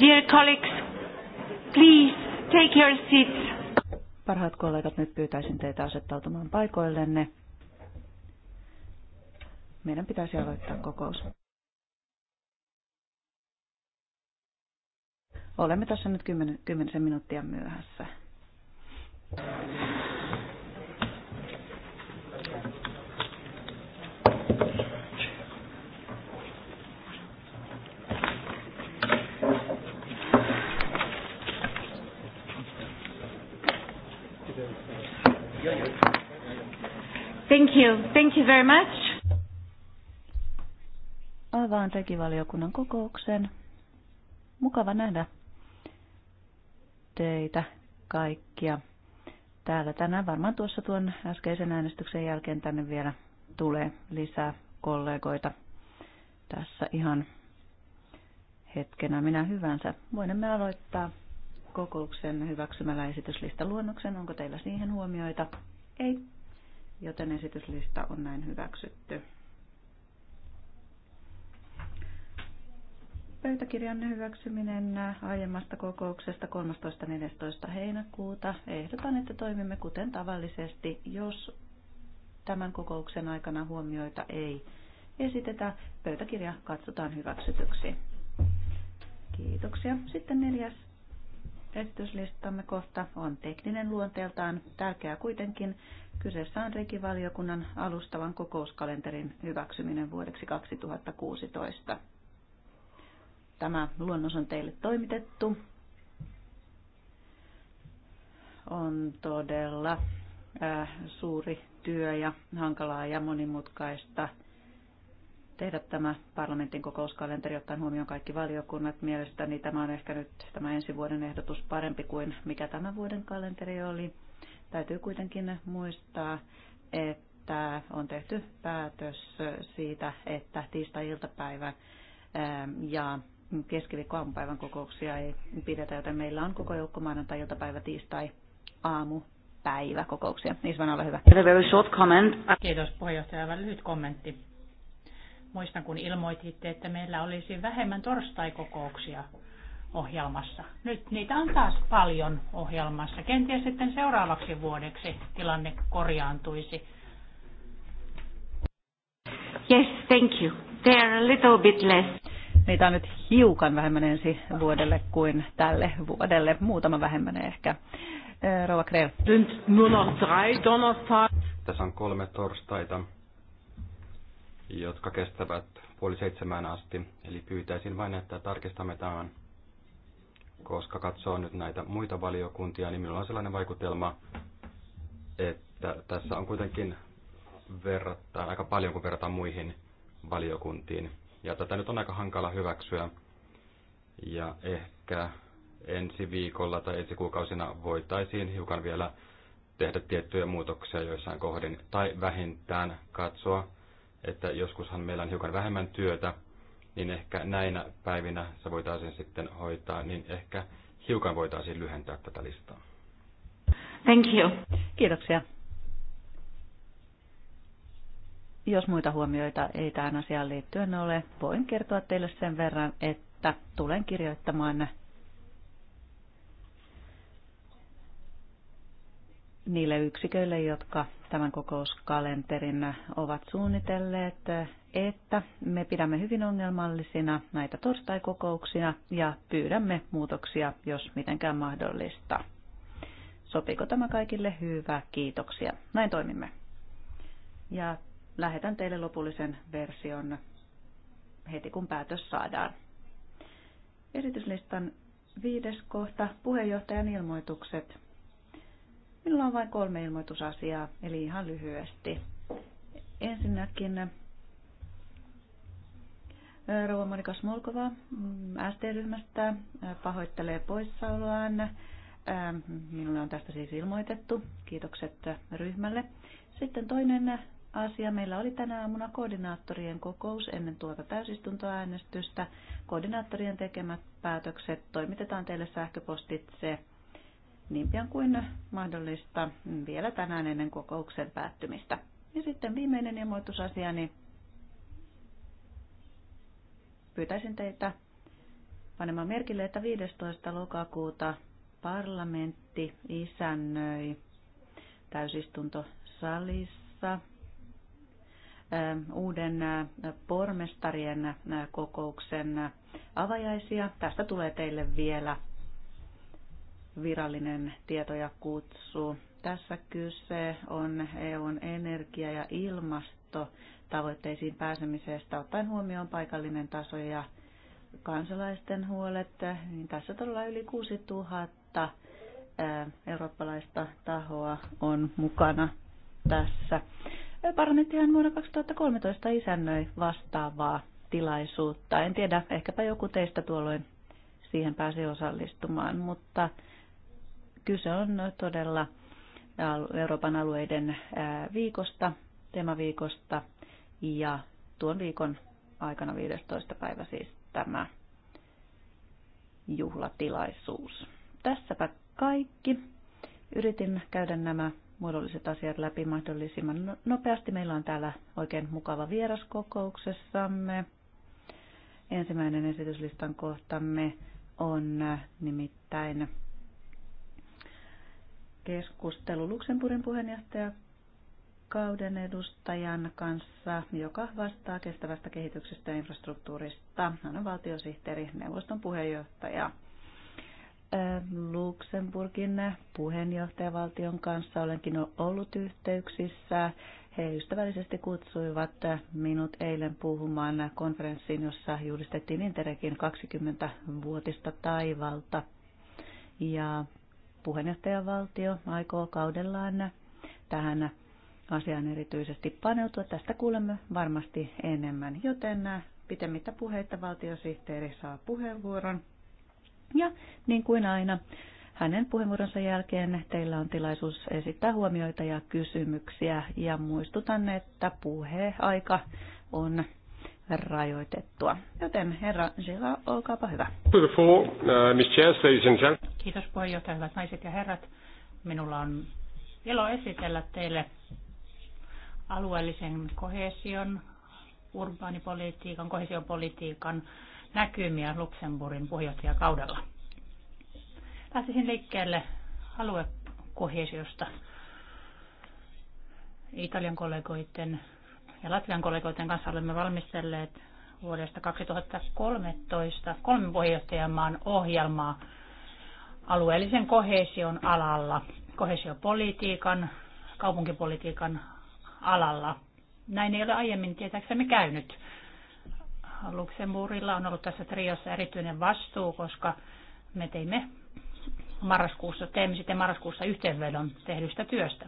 Dear colleagues, please take your seats. Parhaat kollegat, nyt pyytäisin teitä asettautumaan paikoillenne. Meidän pitäisi aloittaa kokous. Olemme tässä nyt kymmenisen minuuttia myöhässä. Thank you. Thank you very much. Avaan rekivaliokunnan kokouksen. Mukava nähdä teitä kaikkia täällä tänään. Varmaan tuossa tuon äskeisen äänestyksen jälkeen tänne vielä tulee lisää kollegoita tässä ihan hetkenä minä hyvänsä. Voimme aloittaa kokouksen hyväksymällä esityslistaluonnoksen. Onko teillä siihen huomioita? Ei joten esityslista on näin hyväksytty. Pöytäkirjan hyväksyminen aiemmasta kokouksesta 13.14. heinäkuuta. Ehdotan, että toimimme kuten tavallisesti, jos tämän kokouksen aikana huomioita ei esitetä. Pöytäkirja katsotaan hyväksytyksi. Kiitoksia. Sitten neljäs esityslistamme kohta on tekninen luonteeltaan, tärkeää kuitenkin, Kyseessä on rikivaliokunnan alustavan kokouskalenterin hyväksyminen vuodeksi 2016. Tämä luonnos on teille toimitettu. On todella äh, suuri työ ja hankalaa ja monimutkaista tehdä tämä parlamentin kokouskalenteri ottaen huomioon kaikki valiokunnat. Mielestäni tämä on ehkä nyt tämä ensi vuoden ehdotus parempi kuin mikä tämän vuoden kalenteri oli. Täytyy kuitenkin muistaa, että on tehty päätös siitä, että tiistai-iltapäivä ähm, ja keskiviikkoaamupäivän kokouksia ei pidetä, joten meillä on koko joukko maanantai-iltapäivä, tiistai, aamu, päivä kokouksia. Isvan, ole hyvä. Very short comment. Kiitos puheenjohtaja. Aivan lyhyt kommentti. Muistan, kun ilmoititte, että meillä olisi vähemmän torstai kokouksia ohjelmassa. Nyt niitä on taas paljon ohjelmassa. Kenties sitten seuraavaksi vuodeksi tilanne korjaantuisi. Yes, thank you. They are a little bit less. Niitä on nyt hiukan vähemmän ensi vuodelle kuin tälle vuodelle. Muutama vähemmän ehkä. Rova Kreel. Tässä on kolme torstaita, jotka kestävät puoli seitsemään asti. Eli pyytäisin vain, että tarkistamme tämän koska katsoo nyt näitä muita valiokuntia, niin minulla on sellainen vaikutelma, että tässä on kuitenkin verrattain aika paljon, kun verrataan muihin valiokuntiin. Ja tätä nyt on aika hankala hyväksyä. Ja ehkä ensi viikolla tai ensi kuukausina voitaisiin hiukan vielä tehdä tiettyjä muutoksia joissain kohdin. Tai vähintään katsoa, että joskushan meillä on hiukan vähemmän työtä, niin ehkä näinä päivinä se voitaisiin sitten hoitaa, niin ehkä hiukan voitaisiin lyhentää tätä listaa. Thank you. Kiitoksia. Jos muita huomioita ei tähän asiaan liittyen ole, voin kertoa teille sen verran, että tulen kirjoittamaan niille yksiköille, jotka tämän kokouskalenterin ovat suunnitelleet, että me pidämme hyvin ongelmallisina näitä torstaikokouksina ja pyydämme muutoksia, jos mitenkään mahdollista. Sopiiko tämä kaikille? Hyvä, kiitoksia. Näin toimimme. Ja lähetän teille lopullisen version heti kun päätös saadaan. Esityslistan viides kohta, puheenjohtajan ilmoitukset. Minulla on vain kolme ilmoitusasiaa, eli ihan lyhyesti. Ensinnäkin Rouva Monika Smolkova mm, ST-ryhmästä pahoittelee poissaoloaan. Minulle on tästä siis ilmoitettu. Kiitokset ryhmälle. Sitten toinen asia. Meillä oli tänä aamuna koordinaattorien kokous ennen tuota täysistuntoäänestystä. Koordinaattorien tekemät päätökset toimitetaan teille sähköpostitse niin pian kuin mahdollista vielä tänään ennen kokouksen päättymistä. Ja sitten viimeinen ilmoitusasia, niin pyytäisin teitä panemaan merkille, että 15. lokakuuta parlamentti isännöi täysistuntosalissa ähm, uuden äh, pormestarien äh, kokouksen avajaisia. Tästä tulee teille vielä virallinen tieto ja kutsu. Tässä kyse on EUn energia- ja ilmastotavoitteisiin pääsemisestä ottaen huomioon paikallinen taso ja kansalaisten huolet. Niin tässä todella yli 6000 eurooppalaista tahoa on mukana tässä. Parlamenttihan vuonna 2013 isännöi vastaavaa tilaisuutta. En tiedä, ehkäpä joku teistä tuolloin siihen pääsi osallistumaan, mutta Kyse on todella Euroopan alueiden viikosta, teemaviikosta ja tuon viikon aikana 15. päivä siis tämä juhlatilaisuus. Tässäpä kaikki. Yritin käydä nämä muodolliset asiat läpi mahdollisimman no-, nopeasti. Meillä on täällä oikein mukava vieraskokouksessamme. Ensimmäinen esityslistan kohtamme on nimittäin keskustelu Luxemburgin puheenjohtaja kauden edustajan kanssa, joka vastaa kestävästä kehityksestä ja infrastruktuurista. Hän on valtiosihteeri, neuvoston puheenjohtaja. Luxemburgin puheenjohtajavaltion kanssa olenkin ollut yhteyksissä. He ystävällisesti kutsuivat minut eilen puhumaan konferenssiin, jossa julistettiin Interekin 20-vuotista taivalta. Ja puheenjohtajavaltio aikoo kaudellaan tähän asiaan erityisesti paneutua. Tästä kuulemme varmasti enemmän, joten pitemmittä puheita valtiosihteeri saa puheenvuoron. Ja niin kuin aina, hänen puheenvuoronsa jälkeen teillä on tilaisuus esittää huomioita ja kysymyksiä. Ja muistutan, että puheaika on rajoitettua. Joten herra Gila, olkaapa hyvä. Kiitos puheenjohtaja, hyvät naiset ja herrat. Minulla on ilo esitellä teille alueellisen kohesion, urbaanipolitiikan, kohesiopolitiikan näkymiä Luxemburgin puheenjohtajakaudella. Lähtisin liikkeelle aluekohesiosta Italian kollegoiden ja Latvian kollegoiden kanssa olemme valmistelleet vuodesta 2013 kolmen puheenjohtajamaan ohjelmaa – alueellisen kohesion alalla, kohesiopolitiikan, kaupunkipolitiikan alalla. Näin ei ole aiemmin tietääksemme käynyt. Luxemburgilla on ollut tässä triossa erityinen vastuu, koska me teimme marraskuussa, teemme sitten marraskuussa yhteenvedon tehdystä työstä.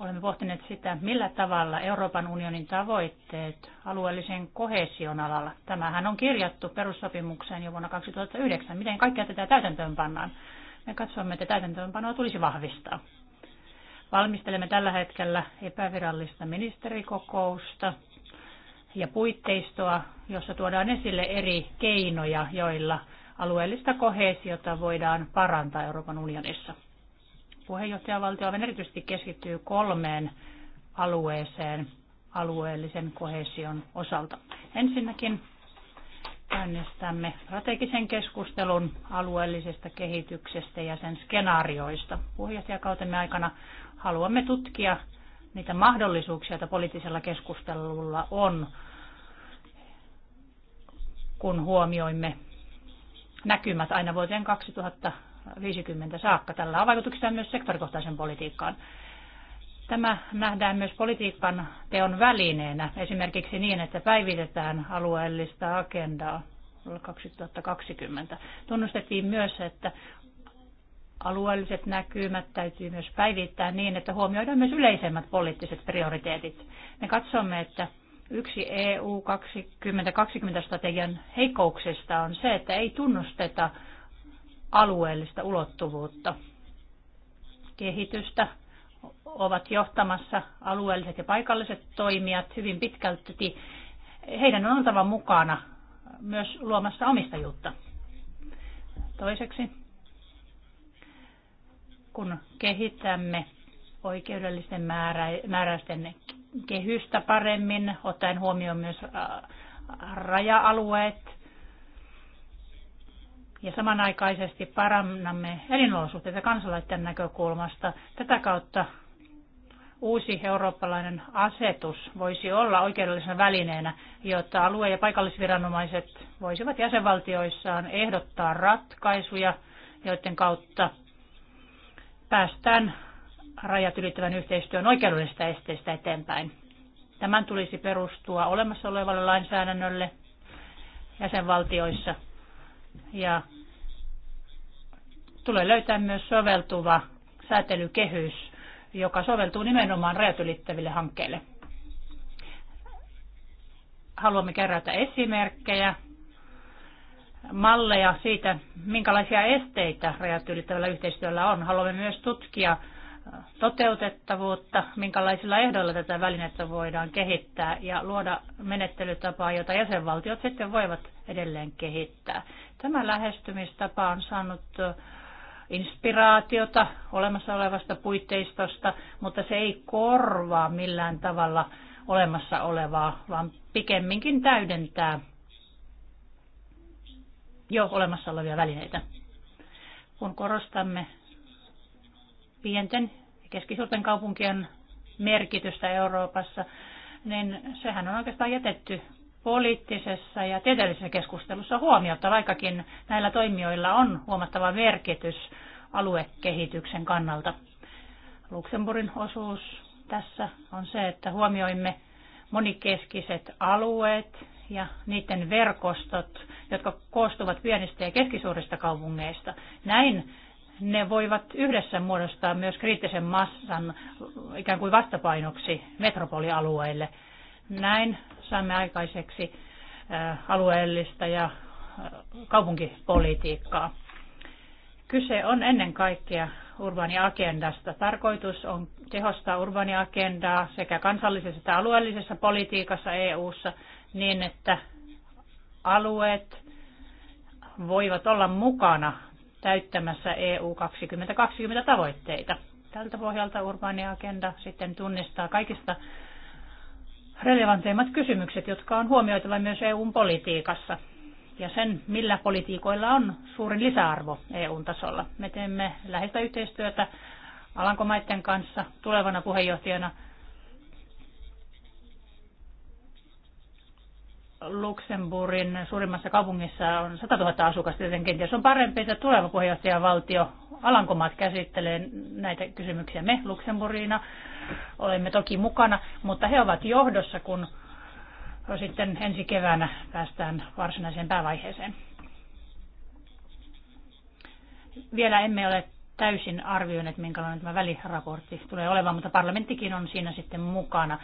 Olemme pohtineet sitä, millä tavalla Euroopan unionin tavoitteet alueellisen kohesion alalla. Tämähän on kirjattu perussopimukseen jo vuonna 2009. Miten kaikkea tätä täytäntöön pannaan? Me katsomme, että täytäntöönpanoa tulisi vahvistaa. Valmistelemme tällä hetkellä epävirallista ministerikokousta ja puitteistoa, jossa tuodaan esille eri keinoja, joilla alueellista kohesiota voidaan parantaa Euroopan unionissa. Puheenjohtajavaltio aivan erityisesti keskittyy kolmeen alueeseen alueellisen kohesion osalta. Ensinnäkin käynnistämme strategisen keskustelun alueellisesta kehityksestä ja sen skenaarioista. Puheenjohtajakautemme aikana haluamme tutkia niitä mahdollisuuksia, joita poliittisella keskustelulla on, kun huomioimme näkymät aina vuoteen 2000. 50 saakka. Tällä on vaikutuksia myös sektorikohtaisen politiikkaan. Tämä nähdään myös politiikan teon välineenä, esimerkiksi niin, että päivitetään alueellista agendaa 2020. Tunnustettiin myös, että alueelliset näkymät täytyy myös päivittää niin, että huomioidaan myös yleisemmät poliittiset prioriteetit. Me katsomme, että yksi EU 2020-strategian heikkouksista on se, että ei tunnusteta alueellista ulottuvuutta. Kehitystä ovat johtamassa alueelliset ja paikalliset toimijat hyvin pitkälti. Heidän on oltava mukana myös luomassa omistajuutta. Toiseksi, kun kehitämme oikeudellisten määräysten kehystä paremmin, ottaen huomioon myös raja-alueet, ja samanaikaisesti parannamme elinolosuhteita kansalaisten näkökulmasta. Tätä kautta uusi eurooppalainen asetus voisi olla oikeudellisena välineenä, jotta alue- ja paikallisviranomaiset voisivat jäsenvaltioissaan ehdottaa ratkaisuja, joiden kautta päästään rajat ylittävän yhteistyön oikeudellisista esteistä eteenpäin. Tämän tulisi perustua olemassa olevalle lainsäädännölle jäsenvaltioissa – ja tulee löytää myös soveltuva säätelykehys, joka soveltuu nimenomaan rajat ylittäville hankkeille. Haluamme kerätä esimerkkejä, malleja siitä, minkälaisia esteitä rajat ylittävällä yhteistyöllä on. Haluamme myös tutkia toteutettavuutta, minkälaisilla ehdoilla tätä välinettä voidaan kehittää ja luoda menettelytapaa, jota jäsenvaltiot sitten voivat edelleen kehittää. Tämä lähestymistapa on saanut inspiraatiota olemassa olevasta puitteistosta, mutta se ei korvaa millään tavalla olemassa olevaa, vaan pikemminkin täydentää jo olemassa olevia välineitä. Kun korostamme pienten ja keskisuurten kaupunkien merkitystä Euroopassa, niin sehän on oikeastaan jätetty poliittisessa ja tieteellisessä keskustelussa huomiota, vaikkakin näillä toimijoilla on huomattava merkitys aluekehityksen kannalta. Luxemburgin osuus tässä on se, että huomioimme monikeskiset alueet ja niiden verkostot, jotka koostuvat pienistä ja keskisuurista kaupungeista. Näin ne voivat yhdessä muodostaa myös kriittisen massan ikään kuin vastapainoksi metropolialueille. Näin saamme aikaiseksi äh, alueellista ja äh, kaupunkipolitiikkaa. Kyse on ennen kaikkea urbaaniagendasta. Tarkoitus on tehostaa urbaaniagendaa sekä kansallisessa että alueellisessa politiikassa EU:ssa niin, että alueet voivat olla mukana täyttämässä EU 2020 tavoitteita. Tältä pohjalta urbaaniagenda sitten tunnistaa kaikista relevanteimmat kysymykset, jotka on huomioitava myös EUn politiikassa ja sen, millä politiikoilla on suurin lisäarvo EUn tasolla. Me teemme läheistä yhteistyötä Alankomaiden kanssa tulevana puheenjohtajana Luxemburgin suurimmassa kaupungissa on 100 000 asukasta, joten kenties on parempi, että tuleva puheenjohtajavaltio Alankomaat käsittelee näitä kysymyksiä. Me Luxemburgina olemme toki mukana, mutta he ovat johdossa, kun sitten ensi keväänä päästään varsinaiseen päävaiheeseen. Vielä emme ole täysin arvioineet, minkälainen tämä väliraportti tulee olemaan, mutta parlamenttikin on siinä sitten mukana.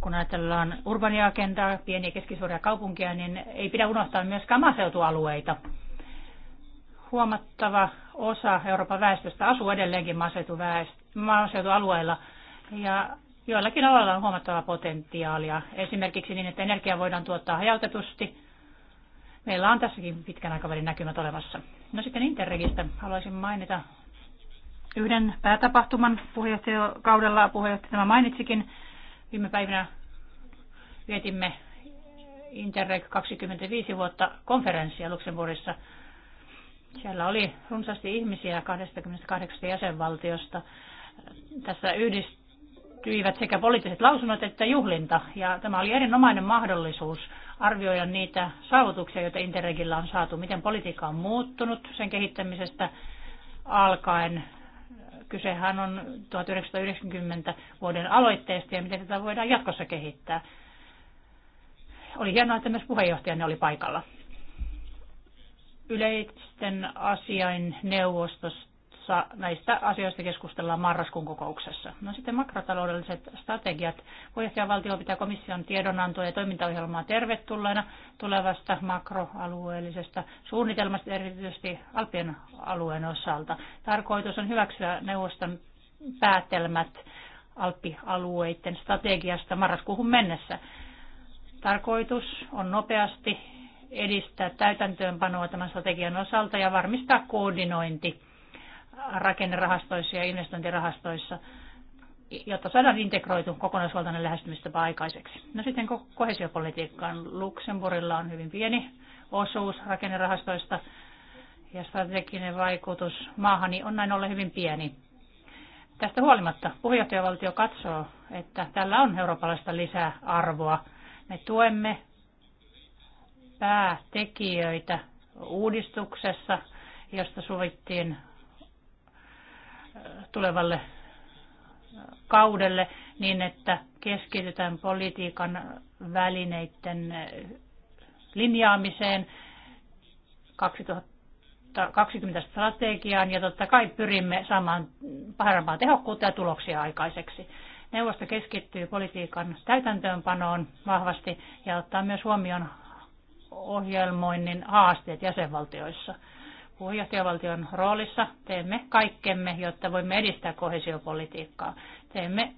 Kun ajatellaan urbania agendaa, pieniä keskisuuria kaupunkia, niin ei pidä unohtaa myöskään maaseutualueita. Huomattava osa Euroopan väestöstä asuu edelleenkin maaseutualueilla ja joillakin aloilla on huomattava potentiaalia. Esimerkiksi niin, että energiaa voidaan tuottaa hajautetusti. Meillä on tässäkin pitkän aikavälin näkymät olemassa. No sitten Interregistä haluaisin mainita yhden päätapahtuman puheenjohtajakaudella. Puheenjohtaja tämä mainitsikin. Viime päivinä vietimme Interreg 25 vuotta konferenssia Luxemburgissa – siellä oli runsaasti ihmisiä 28 jäsenvaltiosta. Tässä yhdistyivät sekä poliittiset lausunnot että juhlinta, ja tämä oli erinomainen mahdollisuus arvioida niitä saavutuksia, joita Interregillä on saatu, miten politiikka on muuttunut sen kehittämisestä alkaen. Kysehän on 1990 vuoden aloitteesta ja miten tätä voidaan jatkossa kehittää. Oli hienoa, että myös puheenjohtajanne oli paikalla. Yleisten asiain neuvostossa näistä asioista keskustellaan marraskuun kokouksessa. No sitten makrotaloudelliset strategiat. Puheenjohtajavaltio pitää komission tiedonantoa ja toimintaohjelmaa tervetulleena tulevasta makroalueellisesta suunnitelmasta erityisesti Alpien alueen osalta. Tarkoitus on hyväksyä neuvoston päätelmät alppialueiden strategiasta marraskuuhun mennessä. Tarkoitus on nopeasti edistää täytäntöönpanoa tämän strategian osalta ja varmistaa koordinointi rakennerahastoissa ja investointirahastoissa, jotta saadaan integroitu kokonaisvaltainen lähestymistapa aikaiseksi. No sitten kohesiopolitiikkaan. Luxemburgilla on hyvin pieni osuus rakennerahastoista ja strateginen vaikutus maahan on näin ollen hyvin pieni. Tästä huolimatta puheenjohtajavaltio katsoo, että tällä on eurooppalaista lisäarvoa. Me tuemme päätekijöitä uudistuksessa, josta sovittiin äh, tulevalle äh, kaudelle niin, että keskitytään politiikan välineiden äh, linjaamiseen 2020 strategiaan ja totta kai pyrimme saamaan parempaa tehokkuutta ja tuloksia aikaiseksi. Neuvosto keskittyy politiikan täytäntöönpanoon vahvasti ja ottaa myös huomioon ohjelmoinnin haasteet jäsenvaltioissa. Puheenjohtajavaltion roolissa teemme kaikkemme, jotta voimme edistää kohesiopolitiikkaa. Teemme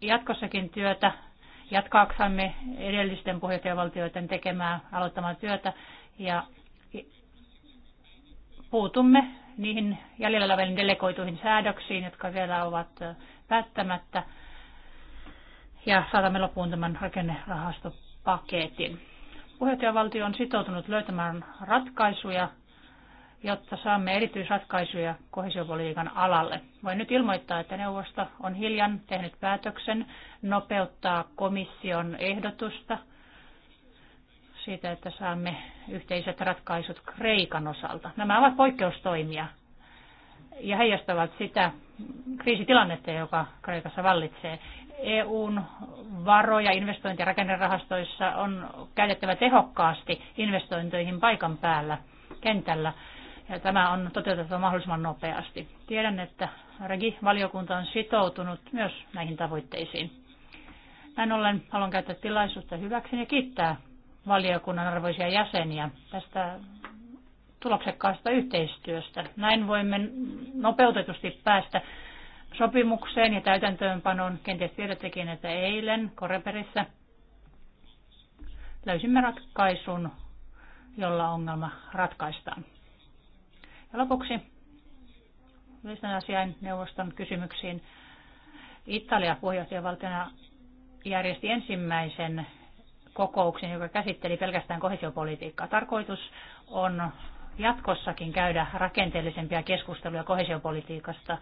jatkossakin työtä jatkaaksemme edellisten puheenjohtajavaltioiden tekemää aloittamaa työtä ja puutumme niihin jäljellä oleviin delegoituihin säädöksiin, jotka vielä ovat päättämättä ja saatamme lopuun tämän rakennerahastopaketin. Puheenjohtajavaltio on sitoutunut löytämään ratkaisuja, jotta saamme erityisratkaisuja kohesiopolitiikan alalle. Voin nyt ilmoittaa, että neuvosto on hiljan tehnyt päätöksen nopeuttaa komission ehdotusta siitä, että saamme yhteiset ratkaisut Kreikan osalta. Nämä ovat poikkeustoimia ja heijastavat sitä kriisitilannetta, joka Kreikassa vallitsee. EUn varoja investointi- ja rakennerahastoissa on käytettävä tehokkaasti investointeihin paikan päällä, kentällä. Ja tämä on toteutettava mahdollisimman nopeasti. Tiedän, että Regi-valiokunta on sitoutunut myös näihin tavoitteisiin. Näin ollen haluan käyttää tilaisuutta hyväkseni ja kiittää valiokunnan arvoisia jäseniä tästä tuloksekkaasta yhteistyöstä. Näin voimme nopeutetusti päästä sopimukseen ja täytäntöönpanoon. Kenties tiedättekin, että eilen Koreperissä löysimme ratkaisun, jolla ongelma ratkaistaan. Ja lopuksi yleisten asian neuvoston kysymyksiin. Italia puheenjohtajavaltiona järjesti ensimmäisen kokouksen, joka käsitteli pelkästään kohesiopolitiikkaa. Tarkoitus on jatkossakin käydä rakenteellisempia keskusteluja kohesiopolitiikasta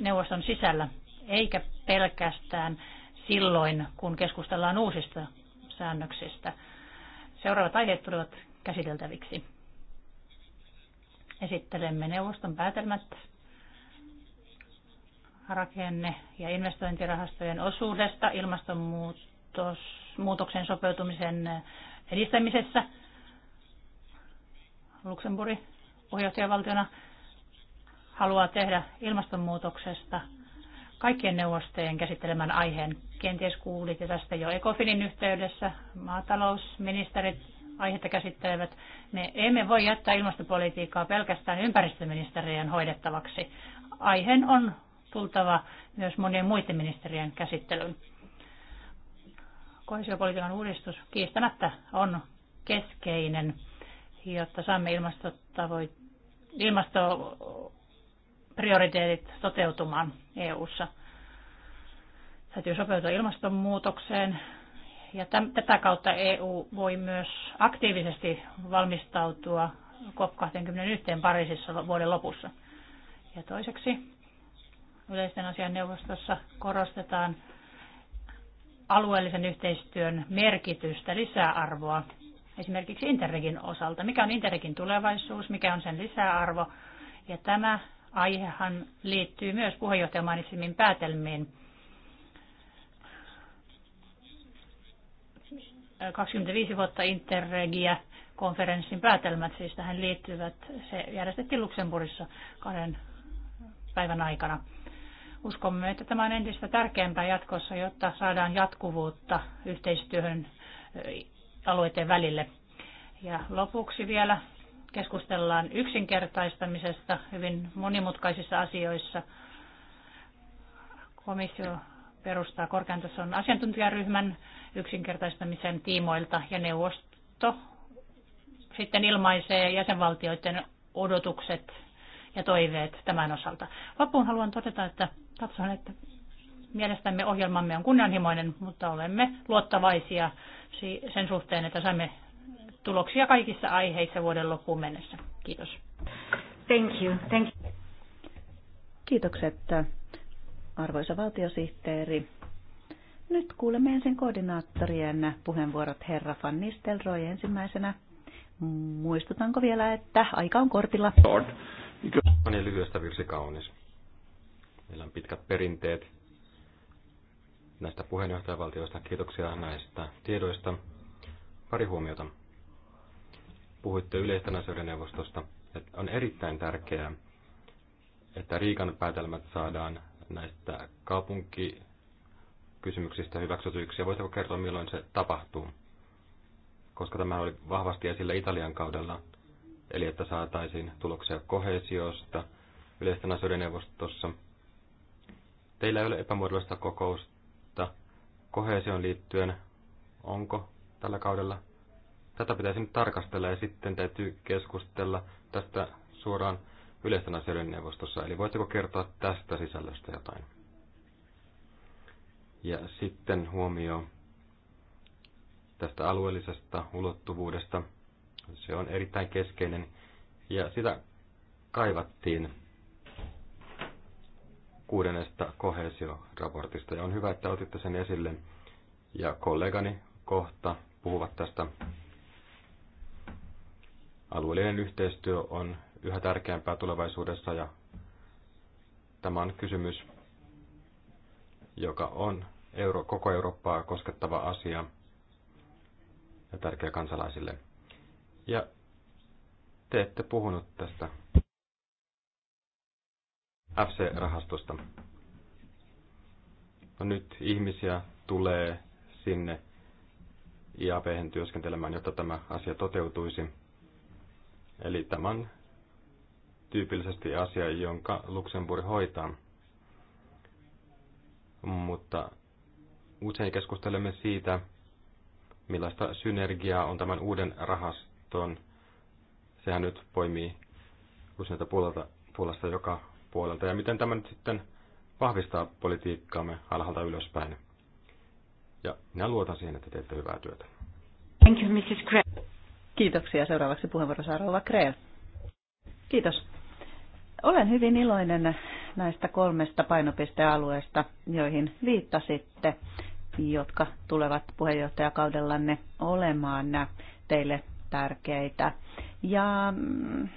neuvoston sisällä, eikä pelkästään silloin, kun keskustellaan uusista säännöksistä. Seuraavat aiheet tulevat käsiteltäviksi. Esittelemme neuvoston päätelmät rakenne- ja investointirahastojen osuudesta ilmastonmuutoksen sopeutumisen edistämisessä – Luxemburg puheenjohtajavaltiona haluaa tehdä ilmastonmuutoksesta kaikkien neuvostojen käsittelemän aiheen. Kenties ja tästä jo Ecofinin yhteydessä. Maatalousministerit aihetta käsittelevät. Me emme voi jättää ilmastopolitiikkaa pelkästään ympäristöministeriön hoidettavaksi. Aiheen on tultava myös monien muiden ministeriön käsittelyyn. Kohesiopolitiikan uudistus kiistämättä on keskeinen jotta saamme ilmastotavoitteet ilmastoprioriteetit toteutumaan EU:ssa. Täytyy sopeutua ilmastonmuutokseen ja täm- tätä kautta EU voi myös aktiivisesti valmistautua COP21 Pariisissa vuoden lopussa. Ja toiseksi yleisten asian neuvostossa korostetaan alueellisen yhteistyön merkitystä, lisäarvoa esimerkiksi Interregin osalta. Mikä on Interregin tulevaisuus, mikä on sen lisäarvo? Ja tämä aihehan liittyy myös puheenjohtajan mainitsemiin päätelmiin. 25 vuotta Interregia konferenssin päätelmät siis tähän liittyvät. Se järjestettiin Luxemburgissa kahden päivän aikana. Uskomme, että tämä on entistä tärkeämpää jatkossa, jotta saadaan jatkuvuutta yhteistyöhön alueiden välille. Ja lopuksi vielä keskustellaan yksinkertaistamisesta hyvin monimutkaisissa asioissa. Komissio perustaa korkean tason asiantuntijaryhmän yksinkertaistamisen tiimoilta ja neuvosto sitten ilmaisee jäsenvaltioiden odotukset ja toiveet tämän osalta. Loppuun haluan todeta, että katson, että Mielestämme ohjelmamme on kunnianhimoinen, mutta olemme luottavaisia sen suhteen, että saimme tuloksia kaikissa aiheissa vuoden loppuun mennessä. Kiitos. Thank you. Thank you. Kiitokset, arvoisa valtiosihteeri. Nyt kuulemme ensin koordinaattorien puheenvuorot herra Van Nistelrooy ensimmäisenä. Muistutanko vielä, että aika on kortilla? On niin lyhyestä virsi kaunis. Meillä on pitkät perinteet näistä puheenjohtajavaltioista. Kiitoksia näistä tiedoista. Pari huomiota. Puhuitte yleisten asioiden neuvostosta. Että on erittäin tärkeää, että Riikan päätelmät saadaan näistä kaupunkikysymyksistä hyväksytyksi. Ja voitteko kertoa, milloin se tapahtuu? Koska tämä oli vahvasti esillä Italian kaudella, eli että saataisiin tuloksia kohesiosta yleisten asioiden neuvostossa. Teillä ei ole epämuodollista kokousta kohesioon liittyen, onko tällä kaudella. Tätä pitäisi nyt tarkastella ja sitten täytyy keskustella tästä suoraan yleisten asioiden neuvostossa. Eli voitteko kertoa tästä sisällöstä jotain? Ja sitten huomio tästä alueellisesta ulottuvuudesta. Se on erittäin keskeinen ja sitä kaivattiin kuudennesta kohesioraportista. Ja on hyvä, että otitte sen esille. Ja kollegani kohta puhuvat tästä. Alueellinen yhteistyö on yhä tärkeämpää tulevaisuudessa ja tämä on kysymys, joka on Euro, koko Eurooppaa koskettava asia ja tärkeä kansalaisille. Ja te ette puhunut tästä FC-rahastosta. No nyt ihmisiä tulee sinne iap työskentelemään, jotta tämä asia toteutuisi. Eli tämä on tyypillisesti asia, jonka Luxemburg hoitaa. Mutta usein keskustelemme siitä, millaista synergiaa on tämän uuden rahaston. Sehän nyt poimii useilta puolesta joka puolelta ja miten tämä nyt sitten vahvistaa politiikkaamme alhaalta ylöspäin. Ja minä luotan siihen, että teette hyvää työtä. Thank you, Mrs. Krell. Kiitoksia. Seuraavaksi puheenvuoro saa Rova Krell. Kiitos. Olen hyvin iloinen näistä kolmesta painopistealueesta, joihin viittasitte, jotka tulevat puheenjohtajakaudellanne olemaan teille tärkeitä. Ja mm,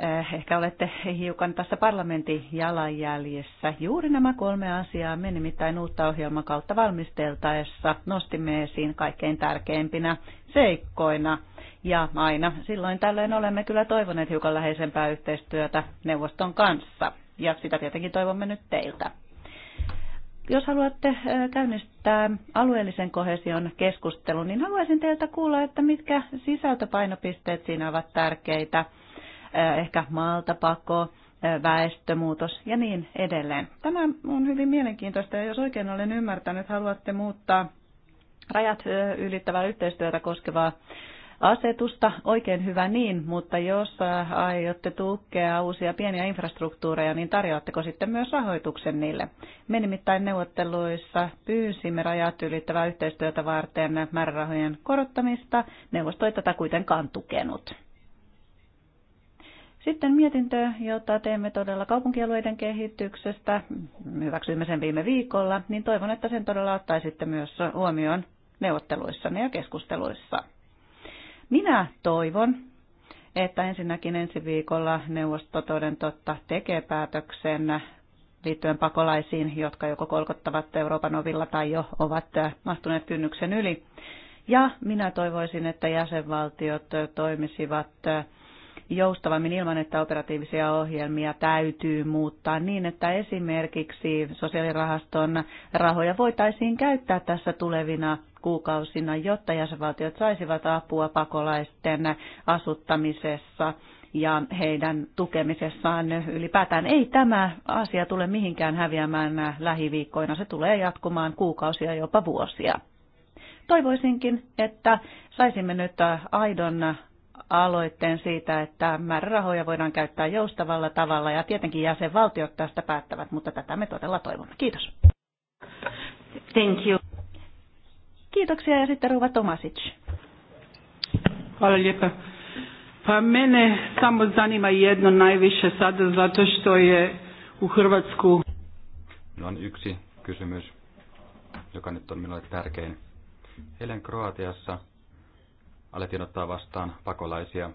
Eh, ehkä olette hiukan tässä parlamentin jalanjäljessä. Juuri nämä kolme asiaa me nimittäin uutta kautta valmisteltaessa nostimme esiin kaikkein tärkeimpinä seikkoina. Ja aina silloin tällöin olemme kyllä toivoneet hiukan läheisempää yhteistyötä neuvoston kanssa. Ja sitä tietenkin toivomme nyt teiltä. Jos haluatte eh, käynnistää alueellisen kohesion keskustelun, niin haluaisin teiltä kuulla, että mitkä sisältöpainopisteet siinä ovat tärkeitä – ehkä maaltapako, väestömuutos ja niin edelleen. Tämä on hyvin mielenkiintoista ja jos oikein olen ymmärtänyt, haluatte muuttaa rajat ylittävää yhteistyötä koskevaa asetusta, oikein hyvä niin, mutta jos aiotte tukea uusia pieniä infrastruktuureja, niin tarjoatteko sitten myös rahoituksen niille? Me nimittäin neuvotteluissa pyysimme rajat ylittävää yhteistyötä varten määrärahojen korottamista. Neuvosto ei tätä kuitenkaan tukenut. Sitten mietintö, jota teemme todella kaupunkialueiden kehityksestä, hyväksyimme sen viime viikolla, niin toivon, että sen todella ottaisitte myös huomioon neuvotteluissanne ja keskusteluissa. Minä toivon, että ensinnäkin ensi viikolla neuvosto toden totta tekee päätöksen liittyen pakolaisiin, jotka joko kolkottavat Euroopan ovilla tai jo ovat mahtuneet kynnyksen yli. Ja minä toivoisin, että jäsenvaltiot toimisivat joustavammin ilman, että operatiivisia ohjelmia täytyy muuttaa niin, että esimerkiksi sosiaalirahaston rahoja voitaisiin käyttää tässä tulevina kuukausina, jotta jäsenvaltiot saisivat apua pakolaisten asuttamisessa ja heidän tukemisessaan ylipäätään. Ei tämä asia tule mihinkään häviämään lähiviikkoina, se tulee jatkumaan kuukausia jopa vuosia. Toivoisinkin, että saisimme nyt aidon aloitteen siitä, että määrärahoja voidaan käyttää joustavalla tavalla ja tietenkin jäsenvaltiot tästä päättävät, mutta tätä me todella toivomme. Kiitos. Thank you. Kiitoksia ja sitten Ruva Tomasic. Hvala lijepa. Pa mene samo zanima jedno najviše sada zato što je u Hrvatsku. On yksi kysymys, joka nyt on minulle tärkein. Eilen Kroatiassa alettiin ottaa vastaan pakolaisia.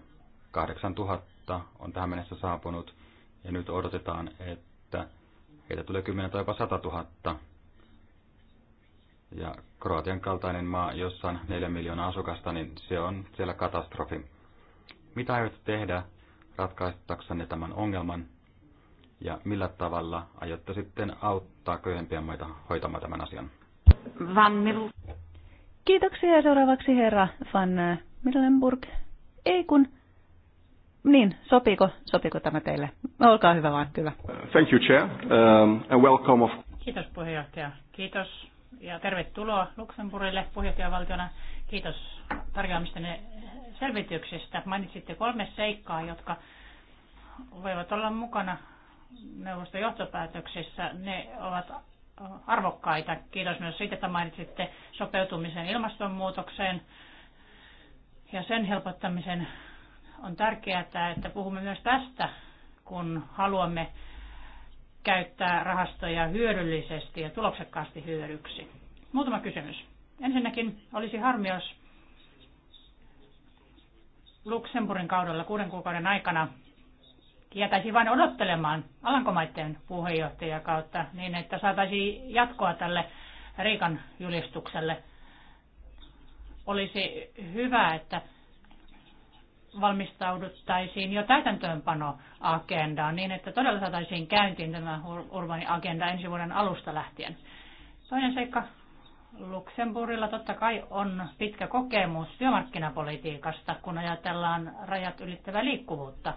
8000 on tähän mennessä saapunut ja nyt odotetaan, että heitä tulee 10 tai jopa 100 000. Ja Kroatian kaltainen maa, jossa on 4 miljoonaa asukasta, niin se on siellä katastrofi. Mitä aiot tehdä ratkaistaksenne tämän ongelman? Ja millä tavalla aiotte sitten auttaa köyhempiä maita hoitamaan tämän asian? Van Kiitoksia seuraavaksi herra Van äh, Millenburg. Ei kun... Niin, sopiiko, sopiiko tämä teille? Olkaa hyvä vaan, kyllä. Thank you, Chair, um, and welcome. Of... Kiitos puheenjohtaja. Kiitos ja tervetuloa Luxemburgille puheenjohtajavaltiona. Kiitos tarjoamistenne selvityksestä. Mainitsitte kolme seikkaa, jotka voivat olla mukana neuvoston johtopäätöksessä. Ne ovat arvokkaita. Kiitos myös siitä, että mainitsitte sopeutumisen ilmastonmuutokseen ja sen helpottamisen. On tärkeää, että puhumme myös tästä, kun haluamme käyttää rahastoja hyödyllisesti ja tuloksekkaasti hyödyksi. Muutama kysymys. Ensinnäkin olisi harmi, jos Luxemburgin kaudella kuuden kuukauden aikana jätäisi vain odottelemaan Alankomaiden kautta, niin, että saataisiin jatkoa tälle Riikan julistukselle. Olisi hyvä, että valmistauduttaisiin jo täytäntöönpanoagendaan niin, että todella saataisiin käyntiin tämä urbani agenda ensi vuoden alusta lähtien. Toinen seikka Luxemburgilla totta kai on pitkä kokemus työmarkkinapolitiikasta, kun ajatellaan rajat ylittävää liikkuvuutta.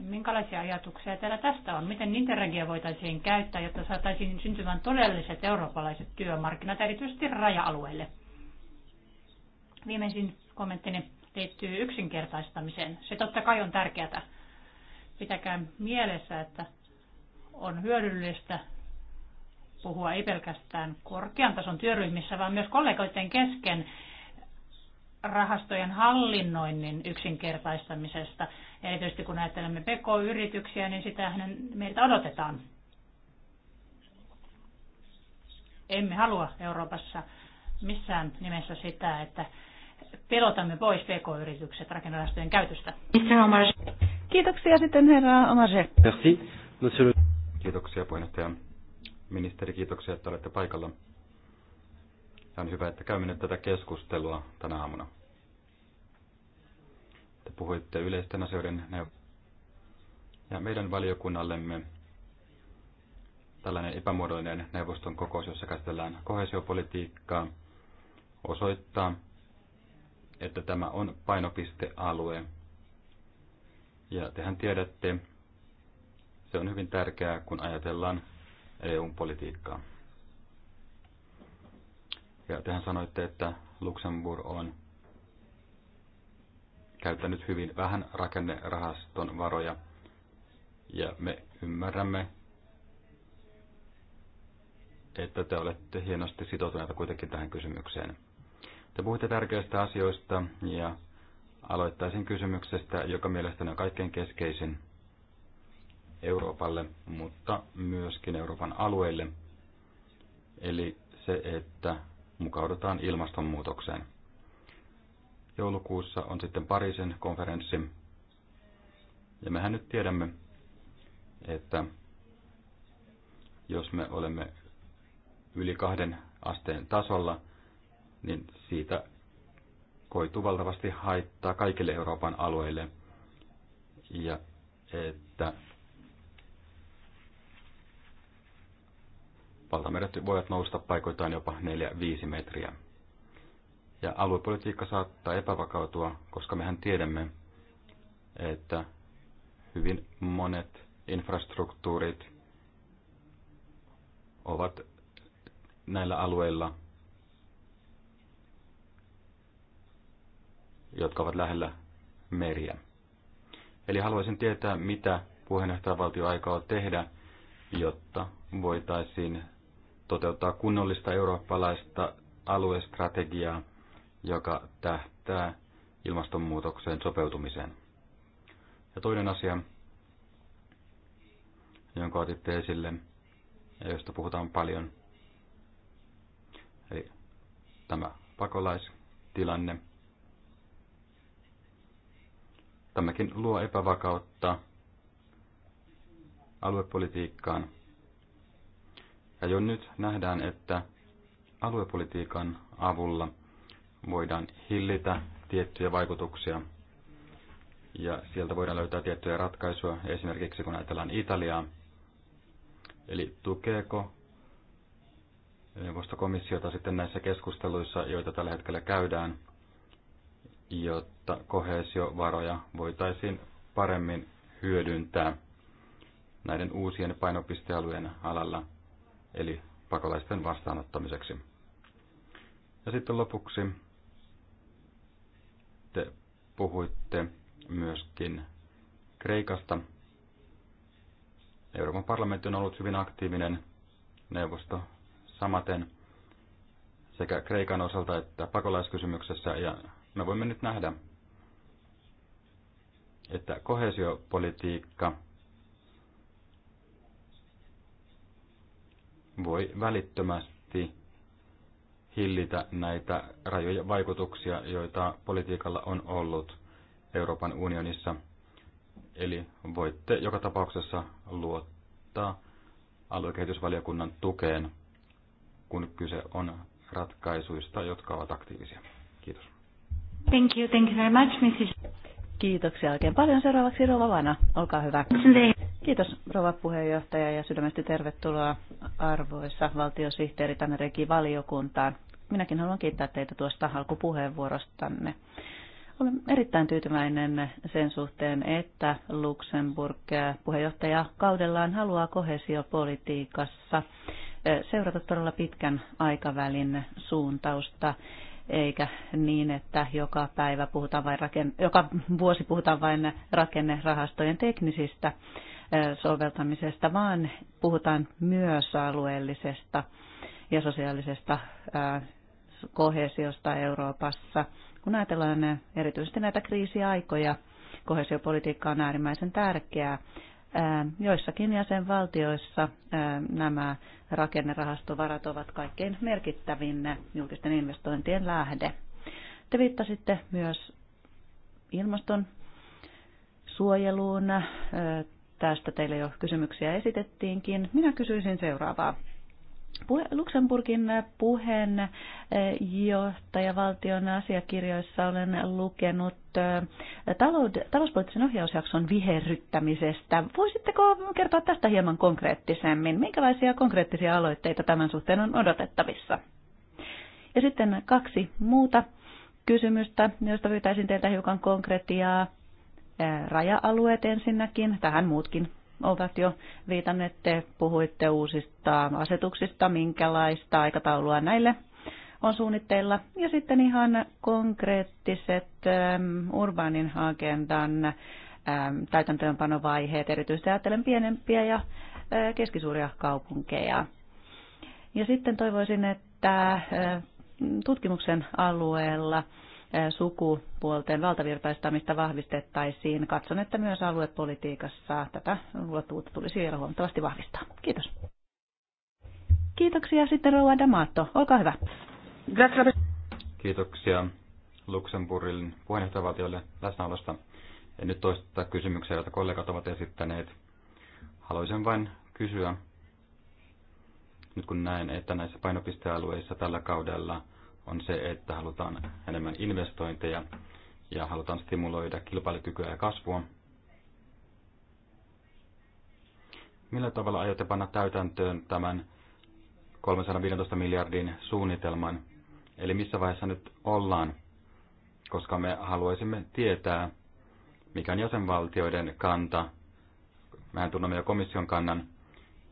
Minkälaisia ajatuksia teillä tästä on? Miten Interregia voitaisiin käyttää, jotta saataisiin syntymään todelliset eurooppalaiset työmarkkinat, erityisesti raja-alueille? Viimeisin kommenttini liittyy yksinkertaistamiseen. Se totta kai on tärkeää. Pitäkää mielessä, että on hyödyllistä puhua ei pelkästään korkean tason työryhmissä, vaan myös kollegoiden kesken rahastojen hallinnoinnin yksinkertaistamisesta. Erityisesti kun ajattelemme PK-yrityksiä, niin sitähän meiltä odotetaan. Emme halua Euroopassa missään nimessä sitä, että pelotamme pois PK-yritykset rakennerahastojen käytöstä. Kiitoksia sitten herra Omarje. Merci. Kiitoksia puheenjohtaja. Ministeri, kiitoksia, että olette paikalla. Ja on hyvä, että käymme nyt tätä keskustelua tänä aamuna. Te puhuitte yleisten asioiden neuvostosta. Ja meidän valiokunnallemme tällainen epämuodollinen neuvoston kokous, jossa käsitellään kohesiopolitiikkaa, osoittaa, että tämä on painopistealue. Ja tehän tiedätte, se on hyvin tärkeää, kun ajatellaan eu politiikkaa. Ja tehän sanoitte, että Luxemburg on käyttänyt hyvin vähän rakennerahaston varoja. Ja me ymmärrämme, että te olette hienosti sitoutuneita kuitenkin tähän kysymykseen. Te puhutte tärkeistä asioista ja aloittaisin kysymyksestä, joka mielestäni on kaikkein keskeisin Euroopalle, mutta myöskin Euroopan alueille. Eli se, että mukaudutaan ilmastonmuutokseen. Joulukuussa on sitten Pariisin konferenssi. Ja mehän nyt tiedämme, että jos me olemme yli kahden asteen tasolla, niin siitä koituu valtavasti haittaa kaikille Euroopan alueille. Ja että valtameret voivat nousta paikoitaan jopa 4-5 metriä. Ja aluepolitiikka saattaa epävakautua, koska mehän tiedämme, että hyvin monet infrastruktuurit ovat näillä alueilla, jotka ovat lähellä meriä. Eli haluaisin tietää, mitä puheenjohtajavaltio aikaa tehdä, jotta voitaisiin toteuttaa kunnollista eurooppalaista aluestrategiaa, joka tähtää ilmastonmuutokseen sopeutumiseen. Ja toinen asia, jonka otitte esille ja josta puhutaan paljon, eli tämä pakolaistilanne. Tämäkin luo epävakautta aluepolitiikkaan – ja jo nyt nähdään, että aluepolitiikan avulla voidaan hillitä tiettyjä vaikutuksia ja sieltä voidaan löytää tiettyjä ratkaisuja, esimerkiksi kun ajatellaan Italiaa. Eli tukeeko neuvostokomissiota sitten näissä keskusteluissa, joita tällä hetkellä käydään, jotta kohesiovaroja voitaisiin paremmin hyödyntää näiden uusien painopistealueen alalla – eli pakolaisten vastaanottamiseksi. Ja sitten lopuksi te puhuitte myöskin Kreikasta. Euroopan parlamentti on ollut hyvin aktiivinen neuvosto samaten sekä Kreikan osalta että pakolaiskysymyksessä ja me voimme nyt nähdä, että kohesiopolitiikka voi välittömästi hillitä näitä rajoja vaikutuksia, joita politiikalla on ollut Euroopan unionissa. Eli voitte joka tapauksessa luottaa aluekehitysvaliokunnan tukeen, kun kyse on ratkaisuista, jotka ovat aktiivisia. Kiitos. Thank you, thank you very much, Mrs. Kiitoksia oikein paljon. Seuraavaksi Rova Vana, olkaa hyvä. Kiitos rouva puheenjohtaja ja sydämesti tervetuloa arvoisa valtiosihteeri tänne Regi-valiokuntaan. Minäkin haluan kiittää teitä tuosta alkupuheenvuorostanne. Olen erittäin tyytyväinen sen suhteen, että Luxemburg puheenjohtaja kaudellaan haluaa kohesiopolitiikassa eh, seurata todella pitkän aikavälin suuntausta eikä niin, että joka päivä puhutaan vain rakenne, joka vuosi puhutaan vain rakennerahastojen teknisistä soveltamisesta, vaan puhutaan myös alueellisesta ja sosiaalisesta kohesiosta Euroopassa. Kun ajatellaan erityisesti näitä kriisiaikoja, kohesiopolitiikka on äärimmäisen tärkeää. Joissakin jäsenvaltioissa nämä rakennerahastovarat ovat kaikkein merkittävin julkisten investointien lähde. Te viittasitte myös ilmaston suojeluun. Tästä teille jo kysymyksiä esitettiinkin. Minä kysyisin seuraavaa. Luxemburgin puheenjohtajavaltion eh, asiakirjoissa olen lukenut eh, talouspoliittisen ohjausjakson viherryttämisestä. Voisitteko kertoa tästä hieman konkreettisemmin? Minkälaisia konkreettisia aloitteita tämän suhteen on odotettavissa? Ja sitten kaksi muuta kysymystä, joista pyytäisin teiltä hiukan konkreettiaa raja-alueet ensinnäkin, tähän muutkin ovat jo viitanneet, te puhuitte uusista asetuksista, minkälaista aikataulua näille on suunnitteilla. Ja sitten ihan konkreettiset ähm, urbaanin agendan ähm, täytäntöönpanovaiheet, erityisesti ajattelen pienempiä ja äh, keskisuuria kaupunkeja. Ja sitten toivoisin, että äh, tutkimuksen alueella sukupuolten valtavirtaistamista vahvistettaisiin. Katson, että myös aluepolitiikassa tätä luottuvuutta tulisi vielä huomattavasti vahvistaa. Kiitos. Kiitoksia sitten Rouva Damato. Olkaa hyvä. Kiitoksia Luxemburgin puheenjohtajavaltiolle läsnäolosta. En nyt toista kysymyksiä, joita kollegat ovat esittäneet. Haluaisin vain kysyä, nyt kun näen, että näissä painopistealueissa tällä kaudella – on se, että halutaan enemmän investointeja ja halutaan stimuloida kilpailukykyä ja kasvua. Millä tavalla aiotte panna täytäntöön tämän 315 miljardin suunnitelman? Eli missä vaiheessa nyt ollaan? Koska me haluaisimme tietää, mikä on jäsenvaltioiden kanta. Mehän tunnemme jo komission kannan.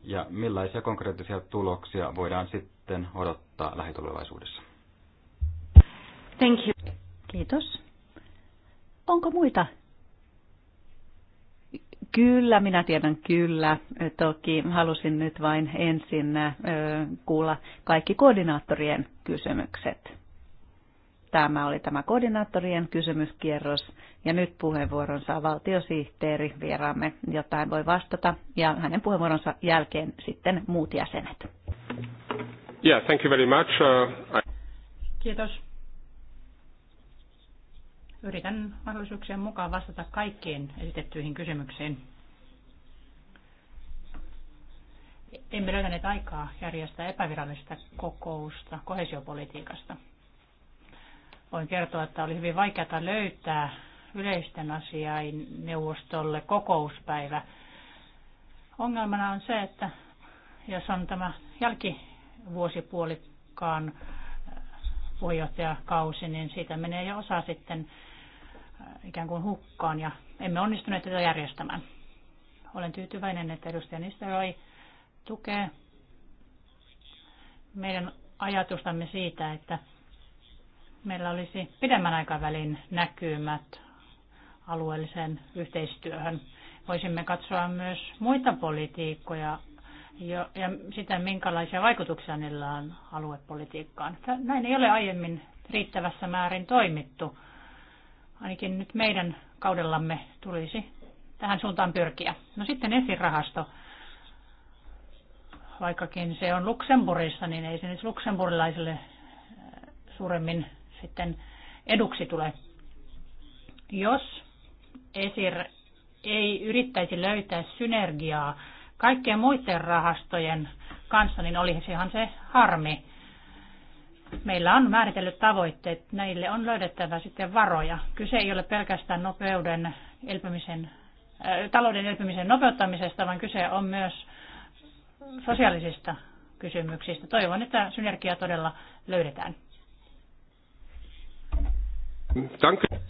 Ja millaisia konkreettisia tuloksia voidaan sitten odottaa lähitulevaisuudessa? Thank you. Kiitos. Onko muita? Kyllä, minä tiedän kyllä. Toki halusin nyt vain ensin kuulla kaikki koordinaattorien kysymykset. Tämä oli tämä koordinaattorien kysymyskierros ja nyt puheenvuoron saa valtiosihteeri vieraamme, jotta hän voi vastata ja hänen puheenvuoronsa jälkeen sitten muut jäsenet. Yeah, thank you very much. Uh, I... Kiitos. Yritän mahdollisuuksien mukaan vastata kaikkiin esitettyihin kysymyksiin. Emme löytäneet aikaa järjestää epävirallista kokousta kohesiopolitiikasta. Voin kertoa, että oli hyvin vaikeaa löytää yleisten asiain neuvostolle kokouspäivä. Ongelmana on se, että jos on tämä jälkivuosipuolikkaan äh, puheenjohtajakausi, niin siitä menee jo osa sitten Äh, ikään kuin hukkaan ja emme onnistuneet tätä järjestämään. Olen tyytyväinen, että edustaja Nisteroi tukee meidän ajatustamme siitä, että meillä olisi pidemmän aikavälin näkymät alueelliseen yhteistyöhön. Voisimme katsoa myös muita politiikkoja ja sitä, minkälaisia vaikutuksia niillä on aluepolitiikkaan. Näin ei ole aiemmin riittävässä määrin toimittu ainakin nyt meidän kaudellamme tulisi tähän suuntaan pyrkiä. No sitten esirahasto. Vaikkakin se on Luxemburgissa, niin ei se nyt luksemburilaisille äh, suuremmin sitten eduksi tule. Jos esir ei yrittäisi löytää synergiaa kaikkien muiden rahastojen kanssa, niin olisihan se harmi meillä on määritellyt tavoitteet, näille on löydettävä sitten varoja. Kyse ei ole pelkästään nopeuden elpymisen, äh, talouden elpymisen nopeuttamisesta, vaan kyse on myös sosiaalisista kysymyksistä. Toivon, että synergia todella löydetään.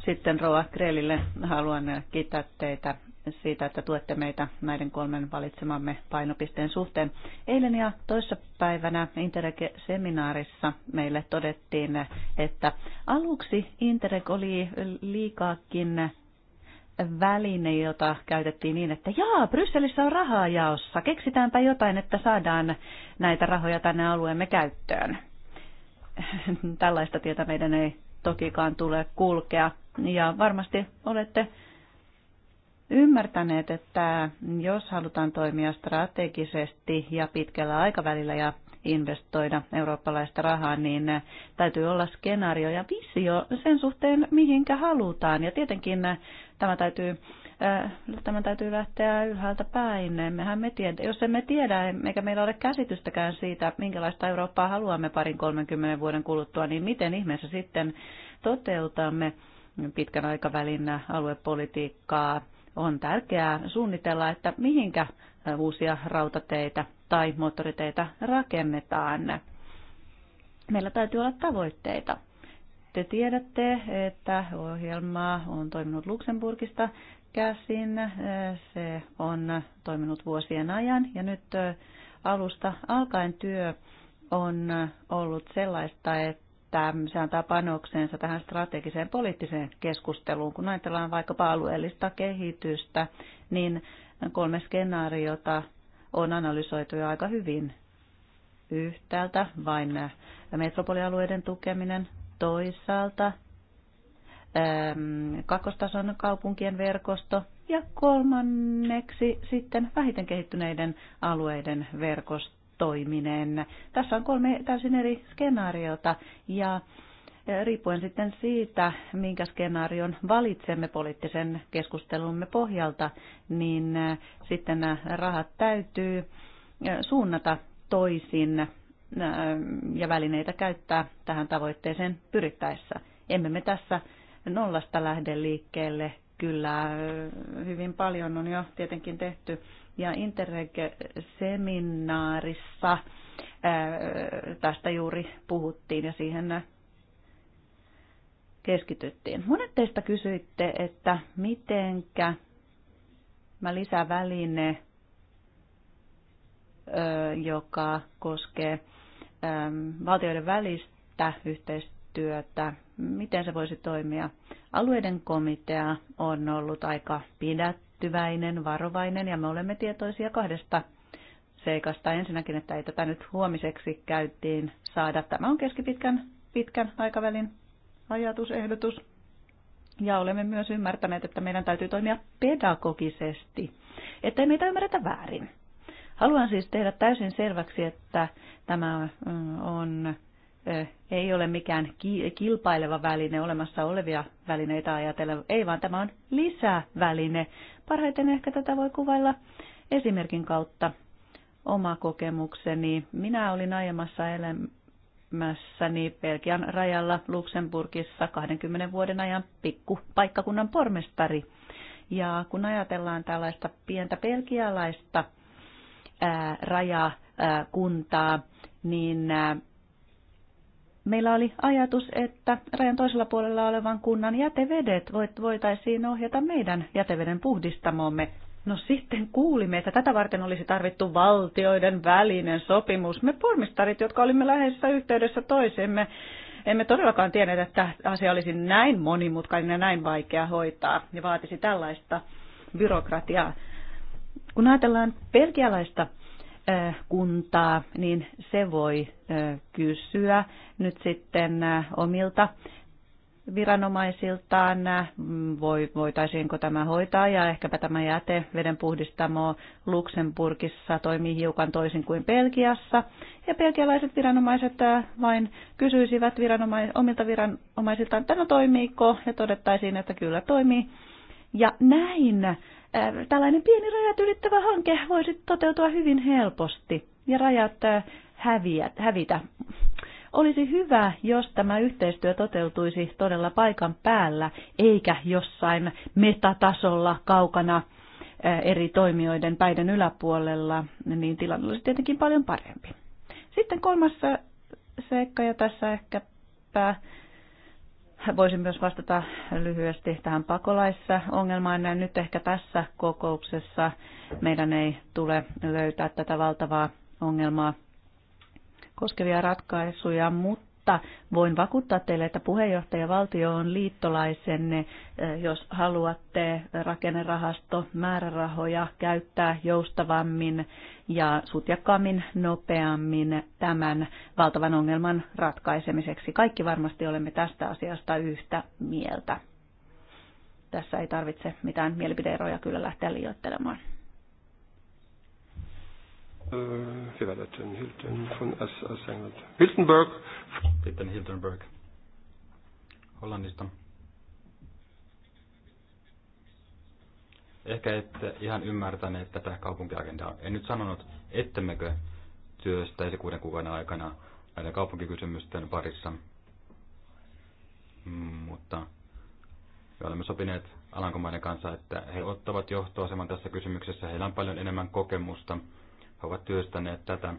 Sitten Rova Kreelille haluan kiittää teitä siitä, että tuette meitä näiden kolmen valitsemamme painopisteen suhteen. Eilen ja toissapäivänä Interreg-seminaarissa meille todettiin, että aluksi Interreg oli liikaakin väline, jota käytettiin niin, että jaa, Brysselissä on rahaa jaossa, keksitäänpä jotain, että saadaan näitä rahoja tänne alueemme käyttöön. Tällaista tietä meidän ei tokikaan tule kulkea. Ja varmasti olette ymmärtäneet, että jos halutaan toimia strategisesti ja pitkällä aikavälillä ja investoida eurooppalaista rahaa, niin täytyy olla skenaario ja visio sen suhteen, mihinkä halutaan. Ja tietenkin äh, tämä täytyy, äh, tämä täytyy lähteä ylhäältä päin. Mehän me tiedä, jos emme tiedä, eikä meillä ole käsitystäkään siitä, minkälaista Eurooppaa haluamme parin 30 vuoden kuluttua, niin miten ihmeessä sitten toteutamme pitkän aikavälin aluepolitiikkaa on tärkeää suunnitella, että mihinkä uusia rautateitä tai moottoriteitä rakennetaan. Meillä täytyy olla tavoitteita. Te tiedätte, että ohjelma on toiminut Luxemburgista käsin. Se on toiminut vuosien ajan ja nyt alusta alkaen työ on ollut sellaista, että että se antaa panoksensa tähän strategiseen poliittiseen keskusteluun. Kun ajatellaan vaikkapa alueellista kehitystä, niin kolme skenaariota on analysoitu jo aika hyvin yhtäältä, vain metropolialueiden tukeminen, toisaalta kakkostason kaupunkien verkosto ja kolmanneksi sitten vähiten kehittyneiden alueiden verkosto toiminen. Tässä on kolme täysin eri skenaariota ja e, riippuen sitten siitä, minkä skenaarion valitsemme poliittisen keskustelumme pohjalta, niin e, sitten nämä rahat täytyy e, suunnata toisin ja välineitä käyttää tähän tavoitteeseen pyrittäessä. Emme me tässä nollasta lähde liikkeelle. Kyllä hyvin paljon on jo tietenkin tehty ja Interreg-seminaarissa tästä juuri puhuttiin ja siihen keskityttiin. Monet teistä kysyitte, että mitenkä mä lisäväline, joka koskee valtioiden välistä yhteistyötä, miten se voisi toimia. Alueiden komitea on ollut aika pidät pettyväinen, varovainen ja me olemme tietoisia kahdesta seikasta. Ensinnäkin, että ei tätä nyt huomiseksi käyttiin saada. Tämä on keskipitkän pitkän aikavälin ajatusehdotus. Ja olemme myös ymmärtäneet, että meidän täytyy toimia pedagogisesti, ettei meitä ymmärretä väärin. Haluan siis tehdä täysin selväksi, että tämä mm, on ei ole mikään kilpaileva väline olemassa olevia välineitä ajatella, ei vaan tämä on lisäväline. Parhaiten ehkä tätä voi kuvailla esimerkin kautta oma kokemukseni. Minä olin aiemmassa elämässäni Belgian rajalla Luxemburgissa 20 vuoden ajan pikku paikkakunnan pormestari. Ja kun ajatellaan tällaista pientä belgialaista rajakuntaa, niin meillä oli ajatus, että rajan toisella puolella olevan kunnan jätevedet voitaisiin ohjata meidän jäteveden puhdistamomme. No sitten kuulimme, että tätä varten olisi tarvittu valtioiden välinen sopimus. Me pormistarit, jotka olimme läheisessä yhteydessä toisemme, emme todellakaan tienneet, että asia olisi näin monimutkainen ja näin vaikea hoitaa ja vaatisi tällaista byrokratiaa. Kun ajatellaan belgialaista kuntaa, niin se voi kysyä nyt sitten omilta viranomaisiltaan, voi, voitaisiinko tämä hoitaa ja ehkäpä tämä jätevedenpuhdistamo Luxemburgissa toimii hiukan toisin kuin Belgiassa. Ja belgialaiset viranomaiset vain kysyisivät viranomais, omilta viranomaisiltaan, että no toimiiko ja todettaisiin, että kyllä toimii. Ja näin Äh, tällainen pieni rajat ylittävä hanke voisi toteutua hyvin helposti ja rajat äh, häviä, hävitä. Olisi hyvä, jos tämä yhteistyö toteutuisi todella paikan päällä, eikä jossain metatasolla kaukana äh, eri toimijoiden päiden yläpuolella, niin tilanne olisi tietenkin paljon parempi. Sitten kolmas seikka, ja tässä ehkäpä Voisin myös vastata lyhyesti tähän pakolaissa ongelmaan. Nyt ehkä tässä kokouksessa meidän ei tule löytää tätä valtavaa ongelmaa koskevia ratkaisuja, mutta mutta voin vakuuttaa teille, että puheenjohtajavaltio on liittolaisenne, eh, jos haluatte rakennerahasto määrärahoja käyttää joustavammin ja sutjakkaammin, nopeammin tämän valtavan ongelman ratkaisemiseksi. Kaikki varmasti olemme tästä asiasta yhtä mieltä. Tässä ei tarvitse mitään mielipideeroja kyllä lähteä liioittelemaan. Äh, war das denn? Hilton von aus, aus England. Hiltenberg. Sitten Hiltenberg. Hollannista. Ehkä ette ihan ymmärtäneet tätä kaupunkiagendaa. En nyt sanonut, ettemmekö työstäisi kuuden kuukauden aikana näiden kaupunkikysymysten parissa. Mm, mutta me olemme sopineet Alankomaiden kanssa, että he ottavat johtoaseman tässä kysymyksessä. Heillä on paljon enemmän kokemusta he ovat työstäneet tätä,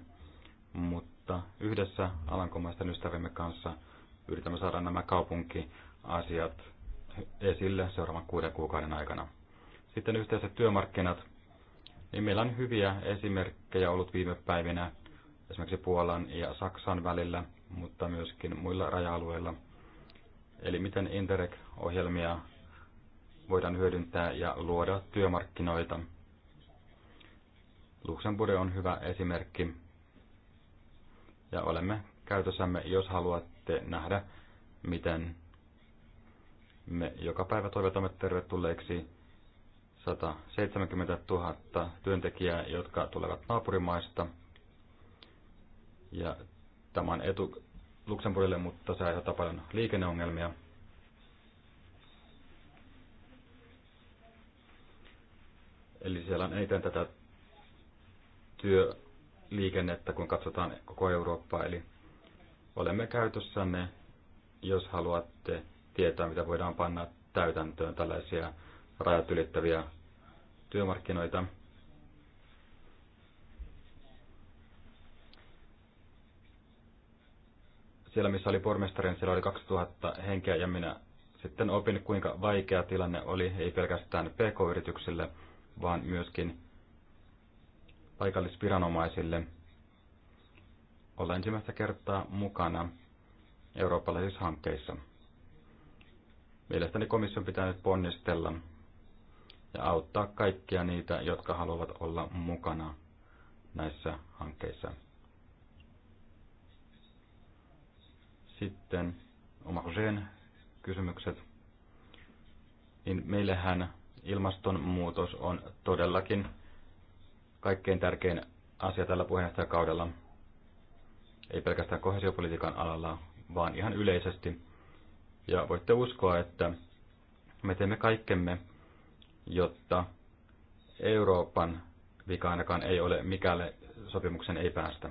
mutta yhdessä alankomaisten ystävimme kanssa yritämme saada nämä kaupunkiasiat esille seuraavan kuuden kuukauden aikana. Sitten yhteiset työmarkkinat. Niin meillä on hyviä esimerkkejä ollut viime päivinä esimerkiksi Puolan ja Saksan välillä, mutta myöskin muilla raja-alueilla. Eli miten Interreg-ohjelmia voidaan hyödyntää ja luoda työmarkkinoita. Luxemburg on hyvä esimerkki ja olemme käytössämme, jos haluatte nähdä, miten me joka päivä toivotamme tervetulleeksi 170 000 työntekijää, jotka tulevat naapurimaista. Ja tämä on etu Luxemburgille, mutta se aiheuttaa paljon liikenneongelmia. Eli siellä on eniten tätä työliikennettä, kun katsotaan koko Eurooppaa. Eli olemme käytössänne, jos haluatte tietää, mitä voidaan panna täytäntöön tällaisia rajat ylittäviä työmarkkinoita. Siellä, missä oli pormestarin, siellä oli 2000 henkeä ja minä sitten opin, kuinka vaikea tilanne oli, ei pelkästään pk-yrityksille, vaan myöskin paikallisviranomaisille olla ensimmäistä kertaa mukana eurooppalaisissa hankkeissa. Mielestäni komission pitää nyt ponnistella ja auttaa kaikkia niitä, jotka haluavat olla mukana näissä hankkeissa. Sitten Omarjeen kysymykset. Niin meillähän ilmastonmuutos on todellakin kaikkein tärkein asia tällä puheenjohtajakaudella, ei pelkästään kohesiopolitiikan alalla, vaan ihan yleisesti. Ja voitte uskoa, että me teemme kaikkemme, jotta Euroopan vika ainakaan ei ole, mikäli sopimuksen ei päästä.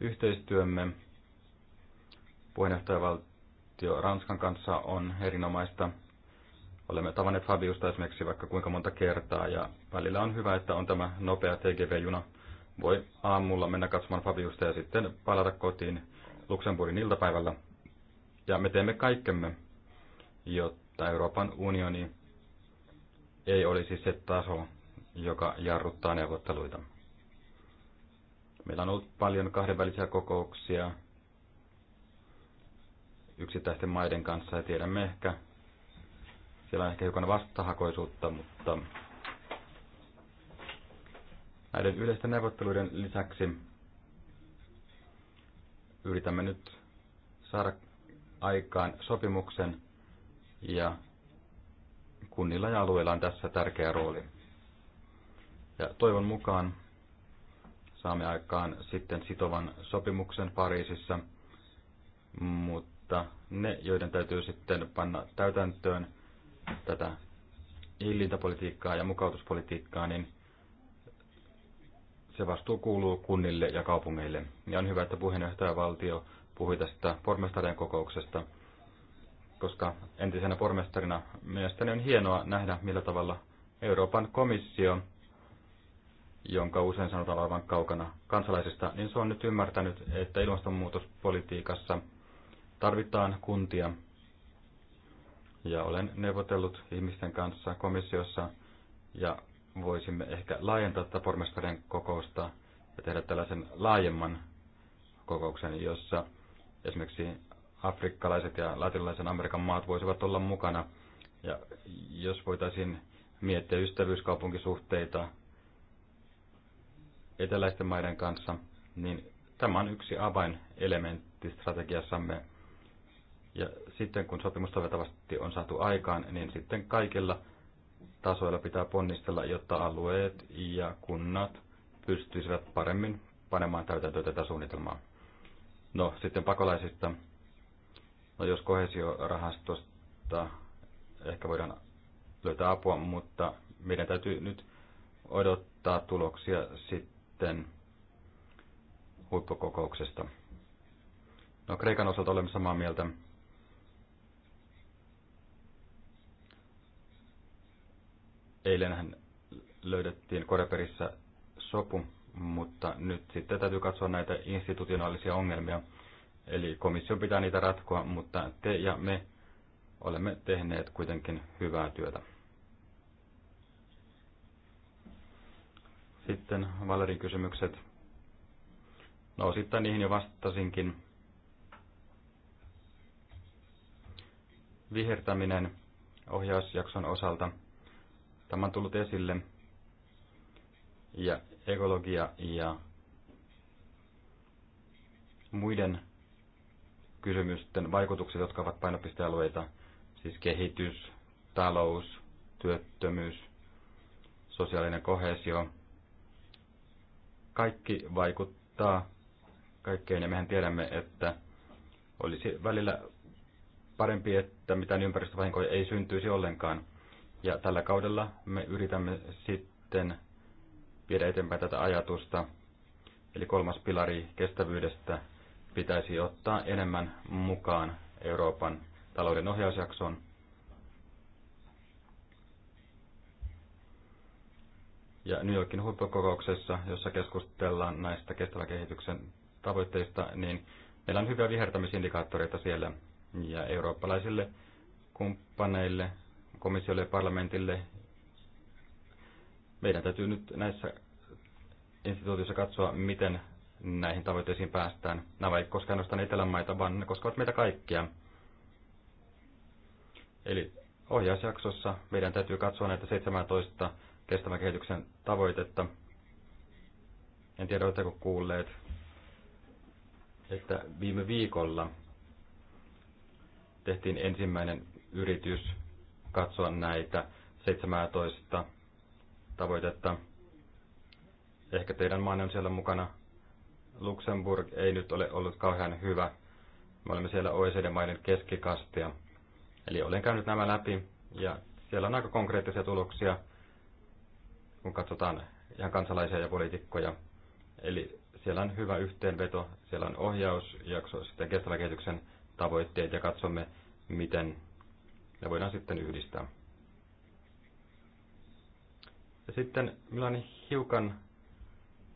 Yhteistyömme puheenjohtajavaltio Ranskan kanssa on erinomaista Olemme tavanneet Fabiusta esimerkiksi vaikka kuinka monta kertaa ja välillä on hyvä, että on tämä nopea TGV-juna. Voi aamulla mennä katsomaan Fabiusta ja sitten palata kotiin Luxemburgin iltapäivällä. Ja me teemme kaikkemme, jotta Euroopan unioni ei olisi se taso, joka jarruttaa neuvotteluita. Meillä on ollut paljon kahdenvälisiä kokouksia yksittäisten maiden kanssa ja tiedämme ehkä siellä on ehkä hiukan vastahakoisuutta, mutta näiden yleisten neuvotteluiden lisäksi yritämme nyt saada aikaan sopimuksen ja kunnilla ja alueilla on tässä tärkeä rooli. Ja toivon mukaan saamme aikaan sitten sitovan sopimuksen Pariisissa, mutta ne, joiden täytyy sitten panna täytäntöön tätä hillintäpolitiikkaa ja mukautuspolitiikkaa, niin se vastuu kuuluu kunnille ja kaupungeille. Ja on hyvä, että puheenjohtajavaltio puhui tästä pormestarien kokouksesta, koska entisenä pormestarina mielestäni on hienoa nähdä, millä tavalla Euroopan komissio, jonka usein sanotaan olevan kaukana kansalaisista, niin se on nyt ymmärtänyt, että ilmastonmuutospolitiikassa tarvitaan kuntia ja olen neuvotellut ihmisten kanssa komissiossa ja voisimme ehkä laajentaa tätä pormestarien kokousta ja tehdä tällaisen laajemman kokouksen, jossa esimerkiksi afrikkalaiset ja latinalaisen Amerikan maat voisivat olla mukana. Ja jos voitaisiin miettiä ystävyyskaupunkisuhteita eteläisten maiden kanssa, niin tämä on yksi avainelementti strategiassamme ja sitten kun sopimus toivottavasti on saatu aikaan, niin sitten kaikilla tasoilla pitää ponnistella, jotta alueet ja kunnat pystyisivät paremmin panemaan täytäntöön tätä suunnitelmaa. No sitten pakolaisista. No jos kohesiorahastosta ehkä voidaan löytää apua, mutta meidän täytyy nyt odottaa tuloksia sitten huippukokouksesta. No Kreikan osalta olemme samaa mieltä. Eilenhän löydettiin Koreperissä sopu, mutta nyt sitten täytyy katsoa näitä institutionaalisia ongelmia. Eli komission pitää niitä ratkoa, mutta te ja me olemme tehneet kuitenkin hyvää työtä. Sitten Valerin kysymykset. No sitten niihin jo vastasinkin. Vihertäminen ohjausjakson osalta – Tämä on tullut esille. Ja ekologia ja muiden kysymysten vaikutukset, jotka ovat painopistealueita, siis kehitys, talous, työttömyys, sosiaalinen kohesio, kaikki vaikuttaa kaikkeen ja mehän tiedämme, että olisi välillä parempi, että mitään ympäristövahinkoja ei syntyisi ollenkaan. Ja tällä kaudella me yritämme sitten viedä eteenpäin tätä ajatusta. Eli kolmas pilari kestävyydestä pitäisi ottaa enemmän mukaan Euroopan talouden ohjausjaksoon. Ja New Yorkin huippukokouksessa, jossa keskustellaan näistä kestävän kehityksen tavoitteista, niin meillä on hyviä vihertämisindikaattoreita siellä. Ja eurooppalaisille kumppaneille komissiolle ja parlamentille. Meidän täytyy nyt näissä instituutioissa katsoa, miten näihin tavoitteisiin päästään. Nämä eivät koskaan ainoastaan etelämaita, vaan ne koskevat meitä kaikkia. Eli ohjausjaksossa meidän täytyy katsoa näitä 17 kestävän kehityksen tavoitetta. En tiedä, oletteko kuulleet, että viime viikolla tehtiin ensimmäinen yritys katsoa näitä 17 tavoitetta. Ehkä teidän maanne on siellä mukana. Luxemburg ei nyt ole ollut kauhean hyvä. Me olemme siellä OECD-maiden keskikastia. Eli olen käynyt nämä läpi ja siellä on aika konkreettisia tuloksia, kun katsotaan ihan kansalaisia ja poliitikkoja. Eli siellä on hyvä yhteenveto, siellä on ohjausjakso, sitten kestävän kehityksen tavoitteet ja katsomme, miten ne voidaan sitten yhdistää. Ja sitten minulla on hiukan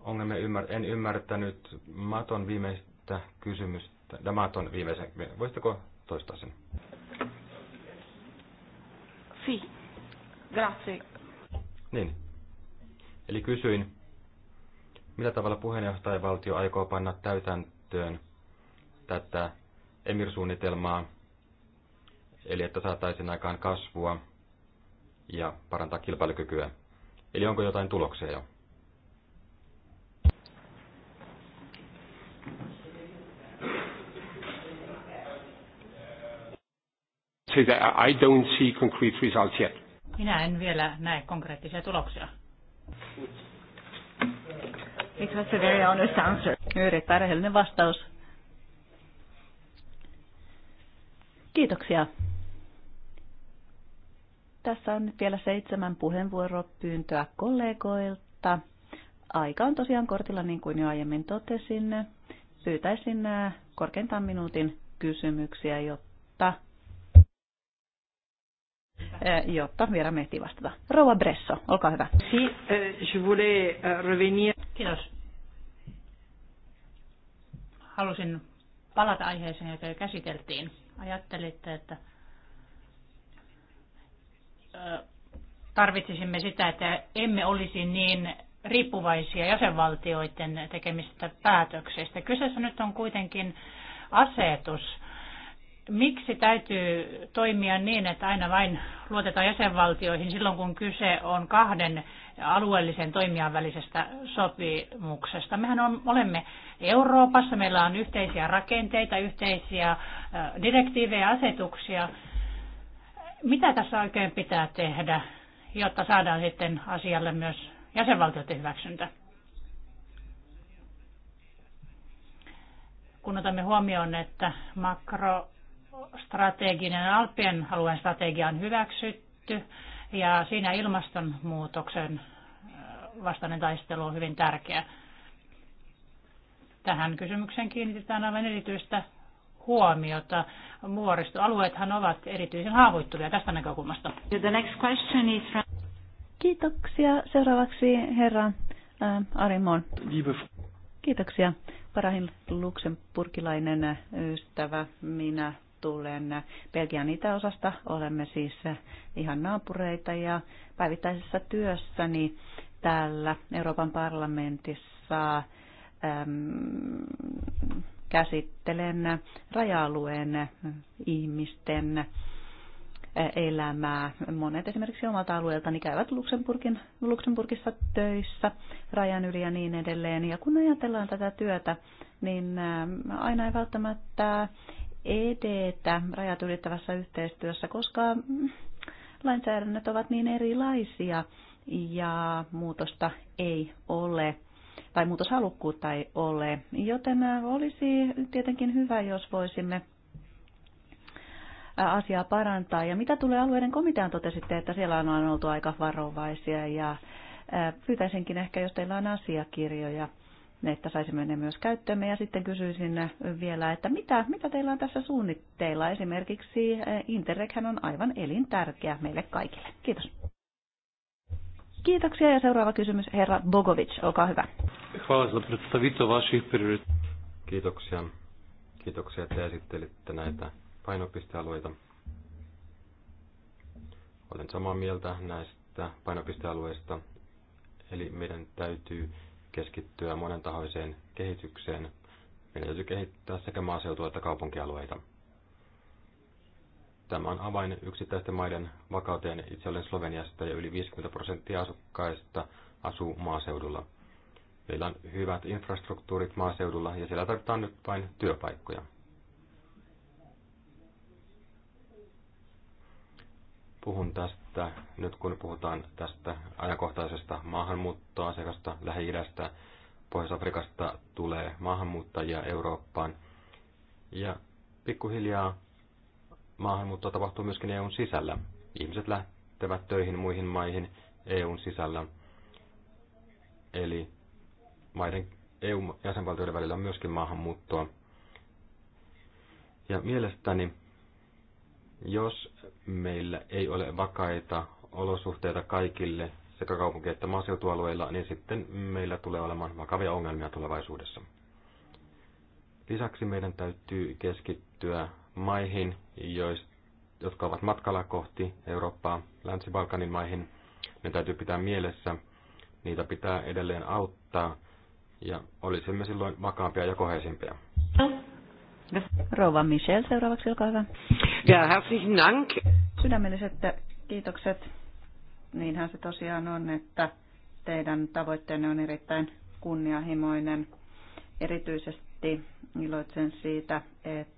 ongelmia, ymmär, en ymmärtänyt Maton viimeistä kysymystä. Ja äh, Maton viimeisen, voisitteko toistaa sen? Si, grazie. Niin. Eli kysyin, millä tavalla puheenjohtajavaltio aikoo panna täytäntöön tätä emirsuunnitelmaa eli että saataisiin aikaan kasvua ja parantaa kilpailukykyä. Eli onko jotain tuloksia jo? I don't see concrete results yet. Minä en vielä näe konkreettisia tuloksia. It was a very honest answer. Erittäin rehellinen vastaus. Kiitoksia. Tässä on nyt vielä seitsemän puheenvuoropyyntöä kollegoilta. Aika on tosiaan kortilla, niin kuin jo aiemmin totesin. Pyytäisin korkeintaan minuutin kysymyksiä, jotta, jotta vielä mehti vastata. Rouva Bresso, olkaa hyvä. Si, je Kiitos. Halusin palata aiheeseen, jota jo käsiteltiin. Ajattelitte, että tarvitsisimme sitä, että emme olisi niin riippuvaisia jäsenvaltioiden tekemistä päätöksistä. Kyseessä nyt on kuitenkin asetus. Miksi täytyy toimia niin, että aina vain luotetaan jäsenvaltioihin silloin, kun kyse on kahden alueellisen toimijan välisestä sopimuksesta? Mehän on, olemme Euroopassa, meillä on yhteisiä rakenteita, yhteisiä direktiivejä ja asetuksia – mitä tässä oikein pitää tehdä, jotta saadaan sitten asialle myös jäsenvaltioiden hyväksyntä? Kun otamme huomioon, että makrostrateginen alpien alueen strategia on hyväksytty ja siinä ilmastonmuutoksen vastainen taistelu on hyvin tärkeä. Tähän kysymykseen kiinnitetään aivan erityistä huomiota. Vuoristoalueethan ovat erityisen haavoittuvia tästä näkökulmasta. The next question is from... Kiitoksia. Seuraavaksi herra äh, Arimon. Kiitoksia. Parahin luksemburgilainen ystävä, minä tulen Belgian itäosasta. Olemme siis ihan naapureita ja päivittäisessä työssäni täällä Euroopan parlamentissa ähm, käsittelen raja-alueen ihmisten elämää. Monet esimerkiksi omalta alueeltani käyvät Luxemburgin, Luxemburgissa töissä, rajan yli ja niin edelleen. Ja kun ajatellaan tätä työtä, niin aina ei välttämättä edetä rajat ylittävässä yhteistyössä, koska mm, lainsäädännöt ovat niin erilaisia ja muutosta ei ole tai muutoshalukkuutta ei ole. Joten olisi tietenkin hyvä, jos voisimme asiaa parantaa. Ja mitä tulee alueiden komitean, totesitte, että siellä on oltu aika varovaisia ja pyytäisinkin ehkä, jos teillä on asiakirjoja, että saisimme ne myös käyttöömme. Ja sitten kysyisin vielä, että mitä, mitä teillä on tässä suunnitteilla? Esimerkiksi Interreghän on aivan elintärkeä meille kaikille. Kiitos. Kiitoksia ja seuraava kysymys, herra Bogovic, olkaa hyvä. Kiitoksia. Kiitoksia, että esittelitte näitä painopistealueita. Olen samaa mieltä näistä painopistealueista, eli meidän täytyy keskittyä monentahoiseen kehitykseen. Meidän täytyy kehittää sekä maaseutua että kaupunkialueita. Tämä on avain yksittäisten maiden vakauteen. Itse olen Sloveniasta ja yli 50 prosenttia asukkaista asuu maaseudulla. Meillä on hyvät infrastruktuurit maaseudulla ja siellä tarvitaan nyt vain työpaikkoja. Puhun tästä nyt kun puhutaan tästä ajankohtaisesta maahanmuuttoasiakasta Lähi-idästä. Pohjois-Afrikasta tulee maahanmuuttajia Eurooppaan. Ja pikkuhiljaa maahanmuuttoa tapahtuu myöskin EUn sisällä. Ihmiset lähtevät töihin muihin maihin EUn sisällä. Eli maiden EU-jäsenvaltioiden välillä on myöskin maahanmuuttoa. Ja mielestäni, jos meillä ei ole vakaita olosuhteita kaikille sekä kaupunki- että maaseutualueilla, niin sitten meillä tulee olemaan vakavia ongelmia tulevaisuudessa. Lisäksi meidän täytyy keskittyä maihin, jotka ovat matkalla kohti Eurooppaa, Länsi-Balkanin maihin. Ne täytyy pitää mielessä. Niitä pitää edelleen auttaa ja olisimme silloin vakaampia ja koheisimpia. Rouva Michel, seuraavaksi olkaa hyvä. Ja herzlichen Dank. Sydämelliset kiitokset. Niinhän se tosiaan on, että teidän tavoitteenne on erittäin kunnianhimoinen. Erityisesti iloitsen siitä, että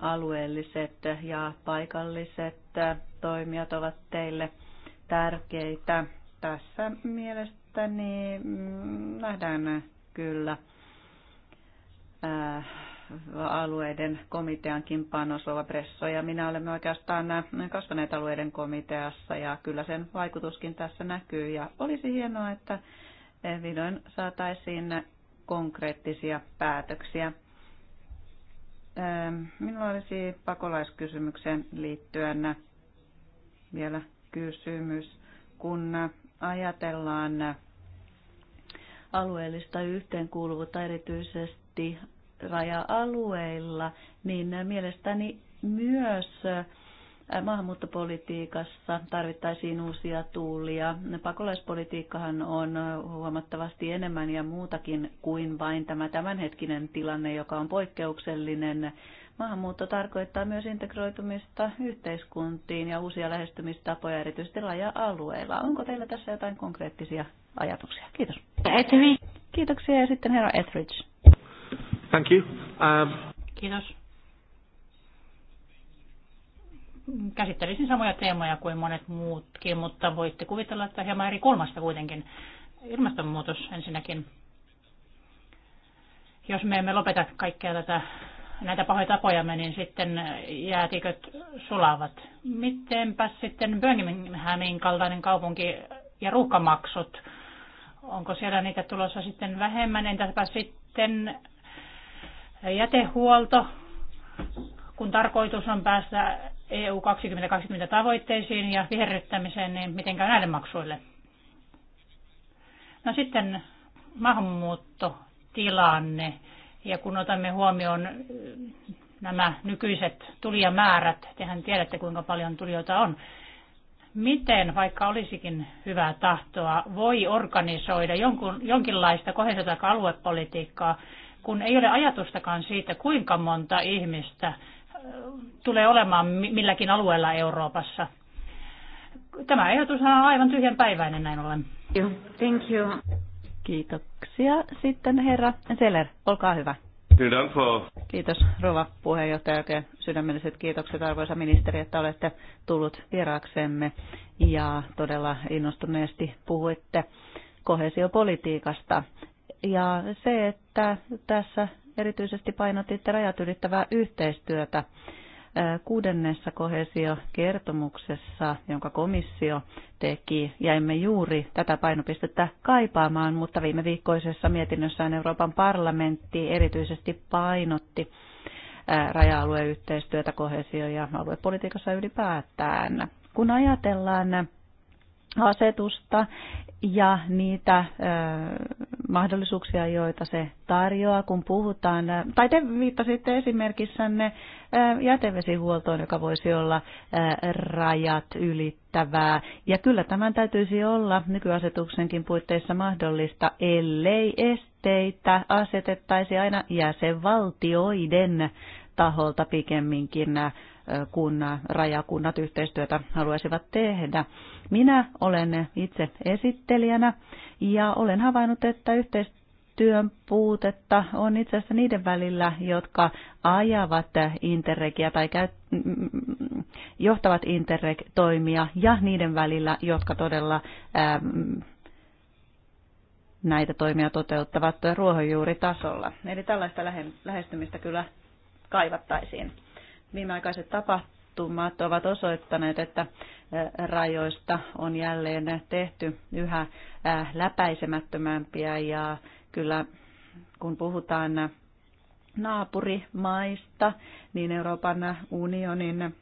alueelliset ja paikalliset toimijat ovat teille tärkeitä. Tässä mielestäni mm, nähdään kyllä alueiden komiteankin panos Ova Bresso ja minä olemme oikeastaan kasvaneet alueiden komiteassa ja kyllä sen vaikutuskin tässä näkyy ja olisi hienoa, että vihdoin saataisiin konkreettisia päätöksiä Ähm, minulla olisi pakolaiskysymykseen liittyen vielä kysymys. Kun ajatellaan alueellista yhteenkuuluvuutta erityisesti raja-alueilla, niin mielestäni myös maahanmuuttopolitiikassa tarvittaisiin uusia tuulia. Pakolaispolitiikkahan on huomattavasti enemmän ja muutakin kuin vain tämä tämänhetkinen tilanne, joka on poikkeuksellinen. Maahanmuutto tarkoittaa myös integroitumista yhteiskuntiin ja uusia lähestymistapoja erityisesti raja-alueilla. Onko teillä tässä jotain konkreettisia ajatuksia? Kiitos. Kiitoksia ja sitten herra Etheridge. Thank you. Um... Kiitos käsittelisin samoja teemoja kuin monet muutkin, mutta voitte kuvitella, että hieman eri kulmasta kuitenkin. Ilmastonmuutos ensinnäkin. Jos me emme lopeta kaikkea tätä, näitä pahoja tapojamme, niin sitten jäätiköt sulavat. Mitenpä sitten Birminghamin kaltainen kaupunki ja ruuhkamaksut? Onko siellä niitä tulossa sitten vähemmän? Entäpä sitten jätehuolto, kun tarkoitus on päästä EU 2020 tavoitteisiin ja viherryttämiseen, niin miten käy näille maksuille? No sitten maahanmuuttotilanne. Ja kun otamme huomioon äh, nämä nykyiset tulijamäärät, tehän tiedätte kuinka paljon tulijoita on, miten, vaikka olisikin hyvää tahtoa, voi organisoida jonkun, jonkinlaista kohdistetaan aluepolitiikkaa, kun ei ole ajatustakaan siitä, kuinka monta ihmistä tulee olemaan milläkin alueella Euroopassa. Tämä ehdotus on aivan tyhjänpäiväinen näin ollen. Thank you. Kiitoksia. Sitten herra Seller, olkaa hyvä. Kiitos rouva puheenjohtaja oikein sydämelliset kiitokset arvoisa ministeri, että olette tullut vieraaksemme ja todella innostuneesti puhuitte kohesiopolitiikasta. Ja se, että tässä erityisesti painotitte rajat ylittävää yhteistyötä kuudennessa kohesiokertomuksessa, jonka komissio teki, jäimme juuri tätä painopistettä kaipaamaan, mutta viime viikkoisessa mietinnössään Euroopan parlamentti erityisesti painotti raja-alueyhteistyötä kohesio- ja aluepolitiikassa ylipäätään. Kun ajatellaan asetusta ja niitä äh, mahdollisuuksia, joita se tarjoaa, kun puhutaan, tai te viittasitte esimerkissänne äh, jätevesihuoltoon, joka voisi olla äh, rajat ylittävää. Ja kyllä tämän täytyisi olla nykyasetuksenkin puitteissa mahdollista, ellei esteitä asetettaisi aina jäsenvaltioiden taholta pikemminkin kun rajakunnat yhteistyötä haluaisivat tehdä. Minä olen itse esittelijänä ja olen havainnut, että yhteistyön puutetta on itse asiassa niiden välillä, jotka ajavat interregia tai käyt, mm, johtavat interreg-toimia ja niiden välillä, jotka todella ähm, näitä toimia toteuttavat ruohonjuuritasolla. Eli tällaista lähestymistä kyllä kaivattaisiin. Viimeaikaiset tapahtumat ovat osoittaneet, että rajoista on jälleen tehty yhä läpäisemättömämpiä ja kyllä kun puhutaan naapurimaista, niin Euroopan unionin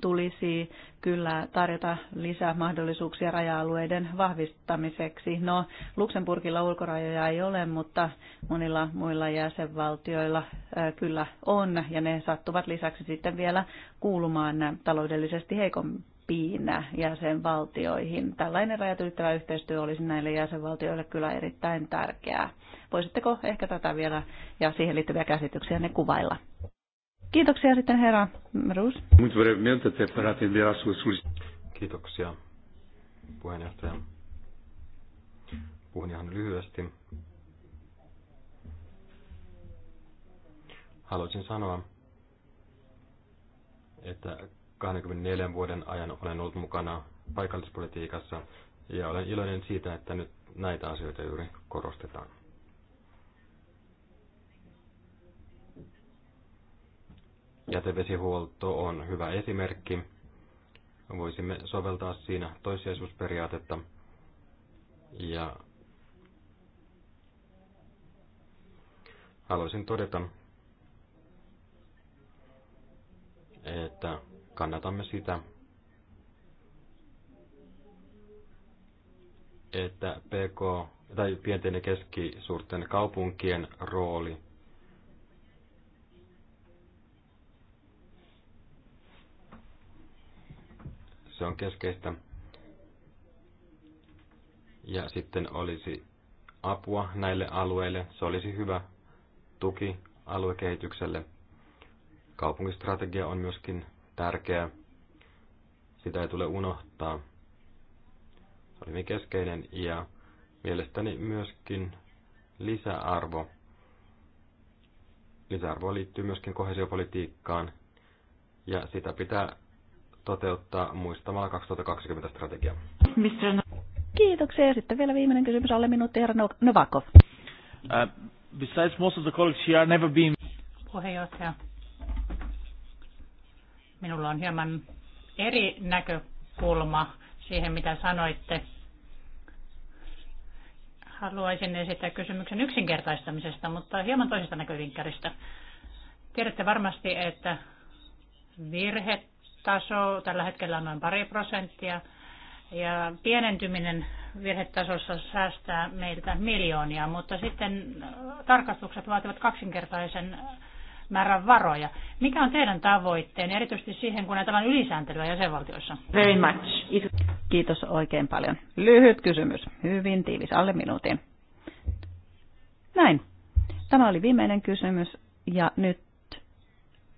tulisi kyllä tarjota lisää mahdollisuuksia raja-alueiden vahvistamiseksi. No, Luxemburgilla ulkorajoja ei ole, mutta monilla muilla jäsenvaltioilla äh, kyllä on, ja ne sattuvat lisäksi sitten vielä kuulumaan taloudellisesti heikompiin jäsenvaltioihin. Tällainen rajat ylittävä yhteistyö olisi näille jäsenvaltioille kyllä erittäin tärkeää. Voisitteko ehkä tätä vielä ja siihen liittyviä käsityksiä ne kuvailla? Kiitoksia sitten herra Ruus. Kiitoksia puheenjohtaja. Puhun ihan lyhyesti. Haluaisin sanoa, että 24 vuoden ajan olen ollut mukana paikallispolitiikassa ja olen iloinen siitä, että nyt näitä asioita juuri korostetaan. Jätevesihuolto on hyvä esimerkki. Voisimme soveltaa siinä toissijaisuusperiaatetta ja haluaisin todeta, että kannatamme sitä, että PK tai pienten ja keskisuurten kaupunkien rooli – se on keskeistä. Ja sitten olisi apua näille alueille, se olisi hyvä tuki aluekehitykselle. Kaupunkistrategia on myöskin tärkeä, sitä ei tule unohtaa. Se on hyvin keskeinen ja mielestäni myöskin lisäarvo. Lisäarvo liittyy myöskin kohesiopolitiikkaan ja sitä pitää toteuttaa muistamalla 2020 strategia. No- Kiitoksia. Ja sitten vielä viimeinen kysymys alle minuutti, herra no- Novakov. Uh, besides most of the colleagues here never been... Puheenjohtaja. Minulla on hieman eri näkökulma siihen, mitä sanoitte. Haluaisin esittää kysymyksen yksinkertaistamisesta, mutta hieman toisesta näkövinkkäristä. Tiedätte varmasti, että virhet taso tällä hetkellä on noin pari prosenttia. Ja pienentyminen virhetasossa säästää meiltä miljoonia, mutta sitten tarkastukset vaativat kaksinkertaisen määrän varoja. Mikä on teidän tavoitteen, erityisesti siihen, kun on ylisääntelyä jäsenvaltioissa? Very much. Kiitos oikein paljon. Lyhyt kysymys. Hyvin tiivis, alle minuutin. Näin. Tämä oli viimeinen kysymys ja nyt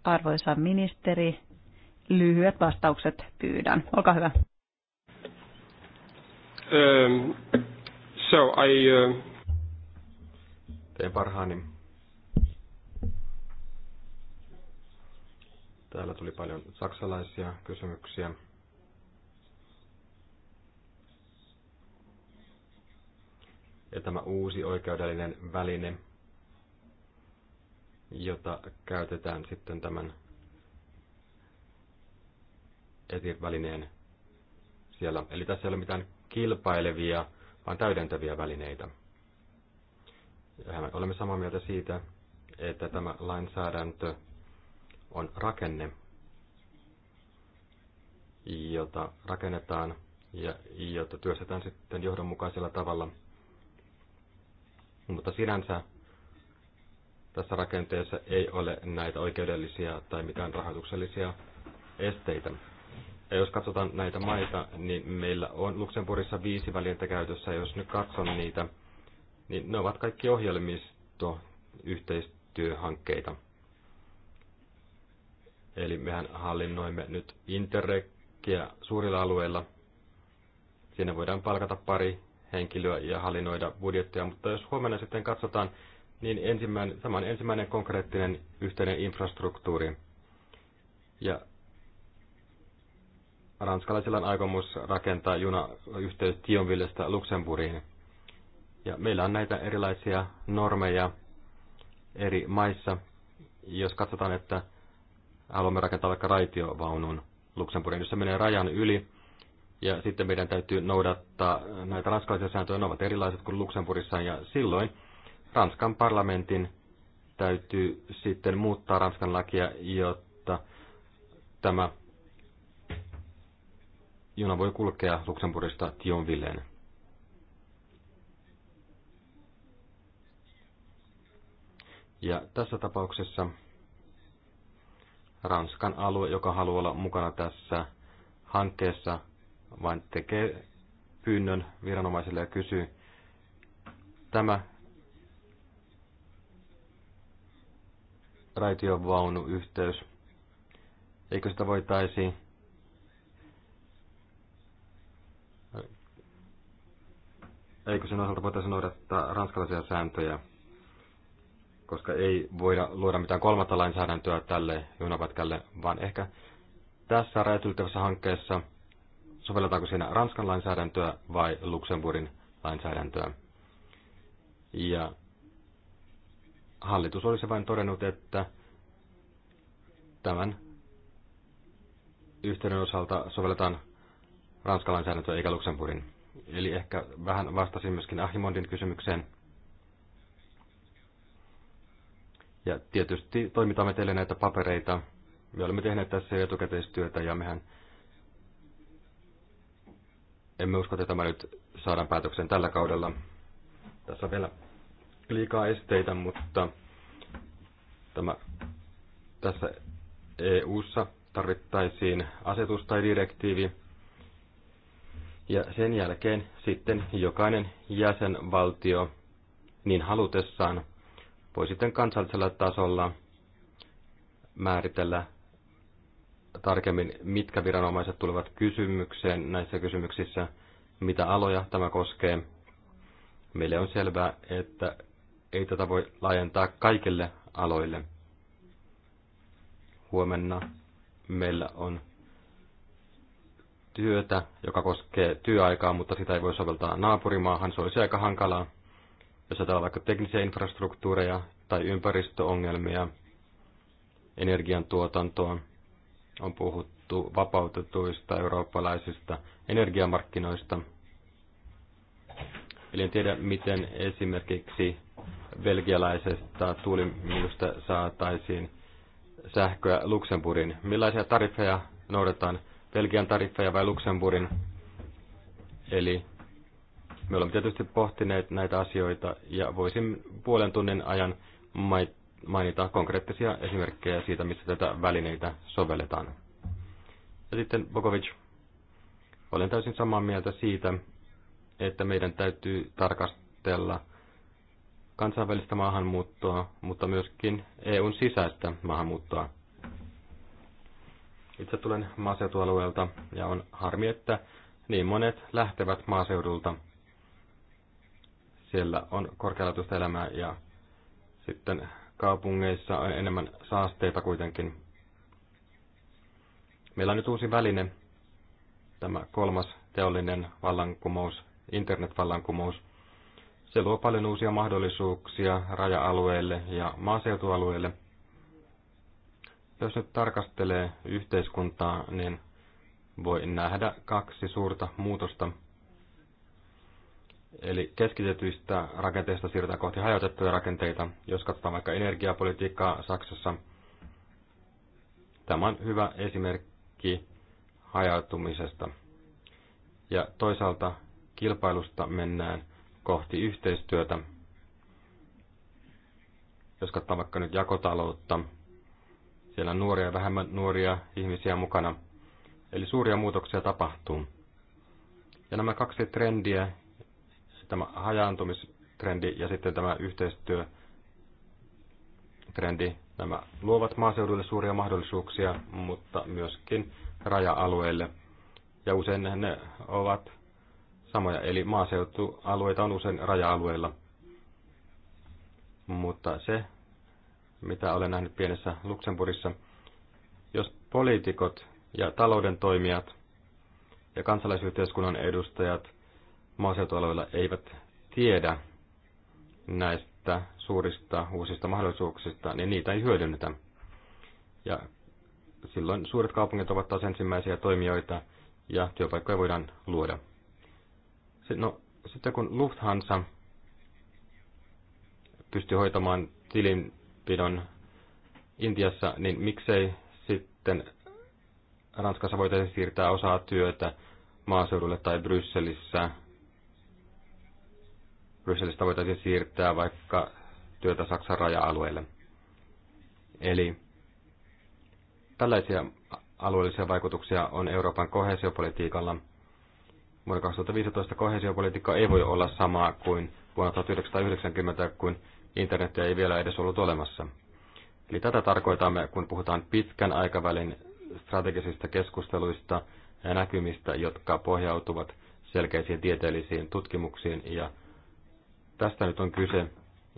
arvoisa ministeri, lyhyet vastaukset pyydän. Olkaa hyvä. Um, so I, uh... Teen parhaani. Täällä tuli paljon saksalaisia kysymyksiä. Ja tämä uusi oikeudellinen väline, jota käytetään sitten tämän etivälineen siellä. Eli tässä ei ole mitään kilpailevia, vaan täydentäviä välineitä. Ja me olemme samaa mieltä siitä, että tämä lainsäädäntö on rakenne, jota rakennetaan ja jota työstetään sitten johdonmukaisella tavalla. Mutta sinänsä tässä rakenteessa ei ole näitä oikeudellisia tai mitään rahoituksellisia esteitä. Ja jos katsotaan näitä maita, niin meillä on Luxemburgissa viisi välinettä käytössä. Jos nyt katson niitä, niin ne ovat kaikki ohjelmistoyhteistyöhankkeita. Eli mehän hallinnoimme nyt Interregia suurilla alueilla. Siinä voidaan palkata pari henkilöä ja hallinnoida budjettia, mutta jos huomenna sitten katsotaan, niin ensimmäinen, tämä on ensimmäinen konkreettinen yhteinen infrastruktuuri. Ja ranskalaisilla on aikomus rakentaa junayhteys Tionvillestä Luxemburgiin. Ja meillä on näitä erilaisia normeja eri maissa. Jos katsotaan, että haluamme rakentaa vaikka raitiovaunun Luxemburgin, jossa menee rajan yli, ja sitten meidän täytyy noudattaa näitä ranskalaisia sääntöjä, ne ovat erilaiset kuin Luxemburgissa, ja silloin Ranskan parlamentin täytyy sitten muuttaa Ranskan lakia, jotta tämä juna voi kulkea Luxemburgista Thionvilleen. Ja tässä tapauksessa Ranskan alue, joka haluaa olla mukana tässä hankkeessa, vain tekee pyynnön viranomaisille ja kysyy, tämä raitiovaunuyhteys, eikö sitä voitaisiin eikö sen osalta voitaisiin noudattaa ranskalaisia sääntöjä, koska ei voida luoda mitään kolmatta lainsäädäntöä tälle junapätkälle, vaan ehkä tässä räätyltävässä hankkeessa sovelletaanko siinä Ranskan lainsäädäntöä vai Luxemburgin lainsäädäntöä. Ja hallitus olisi vain todennut, että tämän yhteyden osalta sovelletaan Ranskan lainsäädäntöä eikä Luxemburgin. Eli ehkä vähän vastasin myöskin Ahimondin kysymykseen. Ja tietysti toimitamme teille näitä papereita. Me olemme tehneet tässä etukäteistyötä ja mehän emme usko, että tämä nyt saadaan päätöksen tällä kaudella. Tässä on vielä liikaa esteitä, mutta tämä, tässä EU-ssa tarvittaisiin asetus tai direktiivi, ja sen jälkeen sitten jokainen jäsenvaltio niin halutessaan voi sitten kansallisella tasolla määritellä tarkemmin, mitkä viranomaiset tulevat kysymykseen näissä kysymyksissä, mitä aloja tämä koskee. Meille on selvää, että ei tätä voi laajentaa kaikille aloille. Huomenna meillä on työtä, joka koskee työaikaa, mutta sitä ei voi soveltaa naapurimaahan. Se olisi aika hankalaa, jos ajatellaan vaikka teknisiä infrastruktuureja tai ympäristöongelmia, energiantuotantoa. On puhuttu vapautetuista eurooppalaisista energiamarkkinoista. Eli en tiedä, miten esimerkiksi belgialaisesta tuulimyllystä saataisiin sähköä Luxemburgin. Millaisia tariffeja noudatetaan? Belgian tariffeja vai Luxemburgin. Eli me olemme tietysti pohtineet näitä asioita ja voisin puolen tunnin ajan mainita konkreettisia esimerkkejä siitä, missä tätä välineitä sovelletaan. Ja sitten Bogovic, olen täysin samaa mieltä siitä, että meidän täytyy tarkastella kansainvälistä maahanmuuttoa, mutta myöskin EUn sisäistä maahanmuuttoa. Itse tulen maaseutualueelta ja on harmi, että niin monet lähtevät maaseudulta. Siellä on korkealaatuista elämää ja sitten kaupungeissa on enemmän saasteita kuitenkin. Meillä on nyt uusi väline, tämä kolmas teollinen vallankumous, internetvallankumous. Se luo paljon uusia mahdollisuuksia raja-alueille ja maaseutualueille – jos nyt tarkastelee yhteiskuntaa, niin voi nähdä kaksi suurta muutosta. Eli keskitetyistä rakenteista siirrytään kohti hajautettuja rakenteita. Jos katsotaan vaikka energiapolitiikkaa Saksassa, tämä on hyvä esimerkki hajautumisesta. Ja toisaalta kilpailusta mennään kohti yhteistyötä. Jos katsotaan vaikka nyt jakotaloutta, siellä on nuoria ja vähemmän nuoria ihmisiä mukana. Eli suuria muutoksia tapahtuu. Ja nämä kaksi trendiä, tämä hajaantumistrendi ja sitten tämä yhteistyötrendi, nämä luovat maaseudulle suuria mahdollisuuksia, mutta myöskin raja-alueille. Ja usein ne ovat samoja, eli maaseutualueita on usein raja-alueilla. Mutta se, mitä olen nähnyt pienessä Luxemburgissa. Jos poliitikot ja talouden toimijat ja kansalaisyhteiskunnan edustajat maaseutualueilla eivät tiedä näistä suurista uusista mahdollisuuksista, niin niitä ei hyödynnetä. Ja silloin suuret kaupungit ovat taas ensimmäisiä toimijoita ja työpaikkoja voidaan luoda. No, sitten kun Lufthansa pystyy hoitamaan tilin kirjanpidon Intiassa, niin miksei sitten Ranskassa voitaisiin siirtää osaa työtä maaseudulle tai Brysselissä. Brysselistä voitaisiin siirtää vaikka työtä Saksan raja-alueelle. Eli tällaisia alueellisia vaikutuksia on Euroopan kohesiopolitiikalla. Vuonna 2015 kohesiopolitiikka ei voi olla samaa kuin vuonna 1990, kun internetiä ei vielä edes ollut olemassa. Eli tätä tarkoitamme, kun puhutaan pitkän aikavälin strategisista keskusteluista ja näkymistä, jotka pohjautuvat selkeisiin tieteellisiin tutkimuksiin. Ja tästä nyt on kyse,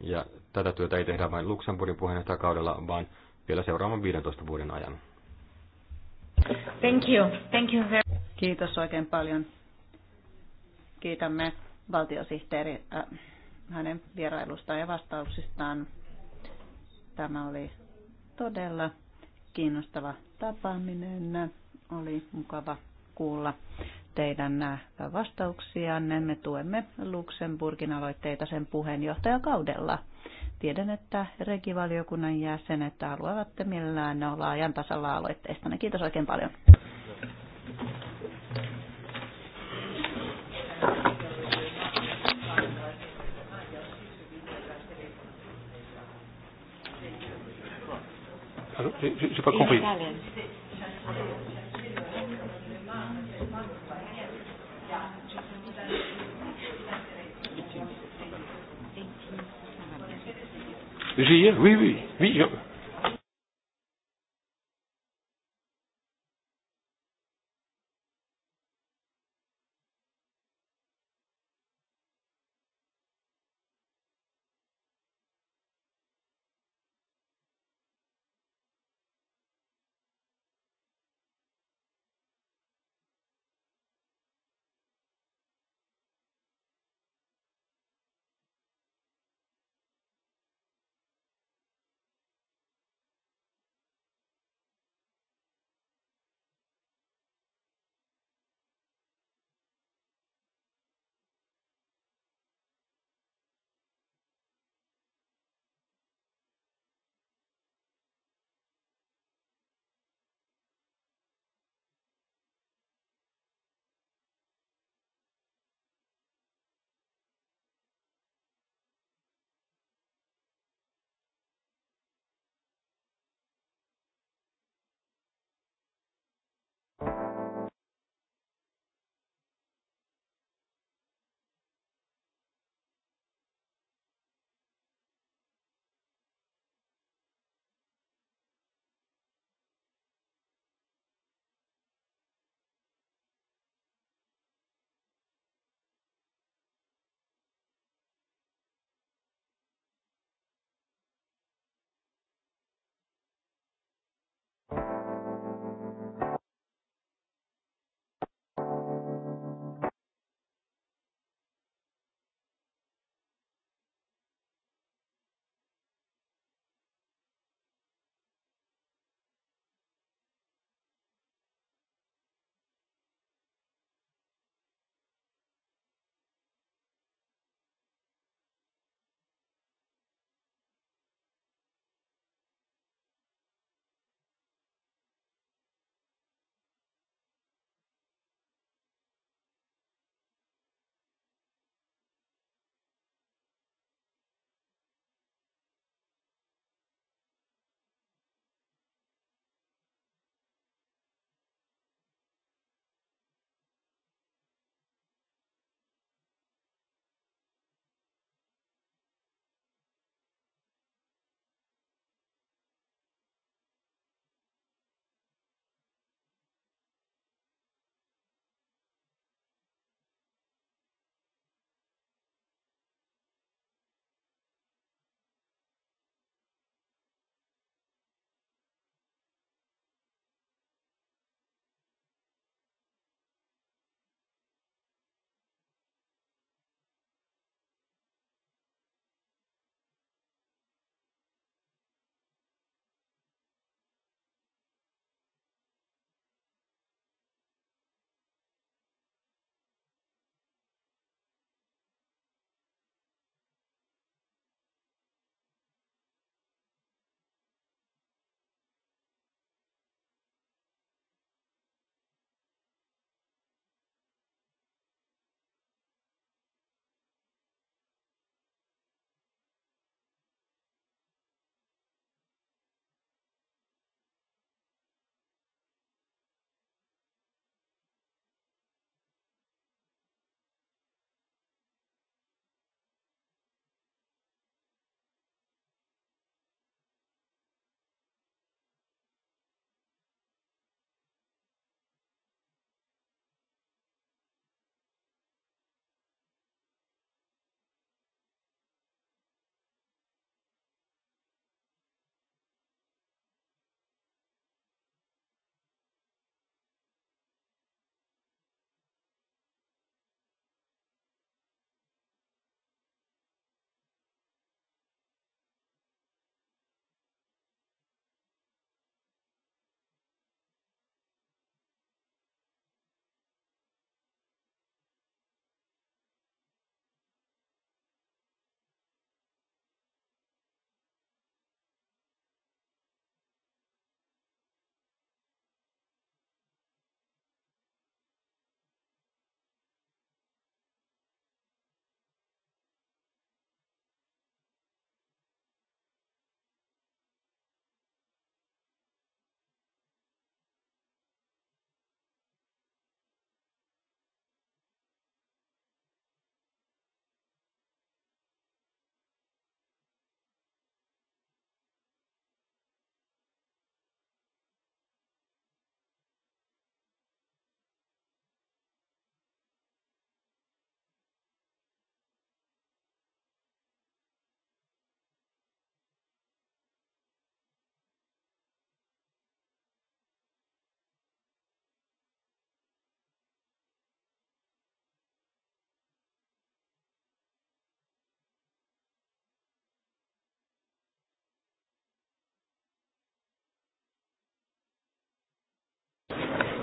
ja tätä työtä ei tehdä vain Luxemburgin puheenjohtajakaudella, vaan vielä seuraavan 15 vuoden ajan. Thank you. Thank you very... Kiitos oikein paljon. Kiitämme valtiosihteeri äh, hänen vierailustaan ja vastauksistaan. Tämä oli todella kiinnostava tapaaminen. Oli mukava kuulla teidän vastauksianne. Me tuemme Luxemburgin aloitteita sen puheenjohtajakaudella. Tiedän, että regivaliokunnan jäsenet haluavat mielellään olla ajan tasalla aloitteista. Kiitos oikein paljon. Je n'ai pas compris. J'y oui, oui, oui. Je...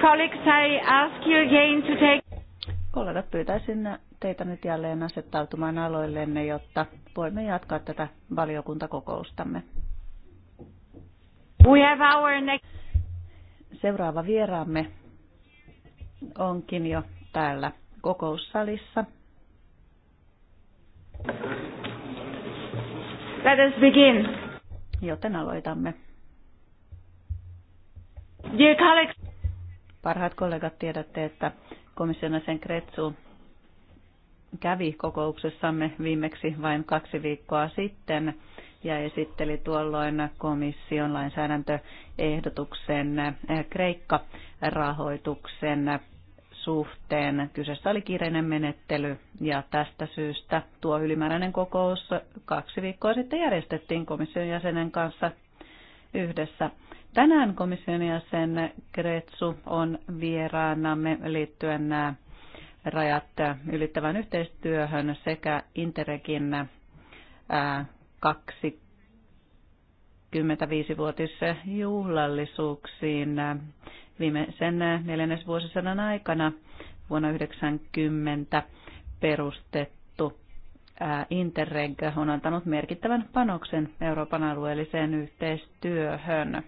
Colleagues, I ask you again to take... Kollegat, pyytäisin teitä nyt jälleen asettautumaan aloillenne, jotta voimme jatkaa tätä valiokuntakokoustamme. We have our next... Seuraava vieraamme onkin jo täällä kokoussalissa. Let us begin. Joten aloitamme. Dear colleagues, Parhaat kollegat tiedätte, että komission sen Kretsu kävi kokouksessamme viimeksi vain kaksi viikkoa sitten ja esitteli tuolloin komission lainsäädäntöehdotuksen Kreikka-rahoituksen suhteen. Kyseessä oli kiireinen menettely ja tästä syystä tuo ylimääräinen kokous kaksi viikkoa sitten järjestettiin komission jäsenen kanssa yhdessä. Tänään komission jäsen Kretsu on vieraanamme liittyen äh, rajat ylittävän yhteistyöhön sekä Interregin 25-vuotisjuhlallisuuksiin äh, äh, viimeisen neljännesvuosisadan aikana vuonna 1990 perustettu Interreg on antanut merkittävän panoksen Euroopan alueelliseen yhteistyöhön.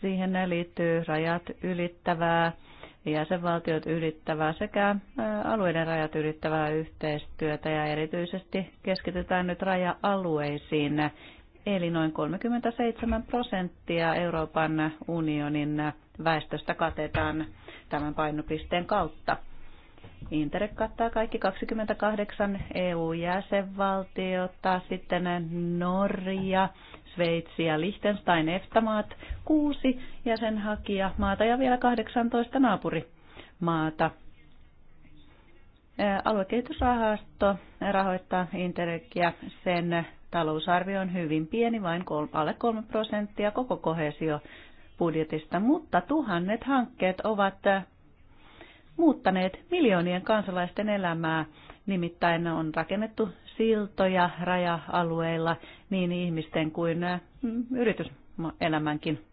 Siihen liittyy rajat ylittävää, jäsenvaltiot ylittävää sekä alueiden rajat ylittävää yhteistyötä ja erityisesti keskitytään nyt raja-alueisiin. Eli noin 37 prosenttia Euroopan unionin väestöstä katetaan tämän painopisteen kautta. Interreg kattaa kaikki 28 EU-jäsenvaltiota, sitten Norja, Sveitsi ja Liechtenstein EFTA-maat, kuusi maata ja vielä 18 naapurimaata. Aluekehitysrahasto rahoittaa Interregia. Sen talousarvio on hyvin pieni, vain alle 3 prosenttia koko kohesio budjetista, mutta tuhannet hankkeet ovat muuttaneet miljoonien kansalaisten elämää. Nimittäin on rakennettu siltoja raja-alueilla niin ihmisten kuin äh, yrityselämänkin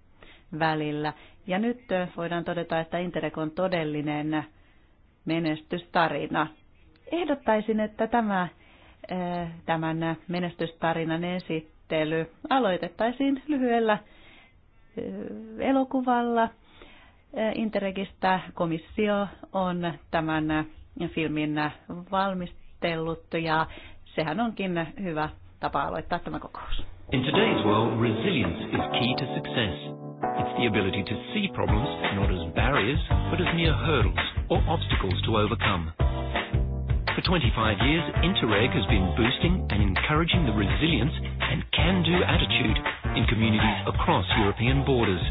välillä. Ja nyt äh, voidaan todeta, että Interreg on todellinen menestystarina. Ehdottaisin, että tämä, äh, tämän menestystarinan esittely aloitettaisiin lyhyellä elokuvalla. Interregistä komissio on tämän filmin valmistellut ja sehän onkin hyvä tapa aloittaa tämä kokous. In today's world, resilience is key to success. It's the ability to see problems not as barriers, but as mere hurdles or obstacles to overcome. For 25 years, Interreg has been boosting and encouraging the resilience and can-do attitude in communities across European borders.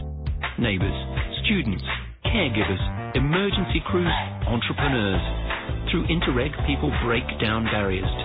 Neighbours, students, caregivers, emergency crews, entrepreneurs. Through Interreg, people break down barriers to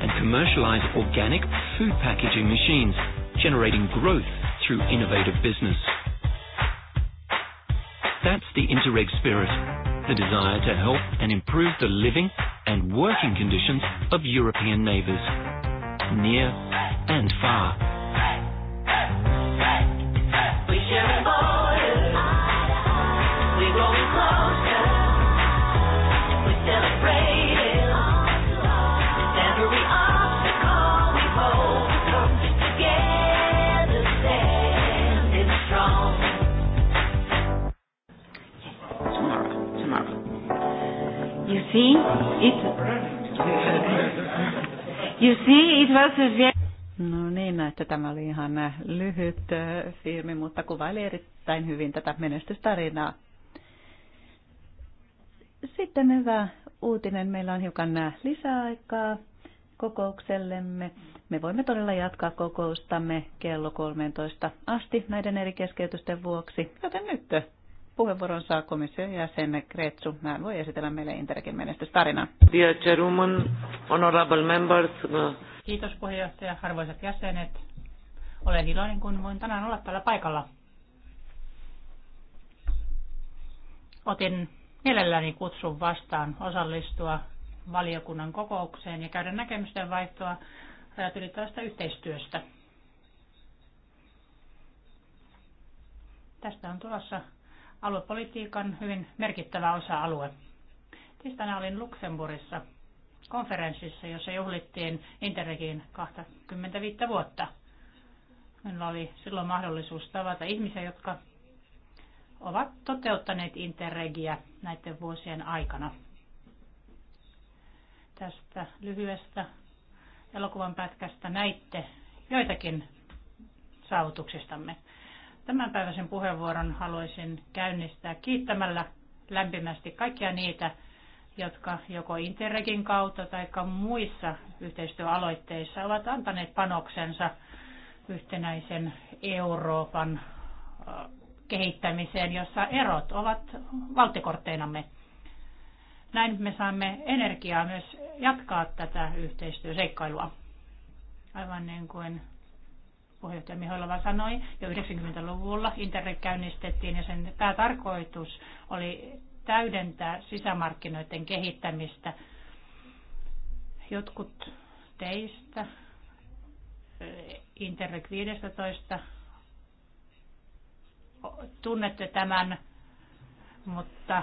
and commercialize organic food packaging machines, generating growth through innovative business. That's the Interreg spirit, the desire to help and improve the living and working conditions of European neighbors, near and far. We share You see, it, you see, it was a very... No niin, että tämä oli ihan lyhyt äh, filmi, mutta kuvaili erittäin hyvin tätä menestystarinaa. Sitten hyvä uutinen. Meillä on hiukan äh, lisäaikaa kokouksellemme. Me voimme todella jatkaa kokoustamme kello 13 asti näiden eri keskeytysten vuoksi, joten nyt puheenvuoron saa komission jäsen Kretsu. Hän voi esitellä meille Interkin menestystarinan. Dear chairwoman, honorable members. Uh, Kiitos puheenjohtaja, arvoisat jäsenet. Olen iloinen, kun voin tänään olla täällä paikalla. Otin mielelläni kutsun vastaan osallistua valiokunnan kokoukseen ja käydä näkemysten vaihtoa rajat ylittävästä yhteistyöstä. Tästä on tulossa aluepolitiikan hyvin merkittävä osa-alue. Tiistaina olin Luxemburgissa konferenssissa, jossa juhlittiin Interregin 25 vuotta. Minulla oli silloin mahdollisuus tavata ihmisiä, jotka ovat toteuttaneet Interregiä näiden vuosien aikana. Tästä lyhyestä elokuvan pätkästä näitte joitakin saavutuksistamme. Tämänpäiväisen puheenvuoron haluaisin käynnistää kiittämällä lämpimästi kaikkia niitä, jotka joko Interregin kautta tai muissa yhteistyöaloitteissa ovat antaneet panoksensa yhtenäisen Euroopan kehittämiseen, jossa erot ovat valtikortteinamme. Näin me saamme energiaa myös jatkaa tätä yhteistyöseikkailua. Aivan niin kuin puheenjohtaja Mihailova sanoi, jo 90-luvulla internet käynnistettiin ja sen päätarkoitus oli täydentää sisämarkkinoiden kehittämistä. Jotkut teistä Interreg 15 tunnette tämän, mutta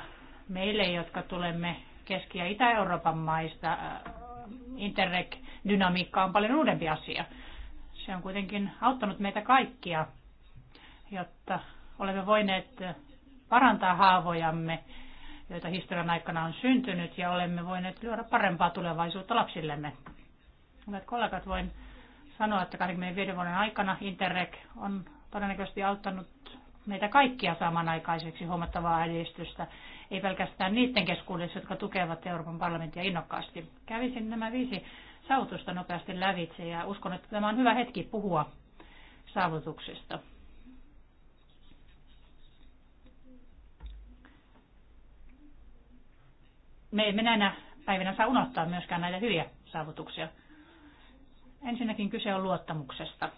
meille, jotka tulemme Keski- ja Itä-Euroopan maista, Interreg-dynamiikka on paljon uudempi asia. Se on kuitenkin auttanut meitä kaikkia, jotta olemme voineet parantaa haavojamme, joita historian aikana on syntynyt, ja olemme voineet luoda parempaa tulevaisuutta lapsillemme. Hyvät kollegat, voin sanoa, että 25 vuoden aikana Interreg on todennäköisesti auttanut meitä kaikkia samanaikaiseksi huomattavaa edistystä, ei pelkästään niiden keskuudessa, jotka tukevat Euroopan parlamenttia innokkaasti. Kävisin nämä viisi saavutusta nopeasti lävitse ja uskon, että tämä on hyvä hetki puhua saavutuksista. Me emme näinä päivinä saa unohtaa myöskään näitä hyviä saavutuksia. Ensinnäkin kyse on luottamuksesta.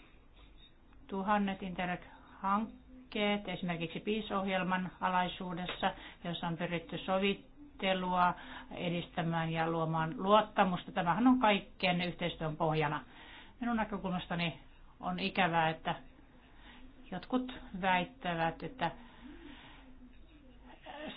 Tuhannet Interreg-hankkeet hankkeet, esimerkiksi PIS-ohjelman alaisuudessa, jossa on pyritty sovittelua edistämään ja luomaan luottamusta. Tämähän on kaikkien yhteistyön pohjana. Minun näkökulmastani on ikävää, että jotkut väittävät, että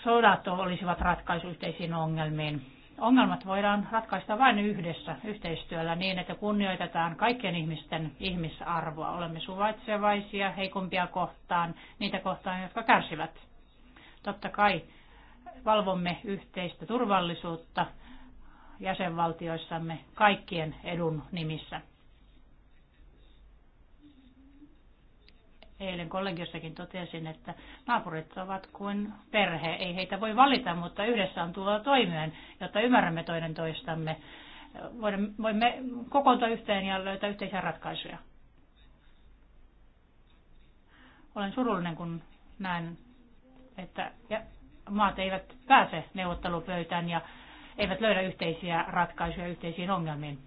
sodat olisivat ratkaisu yhteisiin ongelmiin ongelmat voidaan ratkaista vain yhdessä yhteistyöllä niin, että kunnioitetaan kaikkien ihmisten ihmisarvoa. Olemme suvaitsevaisia heikompia kohtaan, niitä kohtaan, jotka kärsivät. Totta kai valvomme yhteistä turvallisuutta jäsenvaltioissamme kaikkien edun nimissä. Eilen kollegiossakin totesin, että naapurit ovat kuin perhe. Ei heitä voi valita, mutta yhdessä on tuloa toimeen, jotta ymmärrämme toinen toistamme. Voimme kokoontua yhteen ja löytää yhteisiä ratkaisuja. Olen surullinen, kun näen, että maat eivät pääse neuvottelupöytään ja eivät löydä yhteisiä ratkaisuja yhteisiin ongelmiin.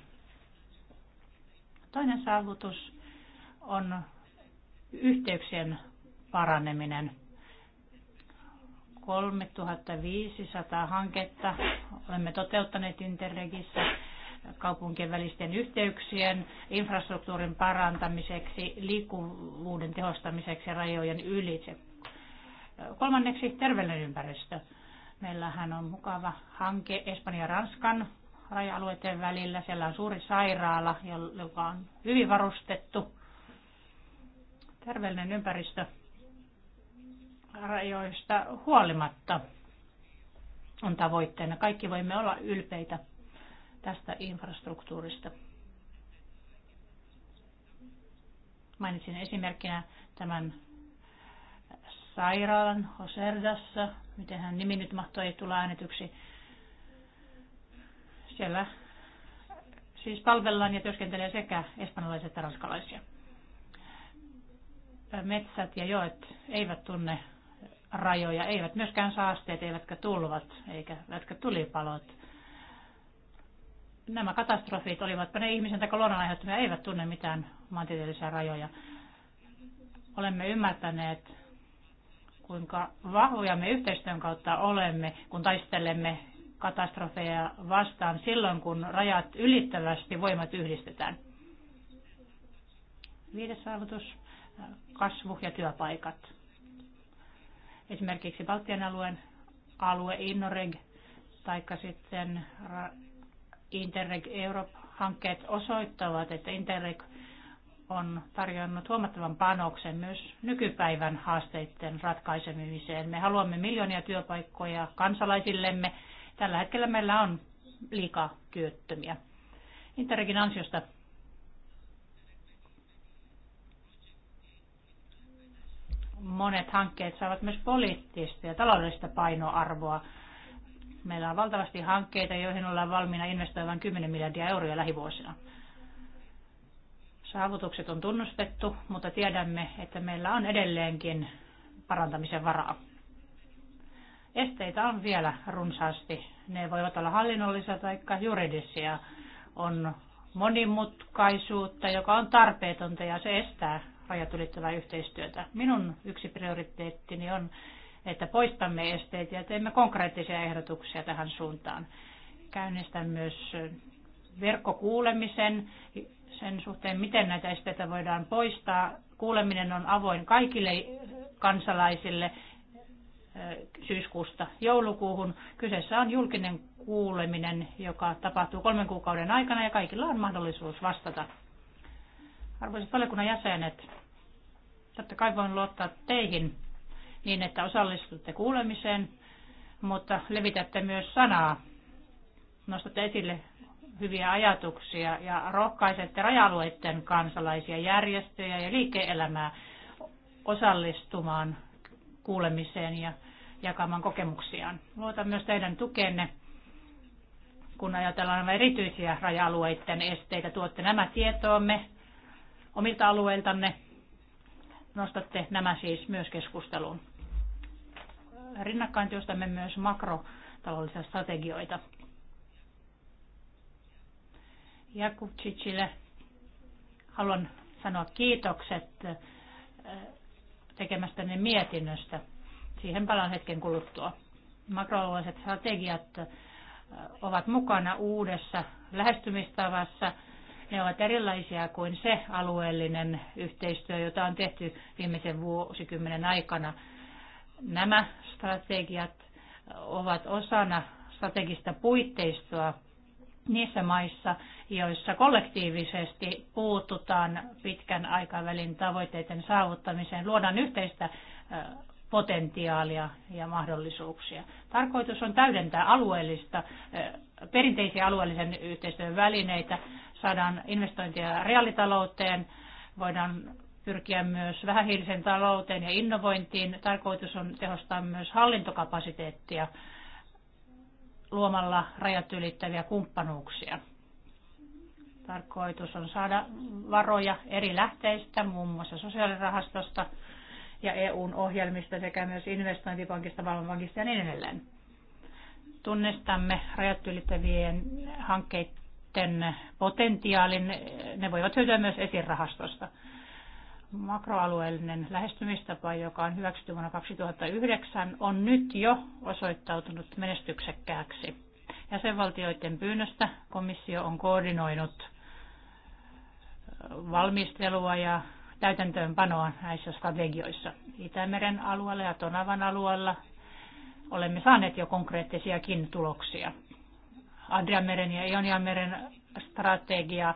Toinen saavutus on yhteyksien paraneminen. 3500 hanketta olemme toteuttaneet Interregissä kaupunkien välisten yhteyksien, infrastruktuurin parantamiseksi, liikkuvuuden tehostamiseksi ja rajojen ylitse. Kolmanneksi terveellinen ympäristö. Meillähän on mukava hanke Espanjan ja Ranskan raja-alueiden välillä. Siellä on suuri sairaala, joka on hyvin varustettu terveellinen ympäristö rajoista huolimatta on tavoitteena. Kaikki voimme olla ylpeitä tästä infrastruktuurista. Mainitsin esimerkkinä tämän sairaalan Hoserdassa, miten hän nimi nyt mahtoi tulla äänetyksi. Siellä siis palvellaan ja työskentelee sekä espanjalaisia että ranskalaisia metsät ja joet eivät tunne rajoja, eivät myöskään saasteet, eivätkä tulvat, eikä, eivätkä tulipalot. Nämä katastrofit, olivatpa ne ihmisen tai luonnon aiheuttamia, eivät tunne mitään maantieteellisiä rajoja. Olemme ymmärtäneet, kuinka vahvoja me yhteistyön kautta olemme, kun taistelemme katastrofeja vastaan silloin, kun rajat ylittävästi voimat yhdistetään. Viides saavutus kasvu ja työpaikat. Esimerkiksi Baltian alueen alue Innoreg tai sitten Interreg Europe-hankkeet osoittavat, että Interreg on tarjonnut huomattavan panoksen myös nykypäivän haasteiden ratkaisemiseen. Me haluamme miljoonia työpaikkoja kansalaisillemme. Tällä hetkellä meillä on liikaa työttömiä. Interregin ansiosta monet hankkeet saavat myös poliittista ja taloudellista painoarvoa. Meillä on valtavasti hankkeita, joihin ollaan valmiina investoivan 10 miljardia euroa lähivuosina. Saavutukset on tunnustettu, mutta tiedämme, että meillä on edelleenkin parantamisen varaa. Esteitä on vielä runsaasti. Ne voivat olla hallinnollisia tai juridisia. On monimutkaisuutta, joka on tarpeetonta ja se estää rajat ylittävää yhteistyötä. Minun yksi prioriteettini on, että poistamme esteet ja teemme konkreettisia ehdotuksia tähän suuntaan. Käynnistän myös verkkokuulemisen sen suhteen, miten näitä esteitä voidaan poistaa. Kuuleminen on avoin kaikille kansalaisille eh, syyskuusta joulukuuhun. Kyseessä on julkinen kuuleminen, joka tapahtuu kolmen kuukauden aikana ja kaikilla on mahdollisuus vastata. Arvoisat valiokunnan jäsenet, Totta kai voin luottaa teihin niin, että osallistutte kuulemiseen, mutta levitätte myös sanaa. Nostatte esille hyviä ajatuksia ja rohkaisette raja-alueiden kansalaisia, järjestöjä ja liike-elämää osallistumaan kuulemiseen ja jakamaan kokemuksiaan. Luotan myös teidän tukenne, kun ajatellaan nämä erityisiä raja-alueiden esteitä. Tuotte nämä tietoomme omilta alueiltanne nostatte nämä siis myös keskusteluun. Rinnakkain työstämme myös makrotaloudellisia strategioita. Jakubcicille haluan sanoa kiitokset äh, tekemästäni mietinnöstä. Siihen palaan hetken kuluttua. Makroalueiset strategiat äh, ovat mukana uudessa lähestymistavassa – ne ovat erilaisia kuin se alueellinen yhteistyö, jota on tehty viimeisen vuosikymmenen aikana. Nämä strategiat ovat osana strategista puitteistoa niissä maissa, joissa kollektiivisesti puututaan pitkän aikavälin tavoitteiden saavuttamiseen, luodaan yhteistä potentiaalia ja mahdollisuuksia. Tarkoitus on täydentää alueellista perinteisiä alueellisen yhteistyön välineitä, saadaan investointia reaalitalouteen, voidaan pyrkiä myös vähähiiliseen talouteen ja innovointiin. Tarkoitus on tehostaa myös hallintokapasiteettia luomalla rajat ylittäviä kumppanuuksia. Tarkoitus on saada varoja eri lähteistä, muun muassa sosiaalirahastosta ja EUn ohjelmista sekä myös investointipankista, valvonpankista ja niin edelleen tunnistamme rajat ylittävien hankkeiden potentiaalin. Ne voivat hyötyä myös esirahastosta. Makroalueellinen lähestymistapa, joka on hyväksytty vuonna 2009, on nyt jo osoittautunut menestyksekkääksi. Jäsenvaltioiden pyynnöstä komissio on koordinoinut valmistelua ja täytäntöönpanoa näissä strategioissa. Itämeren alueella ja Tonavan alueella olemme saaneet jo konkreettisiakin tuloksia. Adriameren ja Ioniameren strategia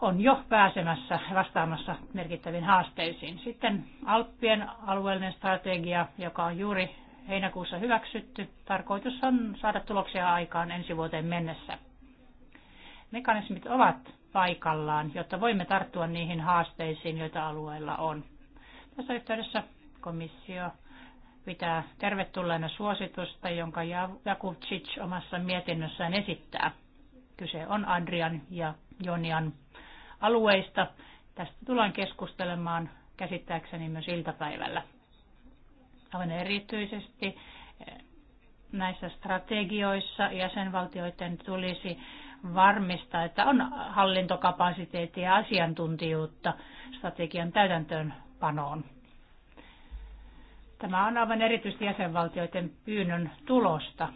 on jo pääsemässä vastaamassa merkittäviin haasteisiin. Sitten Alppien alueellinen strategia, joka on juuri heinäkuussa hyväksytty. Tarkoitus on saada tuloksia aikaan ensi vuoteen mennessä. Mekanismit ovat paikallaan, jotta voimme tarttua niihin haasteisiin, joita alueella on. Tässä yhteydessä komissio pitää tervetulleena suositusta, jonka Jakubcic omassa mietinnössään esittää. Kyse on Adrian ja Jonian alueista. Tästä tullaan keskustelemaan käsittääkseni myös iltapäivällä. Aivan erityisesti eh, näissä strategioissa jäsenvaltioiden tulisi varmistaa, että on hallintokapasiteettia ja asiantuntijuutta strategian täytäntöönpanoon. Tämä on aivan erityisesti jäsenvaltioiden pyynnön tulosta.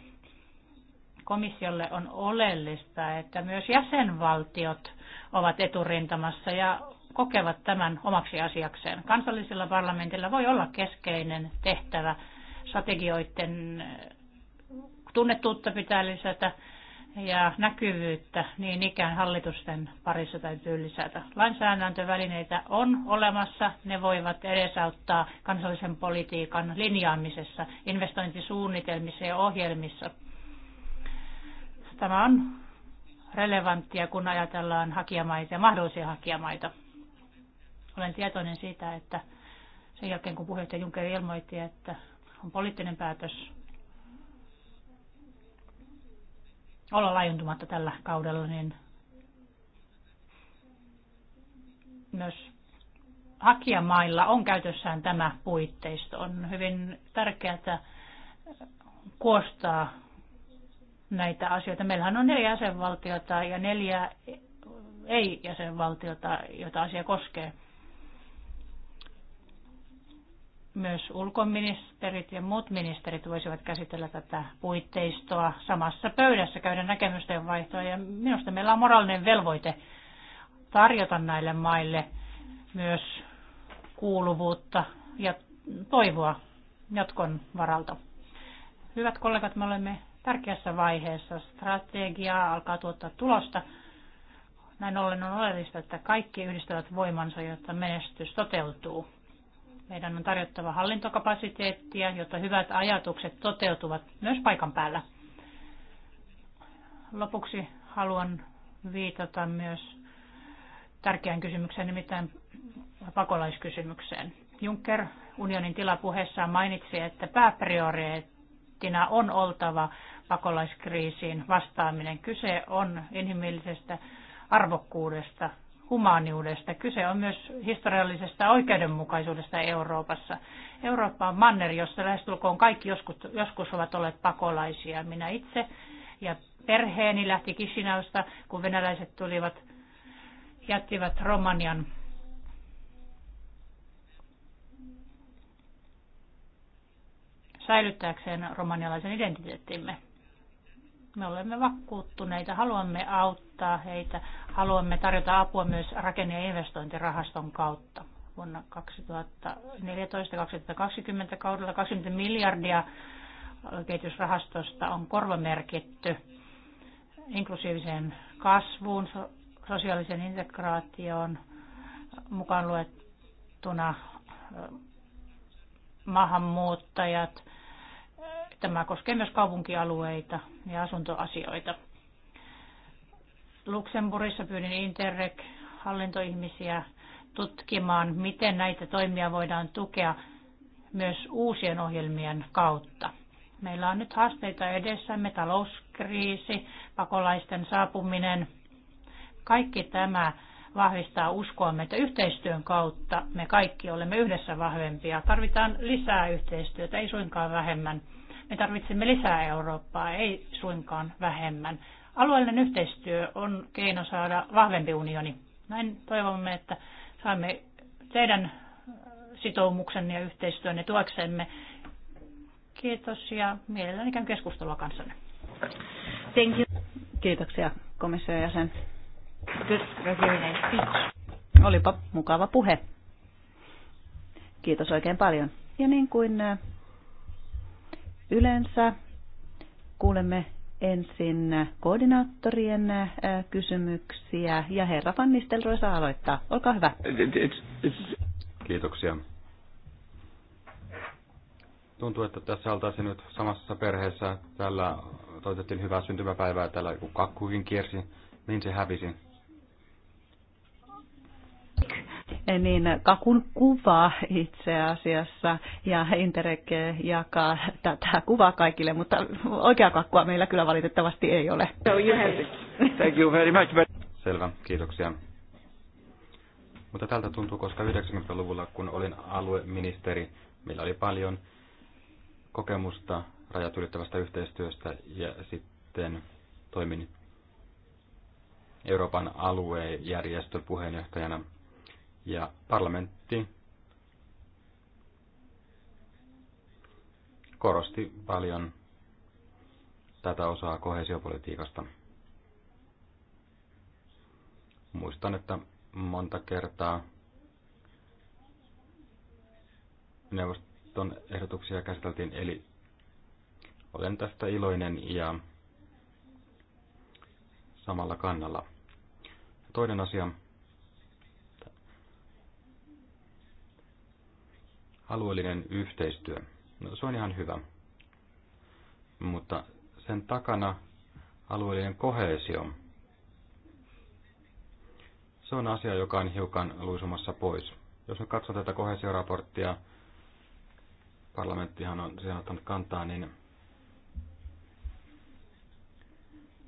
Komissiolle on oleellista, että myös jäsenvaltiot ovat eturintamassa ja kokevat tämän omaksi asiakseen. Kansallisilla parlamentilla voi olla keskeinen tehtävä strategioiden tunnetuutta pitää lisätä ja näkyvyyttä niin ikään hallitusten parissa täytyy lisätä. Lainsäädäntövälineitä on olemassa, ne voivat edesauttaa kansallisen politiikan linjaamisessa, investointisuunnitelmissa ja ohjelmissa. Tämä on relevanttia, kun ajatellaan hakijamaita ja mahdollisia hakijamaita. Olen tietoinen siitä, että sen jälkeen kun puheenjohtaja Juncker ilmoitti, että on poliittinen päätös olla laajentumatta tällä kaudella, niin myös hakijamailla on käytössään tämä puitteisto. On hyvin tärkeää koostaa näitä asioita. Meillähän on neljä jäsenvaltiota ja neljä ei-jäsenvaltiota, joita asia koskee. myös ulkoministerit ja muut ministerit voisivat käsitellä tätä puitteistoa samassa pöydässä, käydä näkemysten vaihtoa. Ja minusta meillä on moraalinen velvoite tarjota näille maille myös kuuluvuutta ja toivoa jatkon varalta. Hyvät kollegat, me olemme tärkeässä vaiheessa. Strategia alkaa tuottaa tulosta. Näin ollen on oleellista, että kaikki yhdistävät voimansa, jotta menestys toteutuu. Meidän on tarjottava hallintokapasiteettia, jotta hyvät ajatukset toteutuvat myös paikan päällä. Lopuksi haluan viitata myös tärkeään kysymykseen, nimittäin pakolaiskysymykseen. Juncker unionin tilapuheessaan mainitsi, että pääprioriteettina on oltava pakolaiskriisiin vastaaminen. Kyse on inhimillisestä arvokkuudesta humaniudesta. Kyse on myös historiallisesta oikeudenmukaisuudesta Euroopassa. Eurooppa on manner, jossa lähestulkoon kaikki joskus, joskus ovat olleet pakolaisia. Minä itse ja perheeni lähti Kisinausta, kun venäläiset tulivat, jättivät Romanian. säilyttääkseen romanialaisen identiteettimme. Me olemme vakuuttuneita, haluamme auttaa heitä, haluamme tarjota apua myös rakenne- ja investointirahaston kautta. Vuonna 2014-2020 kaudella 20 miljardia kehitysrahastosta on korvamerkitty inklusiiviseen kasvuun, sosiaaliseen integraatioon, mukaan luettuna maahanmuuttajat – Tämä koskee myös kaupunkialueita ja asuntoasioita. Luxemburgissa pyydin Interreg-hallintoihmisiä tutkimaan, miten näitä toimia voidaan tukea myös uusien ohjelmien kautta. Meillä on nyt haasteita edessämme, talouskriisi, pakolaisten saapuminen. Kaikki tämä vahvistaa uskoamme, että yhteistyön kautta me kaikki olemme yhdessä vahvempia. Tarvitaan lisää yhteistyötä, ei suinkaan vähemmän. Me tarvitsemme lisää Eurooppaa, ei suinkaan vähemmän. Alueellinen yhteistyö on keino saada vahvempi unioni. Näin toivomme, että saamme teidän sitoumuksen ja yhteistyönne tuoksemme. Kiitos ja mielelläni käyn keskustelua kanssanne. Thank you. Kiitoksia komission jäsen. Olipa mukava puhe. Kiitos oikein paljon. Ja niin kuin äh, Yleensä kuulemme ensin koordinaattorien kysymyksiä ja herra Van Nistelrooy saa aloittaa. Olkaa hyvä. Kiitoksia. Tuntuu, että tässä oltaisiin nyt samassa perheessä. Tällä toitettiin hyvää syntymäpäivää, tällä joku kakkuukin kiersi, niin se hävisi niin kakun kuva itse asiassa, ja Interreg jakaa tätä kuvaa kaikille, mutta oikea kakkua meillä kyllä valitettavasti ei ole. So you have Thank you very much. Selvä, kiitoksia. Mutta tältä tuntuu, koska 90-luvulla, kun olin alueministeri, meillä oli paljon kokemusta rajat ylittävästä yhteistyöstä ja sitten toimin Euroopan aluejärjestön puheenjohtajana – ja parlamentti korosti paljon tätä osaa kohesiopolitiikasta. Muistan, että monta kertaa neuvoston ehdotuksia käsiteltiin, eli olen tästä iloinen ja samalla kannalla. Toinen asia, alueellinen yhteistyö. No, se on ihan hyvä. Mutta sen takana alueellinen kohesio. Se on asia, joka on hiukan luisumassa pois. Jos me katsomme tätä kohesioraporttia, parlamenttihan on siihen ottanut kantaa, niin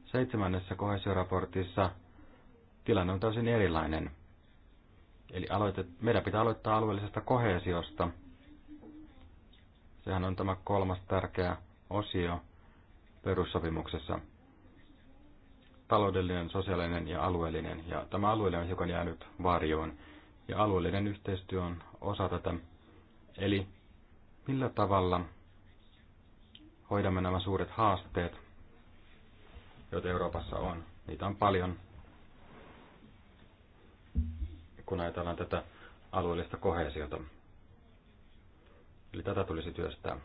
seitsemännessä kohesioraportissa tilanne on täysin erilainen. Eli aloitet, meidän pitää aloittaa alueellisesta kohesiosta – Sehän on tämä kolmas tärkeä osio perussopimuksessa. Taloudellinen, sosiaalinen ja alueellinen. Ja tämä alueellinen on hiukan jäänyt varjoon. Ja alueellinen yhteistyö on osa tätä. Eli millä tavalla hoidamme nämä suuret haasteet, joita Euroopassa on. Niitä on paljon, kun ajatellaan tätä alueellista kohesiota. Eli tätä tulisi työstää.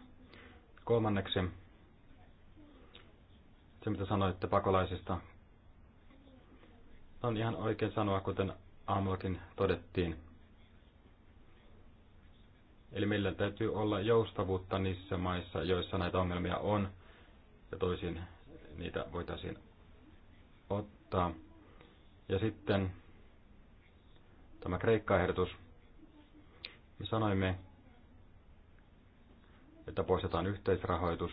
Kolmanneksi, se mitä sanoitte pakolaisista, on ihan oikein sanoa, kuten aamullakin todettiin. Eli meillä täytyy olla joustavuutta niissä maissa, joissa näitä ongelmia on, ja toisin niitä voitaisiin ottaa. Ja sitten tämä Kreikka-ehdotus. Me sanoimme, että poistetaan yhteisrahoitus.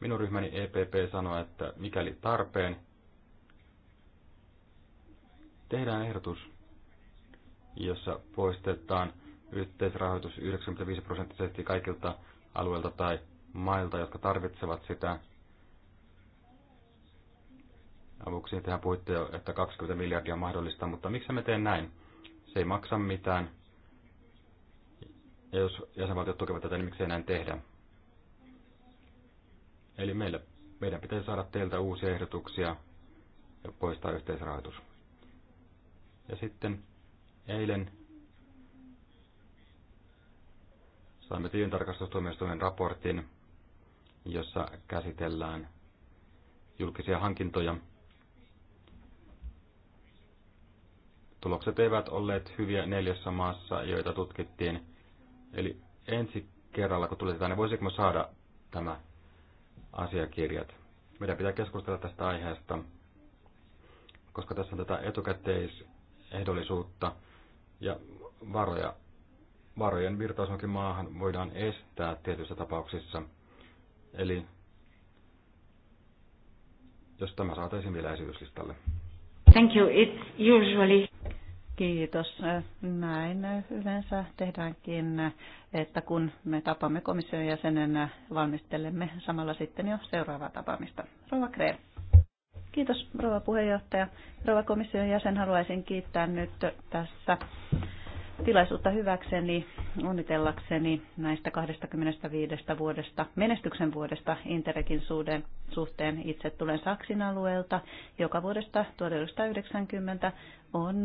Minun ryhmäni EPP sanoo, että mikäli tarpeen, tehdään ehdotus, jossa poistetaan yhteisrahoitus 95 prosenttisesti kaikilta alueilta tai mailta, jotka tarvitsevat sitä. Avuksi tehän puhuitte jo, että 20 miljardia on mahdollista, mutta miksi me teen näin? Se ei maksa mitään ja jos jäsenvaltiot tukevat tätä, niin miksei näin tehdä? Eli meillä, meidän pitäisi saada teiltä uusia ehdotuksia ja poistaa yhteisrahoitus. Ja sitten eilen saimme tilintarkastustuomioistuimen raportin, jossa käsitellään julkisia hankintoja. Tulokset eivät olleet hyviä neljässä maassa, joita tutkittiin, Eli ensi kerralla, kun tulee tänne, niin voisimmeko saada tämä asiakirjat? Meidän pitää keskustella tästä aiheesta, koska tässä on tätä etukäteisehdollisuutta ja varoja, varojen virtaus onkin maahan voidaan estää tietyissä tapauksissa. Eli jos tämä saataisiin vielä esityslistalle. Thank you. It's usually... Kiitos. Näin yleensä tehdäänkin, että kun me tapamme komission jäsenenä, valmistelemme samalla sitten jo seuraavaa tapaamista. Rova Kreel. Kiitos rouva puheenjohtaja. Rova komission jäsen, haluaisin kiittää nyt tässä tilaisuutta hyväkseni, onnitellakseni näistä 25 vuodesta, menestyksen vuodesta Interrekin suhteen. Itse tulen Saksin alueelta, joka vuodesta 1990 on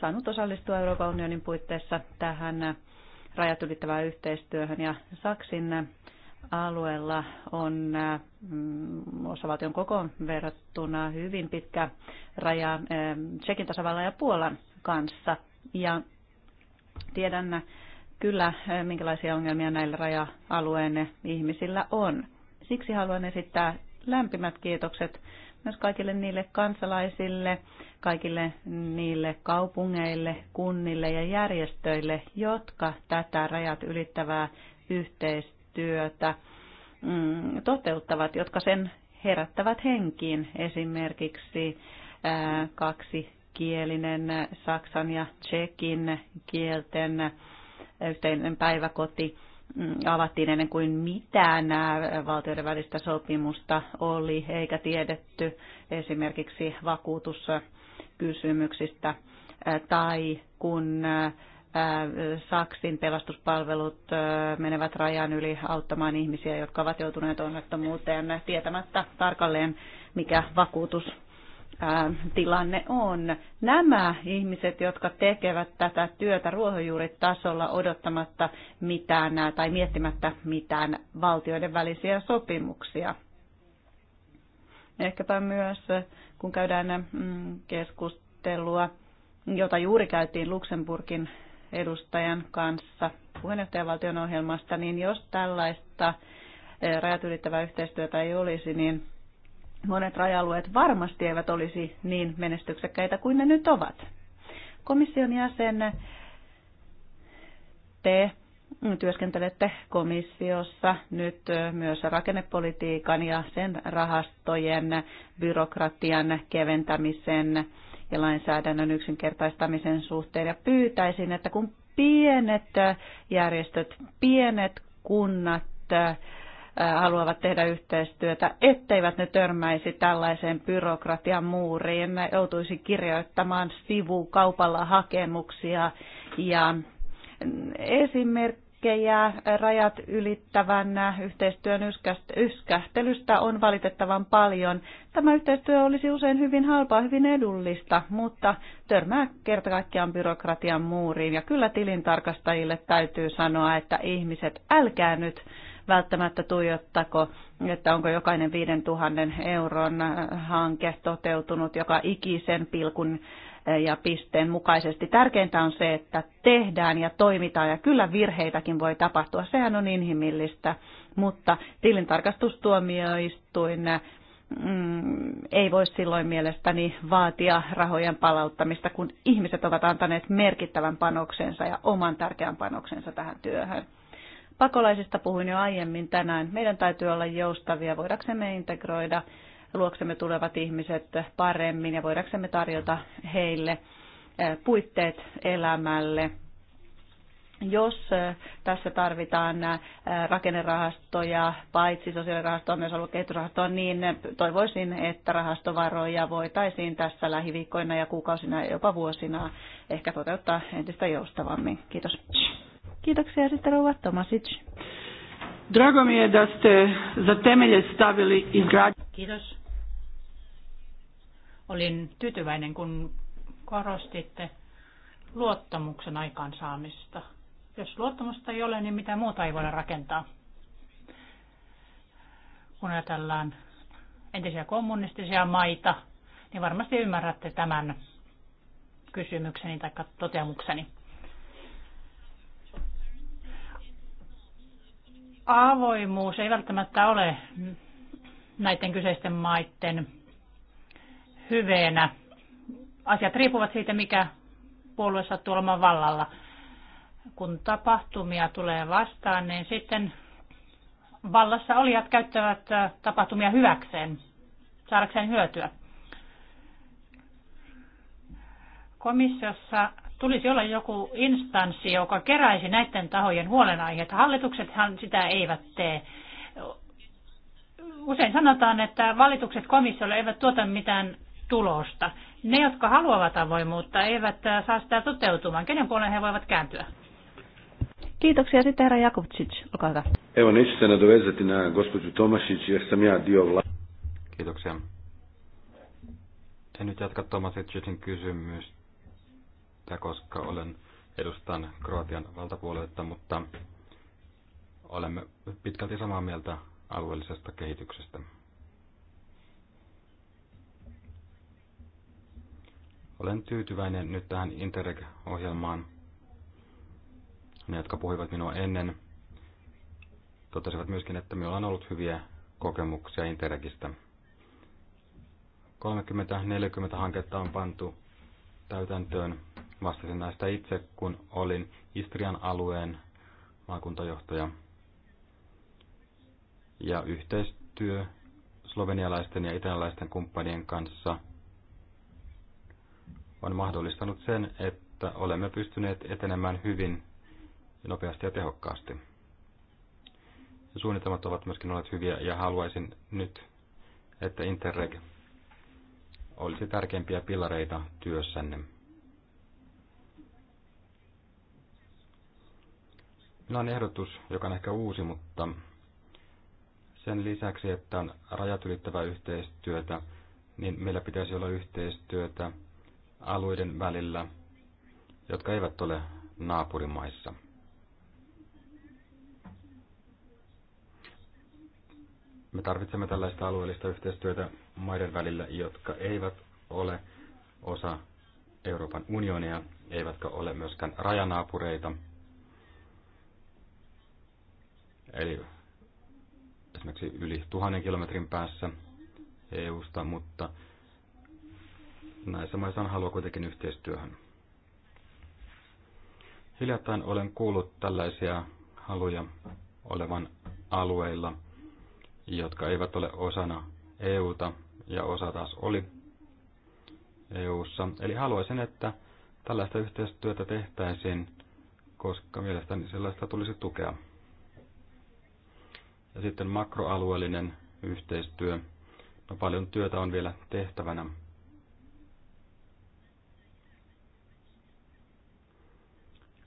saanut osallistua Euroopan unionin puitteissa tähän rajat ylittävään yhteistyöhön ja Saksin alueella on osavaltion kokoon verrattuna hyvin pitkä raja Tsekin tasavallan ja Puolan kanssa. Ja tiedän kyllä, minkälaisia ongelmia näillä raja-alueen ihmisillä on. Siksi haluan esittää lämpimät kiitokset myös kaikille niille kansalaisille, kaikille niille kaupungeille, kunnille ja järjestöille, jotka tätä rajat ylittävää yhteistyötä mm, toteuttavat, jotka sen herättävät henkiin. Esimerkiksi kaksikielinen saksan ja tsekin kielten yhteinen päiväkoti Mm, avattiin ennen kuin mitään valtioiden välistä sopimusta oli, eikä tiedetty esimerkiksi vakuutuskysymyksistä tai kun Saksin pelastuspalvelut menevät rajan yli auttamaan ihmisiä, jotka ovat joutuneet onnettomuuteen tietämättä tarkalleen, mikä vakuutus tilanne on. Nämä ihmiset, jotka tekevät tätä työtä ruohonjuuritasolla odottamatta mitään tai miettimättä mitään valtioiden välisiä sopimuksia. Ehkäpä myös, kun käydään mm, keskustelua, jota juuri käytiin Luxemburgin edustajan kanssa puheenjohtajavaltion ohjelmasta, niin jos tällaista rajat ylittävää yhteistyötä ei olisi, niin monet raja varmasti eivät olisi niin menestyksekkäitä kuin ne nyt ovat. Komission jäsen, te työskentelette komissiossa nyt myös rakennepolitiikan ja sen rahastojen byrokratian keventämisen ja lainsäädännön yksinkertaistamisen suhteen. Ja pyytäisin, että kun pienet järjestöt, pienet kunnat, haluavat tehdä yhteistyötä, etteivät ne törmäisi tällaiseen byrokratian muuriin, joutuisi kirjoittamaan sivu kaupalla hakemuksia ja mm, esimerkkejä rajat ylittävän yhteistyön yskähtelystä on valitettavan paljon. Tämä yhteistyö olisi usein hyvin halpaa, hyvin edullista, mutta törmää kerta kaikkiaan byrokratian muuriin. Ja kyllä tilintarkastajille täytyy sanoa, että ihmiset, älkää nyt välttämättä tuijottako, että onko jokainen 5000 euron äh, hanke toteutunut joka ikisen pilkun äh, ja pisteen mukaisesti. Tärkeintä on se, että tehdään ja toimitaan ja kyllä virheitäkin voi tapahtua, sehän on inhimillistä, mutta tilintarkastustuomioistuin äh, mm, ei voi silloin mielestäni vaatia rahojen palauttamista, kun ihmiset ovat antaneet merkittävän panoksensa ja oman tärkeän panoksensa tähän työhön. Pakolaisista puhuin jo aiemmin tänään. Meidän täytyy olla joustavia, voidaksemme integroida luoksemme tulevat ihmiset paremmin ja voidaksemme tarjota heille eh, puitteet elämälle. Jos eh, tässä tarvitaan eh, rakennerahastoja, paitsi sosiaalirahastoa, myös aluekehitysrahastoa, niin toivoisin, että rahastovaroja voitaisiin tässä lähiviikkoina ja kuukausina ja jopa vuosina ehkä toteuttaa entistä joustavammin. Kiitos. Kiitoksia sitten rouva Tomasic. Drago da ste za temelje stavili izgradnju. Kiitos. Olin tyytyväinen, kun korostitte luottamuksen aikaansaamista. Jos luottamusta ei ole, niin mitä muuta ei voida rakentaa. Kun ajatellaan entisiä kommunistisia maita, niin varmasti ymmärrätte tämän kysymykseni tai toteamukseni. avoimuus ei välttämättä ole näiden kyseisten maiden hyveenä. Asiat riippuvat siitä, mikä puolue sattuu olemaan vallalla. Kun tapahtumia tulee vastaan, niin sitten vallassa olijat käyttävät äh, tapahtumia hyväkseen, saadakseen hyötyä. Komissiossa tulisi olla joku instanssi, joka keräisi näiden tahojen huolenaiheet. Hallituksethan sitä eivät tee. Usein sanotaan, että valitukset komissiolle eivät tuota mitään tulosta. Ne, jotka haluavat avoimuutta, eivät saa sitä toteutumaan. Kenen puoleen he voivat kääntyä? Kiitoksia. Sitten herra Jakovčić, olkaa hyvä. Evo, neću se nadovezati na gospođu Tomašić, jer sam ja Kiitoksia. En nyt jatka Tomasicin kysymystä puheenjohtaja, koska olen edustan Kroatian valtapuoletta, mutta olemme pitkälti samaa mieltä alueellisesta kehityksestä. Olen tyytyväinen nyt tähän Interreg-ohjelmaan. Ne, jotka puhuivat minua ennen, totesivat myöskin, että minulla on ollut hyviä kokemuksia Interregistä. 30-40 hanketta on pantu täytäntöön vastasin näistä itse, kun olin Istrian alueen maakuntajohtaja. Ja yhteistyö slovenialaisten ja italialaisten kumppanien kanssa on mahdollistanut sen, että olemme pystyneet etenemään hyvin nopeasti ja tehokkaasti. suunnitelmat ovat myöskin olleet hyviä ja haluaisin nyt, että Interreg olisi tärkeimpiä pilareita työssänne. Minulla on ehdotus, joka on ehkä uusi, mutta sen lisäksi, että on rajat ylittävää yhteistyötä, niin meillä pitäisi olla yhteistyötä alueiden välillä, jotka eivät ole naapurimaissa. Me tarvitsemme tällaista alueellista yhteistyötä maiden välillä, jotka eivät ole osa Euroopan unionia, eivätkä ole myöskään rajanaapureita – Eli esimerkiksi yli tuhannen kilometrin päässä EUsta, mutta näissä maissa on halua kuitenkin yhteistyöhön. Hiljattain olen kuullut tällaisia haluja olevan alueilla, jotka eivät ole osana EUta ja osa taas oli EUssa. Eli haluaisin, että tällaista yhteistyötä tehtäisiin, koska mielestäni sellaista tulisi tukea. Ja sitten makroalueellinen yhteistyö. No paljon työtä on vielä tehtävänä.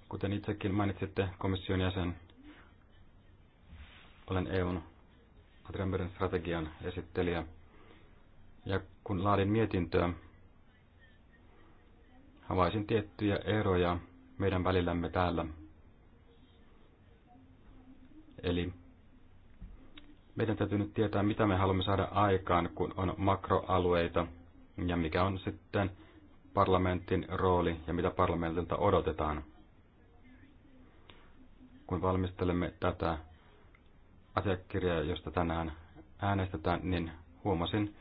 Kuten itsekin mainitsitte, komission jäsen, olen EUn Atrianberin strategian esittelijä. Ja kun laadin mietintöä, havaisin tiettyjä eroja meidän välillämme täällä. Eli meidän täytyy nyt tietää, mitä me haluamme saada aikaan, kun on makroalueita ja mikä on sitten parlamentin rooli ja mitä parlamentilta odotetaan. Kun valmistelemme tätä asiakirjaa, josta tänään äänestetään, niin huomasin,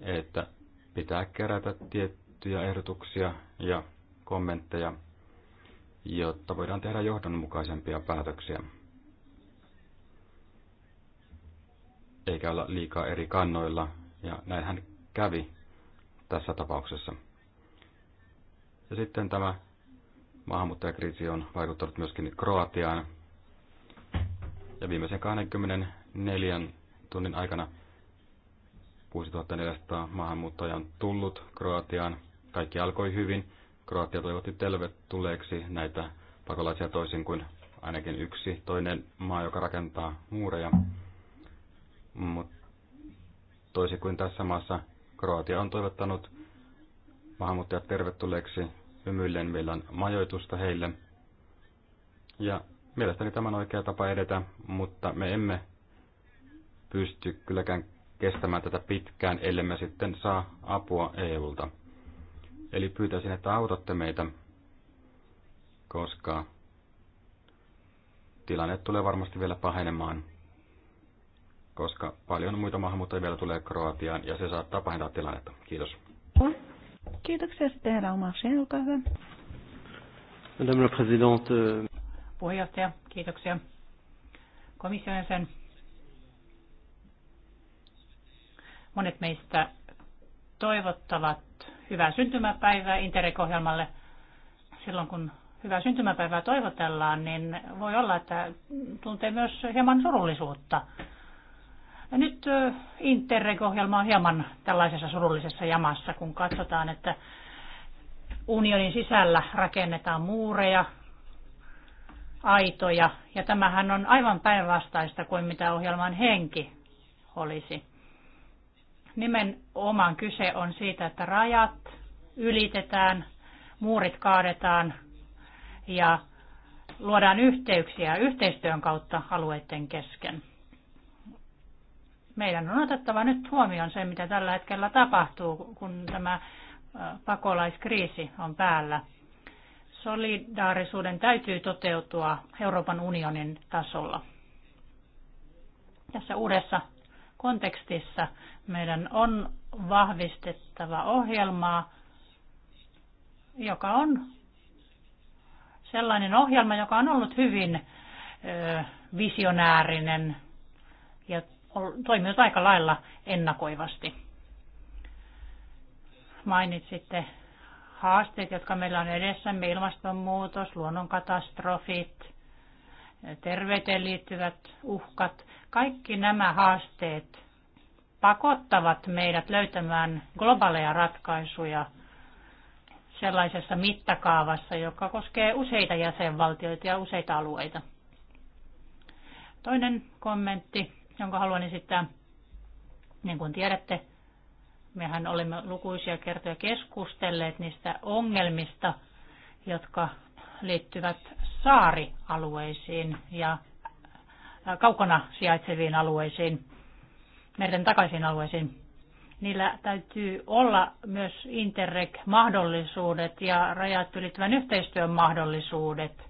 että pitää kerätä tiettyjä ehdotuksia ja kommentteja, jotta voidaan tehdä johdonmukaisempia päätöksiä. eikä olla liikaa eri kannoilla, ja näinhän kävi tässä tapauksessa. Ja sitten tämä maahanmuuttajakriisi on vaikuttanut myöskin Kroatiaan, ja viimeisen 24 tunnin aikana 6400 maahanmuuttajaa on tullut Kroatiaan. Kaikki alkoi hyvin. Kroatia toivotti tervetulleeksi näitä pakolaisia toisin kuin ainakin yksi toinen maa, joka rakentaa muureja mutta toisin kuin tässä maassa, Kroatia on toivottanut maahanmuuttajat tervetulleeksi hymyillen, meillä on majoitusta heille. Ja mielestäni tämä on oikea tapa edetä, mutta me emme pysty kylläkään kestämään tätä pitkään, me sitten saa apua EUlta. Eli pyytäisin, että autatte meitä, koska tilanne tulee varmasti vielä pahenemaan koska paljon muita maahanmuuttajia vielä tulee Kroatiaan ja se saattaa pahentaa tilannetta. Kiitos. Kiitoksia sitten herra Omarsen, olkaa hyvä. Madame la Présidente. Euh, Puheenjohtaja, kiitoksia. Komission jäsen. Monet meistä toivottavat hyvää syntymäpäivää Interreg-ohjelmalle. Silloin kun hyvää syntymäpäivää toivotellaan, niin voi olla, että tuntee myös hieman surullisuutta nyt Interreg-ohjelma on hieman tällaisessa surullisessa jamassa, kun katsotaan, että unionin sisällä rakennetaan muureja, aitoja, ja tämähän on aivan päinvastaista kuin mitä ohjelman henki olisi. Nimenomaan kyse on siitä, että rajat ylitetään, muurit kaadetaan ja luodaan yhteyksiä yhteistyön kautta alueiden kesken. Meidän on otettava nyt huomioon se, mitä tällä hetkellä tapahtuu, kun tämä pakolaiskriisi on päällä. Solidaarisuuden täytyy toteutua Euroopan unionin tasolla. Tässä uudessa kontekstissa meidän on vahvistettava ohjelmaa, joka on sellainen ohjelma, joka on ollut hyvin visionäärinen myös aika lailla ennakoivasti. Mainitsitte haasteet, jotka meillä on edessämme, ilmastonmuutos, luonnonkatastrofit, terveyteen liittyvät uhkat. Kaikki nämä haasteet pakottavat meidät löytämään globaaleja ratkaisuja sellaisessa mittakaavassa, joka koskee useita jäsenvaltioita ja useita alueita. Toinen kommentti jonka haluan esittää. Niin kuin tiedätte, mehän olemme lukuisia kertoja keskustelleet niistä ongelmista, jotka liittyvät saarialueisiin ja kaukana sijaitseviin alueisiin, merten takaisin alueisiin. Niillä täytyy olla myös Interreg-mahdollisuudet ja rajat ylittävän yhteistyön mahdollisuudet –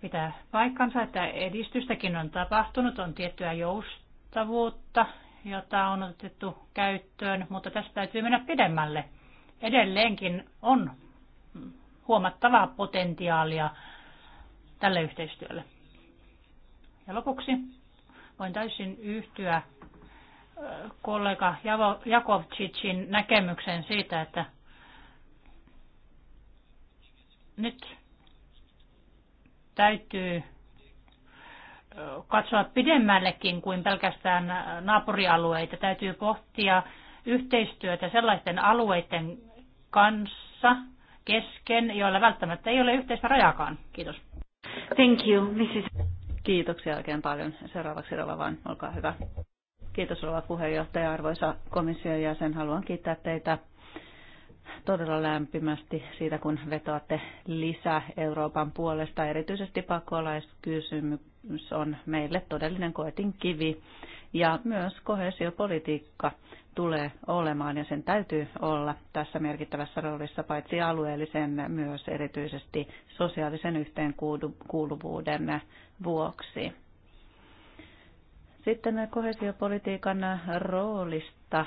pitää paikkansa, että edistystäkin on tapahtunut, on tiettyä joustavuutta, jota on otettu käyttöön, mutta tästä täytyy mennä pidemmälle. Edelleenkin on huomattavaa potentiaalia tälle yhteistyölle. Ja lopuksi voin täysin yhtyä kollega Jakovcicin näkemykseen siitä, että nyt täytyy katsoa pidemmällekin kuin pelkästään naapurialueita. Täytyy pohtia yhteistyötä sellaisten alueiden kanssa kesken, joilla välttämättä ei ole yhteistä rajakaan. Kiitos. Thank you, Mrs. Kiitoksia oikein paljon. Seuraavaksi Rova vaan, olkaa hyvä. Kiitos Rova puheenjohtaja, arvoisa komission jäsen. Haluan kiittää teitä todella lämpimästi siitä, kun vetoatte lisää Euroopan puolesta. Erityisesti pakolaiskysymys on meille todellinen koetin kivi ja myös kohesiopolitiikka tulee olemaan ja sen täytyy olla tässä merkittävässä roolissa paitsi alueellisen myös erityisesti sosiaalisen yhteenkuuluvuuden vuoksi. Sitten kohesiopolitiikan roolista mutta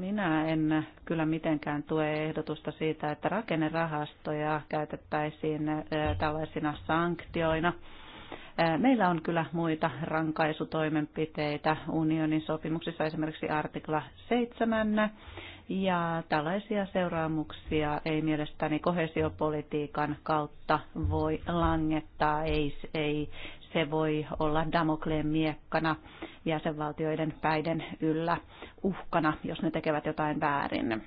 minä en kyllä mitenkään tue ehdotusta siitä, että rakennerahastoja käytettäisiin äh, tällaisina sanktioina. Äh, meillä on kyllä muita rankaisutoimenpiteitä unionin sopimuksissa, esimerkiksi artikla 7, ja tällaisia seuraamuksia ei mielestäni kohesiopolitiikan kautta voi langettaa, ei, ei se voi olla Damokleen miekkana jäsenvaltioiden päiden yllä uhkana, jos ne tekevät jotain väärin.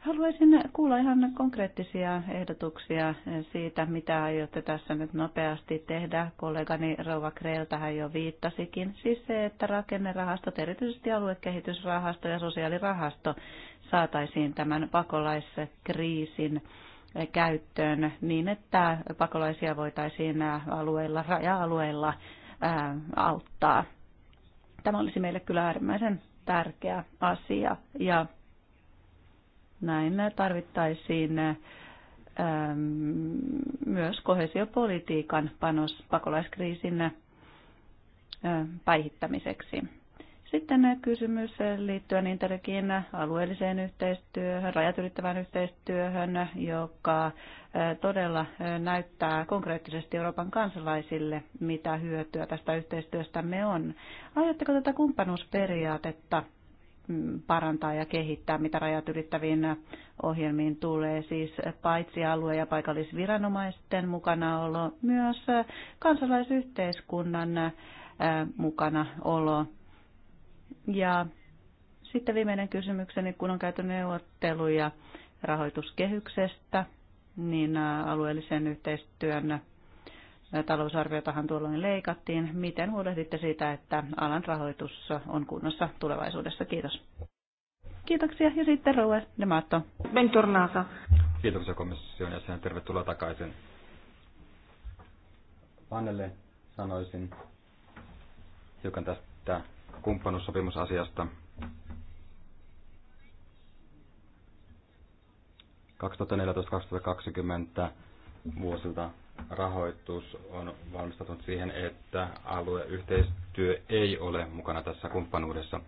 Haluaisin kuulla ihan konkreettisia ehdotuksia siitä, mitä aiotte tässä nyt nopeasti tehdä. Kollegani Rova Kreel tähän jo viittasikin. Siis se, että rakennerahastot, erityisesti aluekehitysrahasto ja sosiaalirahasto saataisiin tämän pakolaiskriisin käyttöön niin, että pakolaisia voitaisiin alueilla, raja-alueilla auttaa. Tämä olisi meille kyllä äärimmäisen tärkeä asia ja näin tarvittaisiin myös kohesiopolitiikan panos pakolaiskriisin päihittämiseksi. Sitten kysymys liittyen Interkin alueelliseen yhteistyöhön, rajat ylittävään yhteistyöhön, joka todella näyttää konkreettisesti Euroopan kansalaisille, mitä hyötyä tästä yhteistyöstä me on. Aiotteko tätä kumppanuusperiaatetta mm, parantaa ja kehittää, mitä rajat ylittäviin ohjelmiin tulee, siis paitsi alue- ja paikallisviranomaisten mukanaolo, myös kansalaisyhteiskunnan olo. Ja sitten viimeinen kysymykseni, kun on käyty neuvotteluja rahoituskehyksestä, niin alueellisen yhteistyön talousarviotahan tuolloin leikattiin. Miten huolehditte siitä, että alan rahoitus on kunnossa tulevaisuudessa? Kiitos. Kiitoksia. Ja sitten Roue Demato. Bentornata. Kiitoksia komission jäsen. Tervetuloa takaisin. Annelle sanoisin hiukan tästä kumppanuussopimusasiasta. 2014-2020 vuosilta rahoitus on valmistautunut siihen, että alueyhteistyö ei ole mukana tässä kumppanuudessa.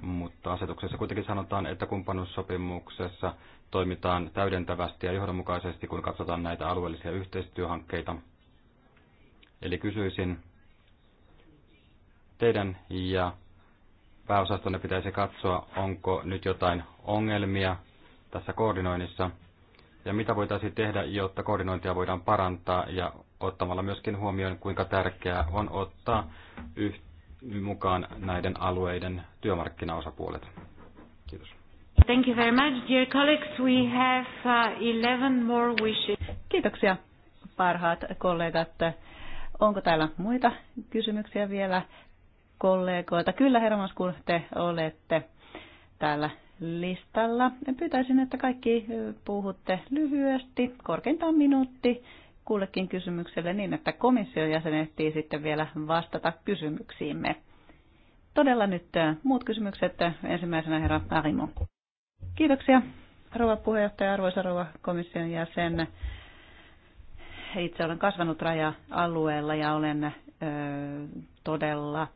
Mutta asetuksessa kuitenkin sanotaan, että kumppanuussopimuksessa toimitaan täydentävästi ja johdonmukaisesti, kun katsotaan näitä alueellisia yhteistyöhankkeita. Eli kysyisin, teidän ja pääosastonne pitäisi katsoa, onko nyt jotain ongelmia tässä koordinoinnissa ja mitä voitaisiin tehdä, jotta koordinointia voidaan parantaa ja ottamalla myöskin huomioon, kuinka tärkeää on ottaa mukaan näiden alueiden työmarkkinaosapuolet. Kiitos. Thank you very much, dear colleagues. We have 11 uh, more wishes. Kiitoksia, parhaat kollegat. Onko täällä muita kysymyksiä vielä? kollegoilta. Kyllä, Hermans, kun te olette täällä listalla. Pyytäisin, että kaikki puhutte lyhyesti, korkeintaan minuutti kullekin kysymykselle niin, että komission jäsen ehtii sitten vielä vastata kysymyksiimme. Todella nyt muut kysymykset. Ensimmäisenä herra Arimo. Kiitoksia rouva puheenjohtaja, arvoisa rouva komission jäsen. Itse olen kasvanut raja-alueella ja olen ö, todella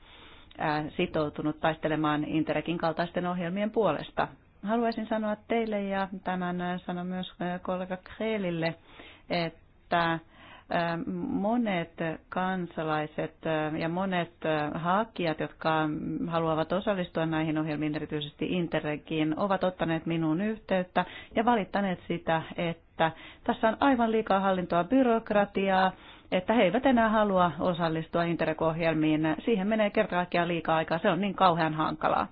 sitoutunut taistelemaan Interekin kaltaisten ohjelmien puolesta. Haluaisin sanoa teille ja tämän sanon myös kollega Kreelille, että monet kansalaiset ja monet hakijat, jotka haluavat osallistua näihin ohjelmiin, erityisesti Interregiin, ovat ottaneet minuun yhteyttä ja valittaneet sitä, että tässä on aivan liikaa hallintoa byrokratiaa, että he eivät enää halua osallistua Interreg-ohjelmiin. Siihen menee kerta liikaa aikaa, se on niin kauhean hankalaa.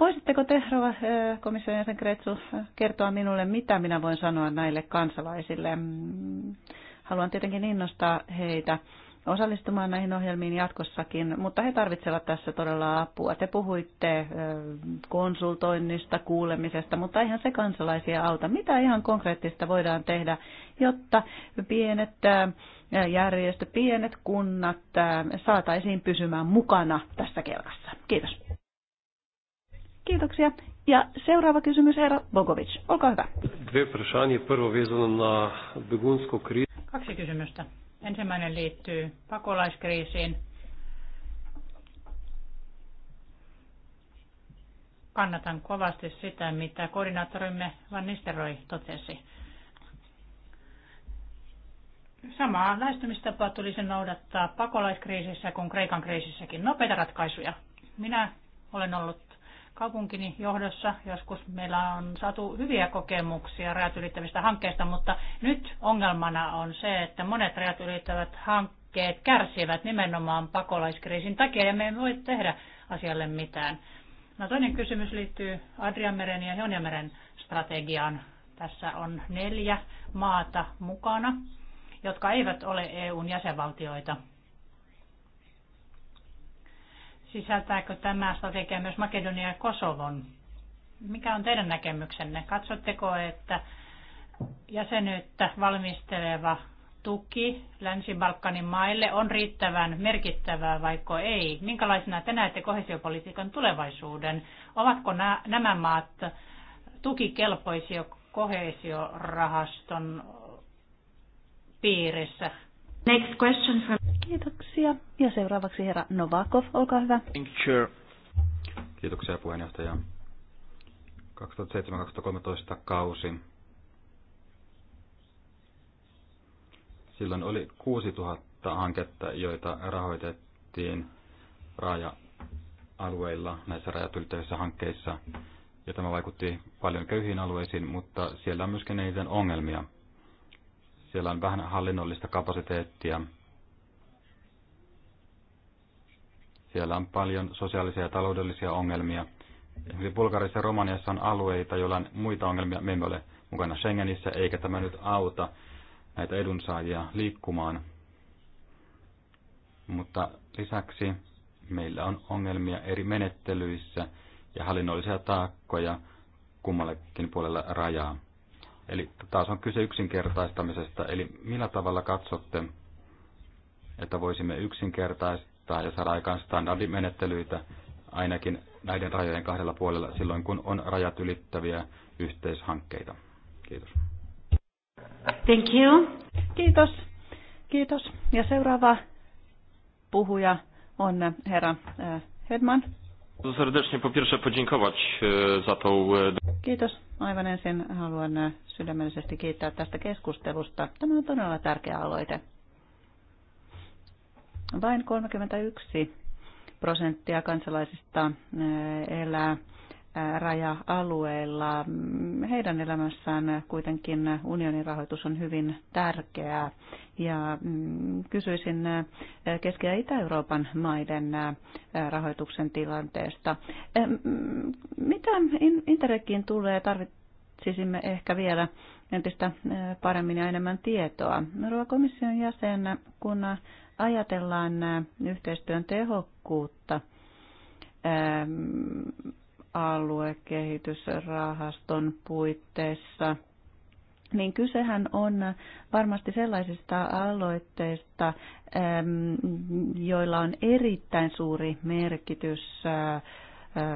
Voisitteko te, Rova, komission jäsen Kretsu, kertoa minulle, mitä minä voin sanoa näille kansalaisille? Mm, haluan tietenkin innostaa heitä osallistumaan näihin ohjelmiin jatkossakin, mutta he tarvitsevat tässä todella apua. Te puhuitte konsultoinnista, kuulemisesta, mutta ihan se kansalaisia auta. Mitä ihan konkreettista voidaan tehdä, jotta pienet järjestö, pienet kunnat saataisiin pysymään mukana tässä kelkassa. Kiitos. Kiitoksia. Ja seuraava kysymys, herra Bogovic. Olkaa hyvä. Kaksi kysymystä. Ensimmäinen liittyy pakolaiskriisiin. Kannatan kovasti sitä, mitä koordinaattorimme Van Nisteroi totesi. Samaa lähestymistapaa tulisi noudattaa pakolaiskriisissä kuin Kreikan kriisissäkin. Nopeita ratkaisuja. Minä olen ollut kaupunkini johdossa. Joskus meillä on saatu hyviä kokemuksia rajat ylittävistä hankkeista, mutta nyt ongelmana on se, että monet rajat ylittävät hankkeet kärsivät nimenomaan pakolaiskriisin takia ja me emme voi tehdä asialle mitään. No toinen kysymys liittyy Adrianmeren ja Jonjameren strategiaan. Tässä on neljä maata mukana jotka eivät ole EUn jäsenvaltioita. Sisältääkö tämä strategia myös Makedonia ja Kosovon? Mikä on teidän näkemyksenne? Katsotteko, että jäsenyyttä valmisteleva tuki Länsi-Balkanin maille on riittävän merkittävää, vaikka ei? Minkälaisena te näette kohesiopolitiikan tulevaisuuden? Ovatko nämä maat tukikelpoisia kohesiorahaston piirissä. Next question from... Kiitoksia. Ja seuraavaksi herra Novakov, olkaa hyvä. Thank you. Kiitoksia puheenjohtaja. 2007-2013 kausi. Silloin oli 6000 hanketta, joita rahoitettiin raaja alueilla näissä rajatylittävissä hankkeissa. Ja tämä vaikutti paljon köyhiin alueisiin, mutta siellä on myöskin eniten ongelmia – siellä on vähän hallinnollista kapasiteettia. Siellä on paljon sosiaalisia ja taloudellisia ongelmia. Esimerkiksi Bulgarissa ja Romaniassa on alueita, joilla on muita ongelmia. Me emme ole mukana Schengenissä, eikä tämä nyt auta näitä edunsaajia liikkumaan. Mutta lisäksi meillä on ongelmia eri menettelyissä ja hallinnollisia taakkoja kummallekin puolella rajaa. Eli taas on kyse yksinkertaistamisesta, eli millä tavalla katsotte, että voisimme yksinkertaistaa ja saada aikaan standardimenettelyitä ainakin näiden rajojen kahdella puolella silloin, kun on rajat ylittäviä yhteishankkeita. Kiitos. Thank you. Kiitos. Kiitos. Ja seuraava puhuja on äh, herra äh, Hedman. E, e, Kiitos. Aivan ensin haluan sydämellisesti kiittää tästä keskustelusta. Tämä on todella tärkeä aloite. Vain 31 prosenttia kansalaisista elää raja-alueilla. Heidän elämässään kuitenkin unionin rahoitus on hyvin tärkeää. Ja mm, kysyisin Keski- ja Itä-Euroopan maiden rahoituksen tilanteesta. Mm, mitä Interrekiin tulee? Tarvitsisimme ehkä vielä entistä paremmin ja enemmän tietoa. Rouva komission jäsen, kun ajatellaan yhteistyön tehokkuutta, aluekehitysrahaston puitteissa, niin kysehän on varmasti sellaisista aloitteista, joilla on erittäin suuri merkitys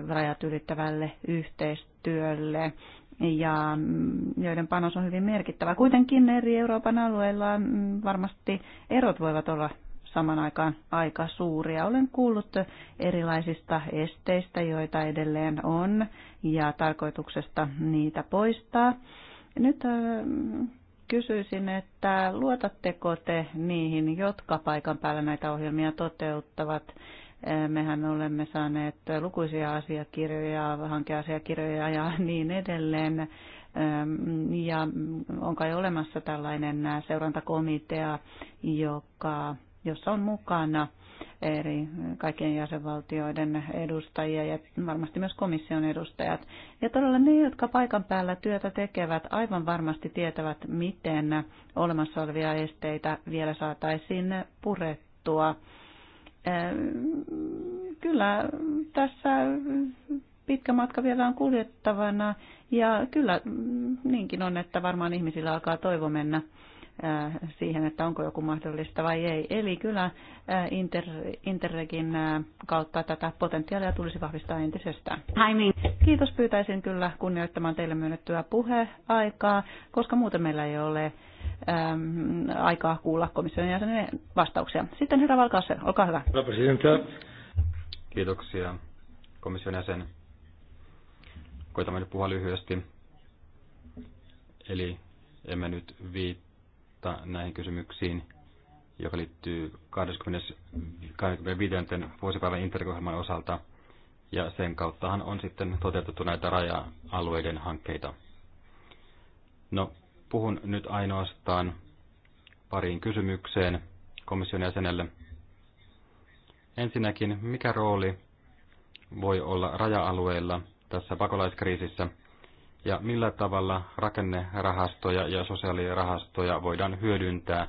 rajat ylittävälle yhteistyölle ja mm, joiden panos on hyvin merkittävä. Kuitenkin eri Euroopan alueilla mm, varmasti erot voivat olla saman aikaan aika suuria. Olen kuullut erilaisista esteistä, joita edelleen on, ja tarkoituksesta niitä poistaa. Nyt kysyisin, että luotatteko te niihin, jotka paikan päällä näitä ohjelmia toteuttavat? Mehän olemme saaneet lukuisia asiakirjoja, hankeasiakirjoja ja niin edelleen. Ja on kai olemassa tällainen seurantakomitea, joka jossa on mukana eri kaikkien jäsenvaltioiden edustajia ja varmasti myös komission edustajat. Ja todella ne, jotka paikan päällä työtä tekevät, aivan varmasti tietävät, miten olemassa olevia esteitä vielä saataisiin purettua. Ehm, kyllä tässä pitkä matka vielä on kuljettavana ja kyllä mm, niinkin on, että varmaan ihmisillä alkaa toivo mennä Äh, siihen, että onko joku mahdollista vai ei. Eli kyllä äh, Inter, Interregin äh, kautta tätä potentiaalia tulisi vahvistaa entisestään. Timing. Kiitos pyytäisin kyllä kunnioittamaan teille myönnettyä puheaikaa, koska muuten meillä ei ole äm, aikaa kuulla komission jäsenen vastauksia. Sitten herra Valkaase, olkaa hyvä. Kiitoksia komission jäsen. Koitamme nyt puhua lyhyesti. Eli emme nyt viittaa vastausta näihin kysymyksiin, joka liittyy 25. vuosipäivän interkohjelman osalta. Ja sen kauttahan on sitten toteutettu näitä raja-alueiden hankkeita. No, puhun nyt ainoastaan pariin kysymykseen komission jäsenelle. Ensinnäkin, mikä rooli voi olla raja-alueilla tässä pakolaiskriisissä – ja millä tavalla rakennerahastoja ja sosiaalirahastoja voidaan hyödyntää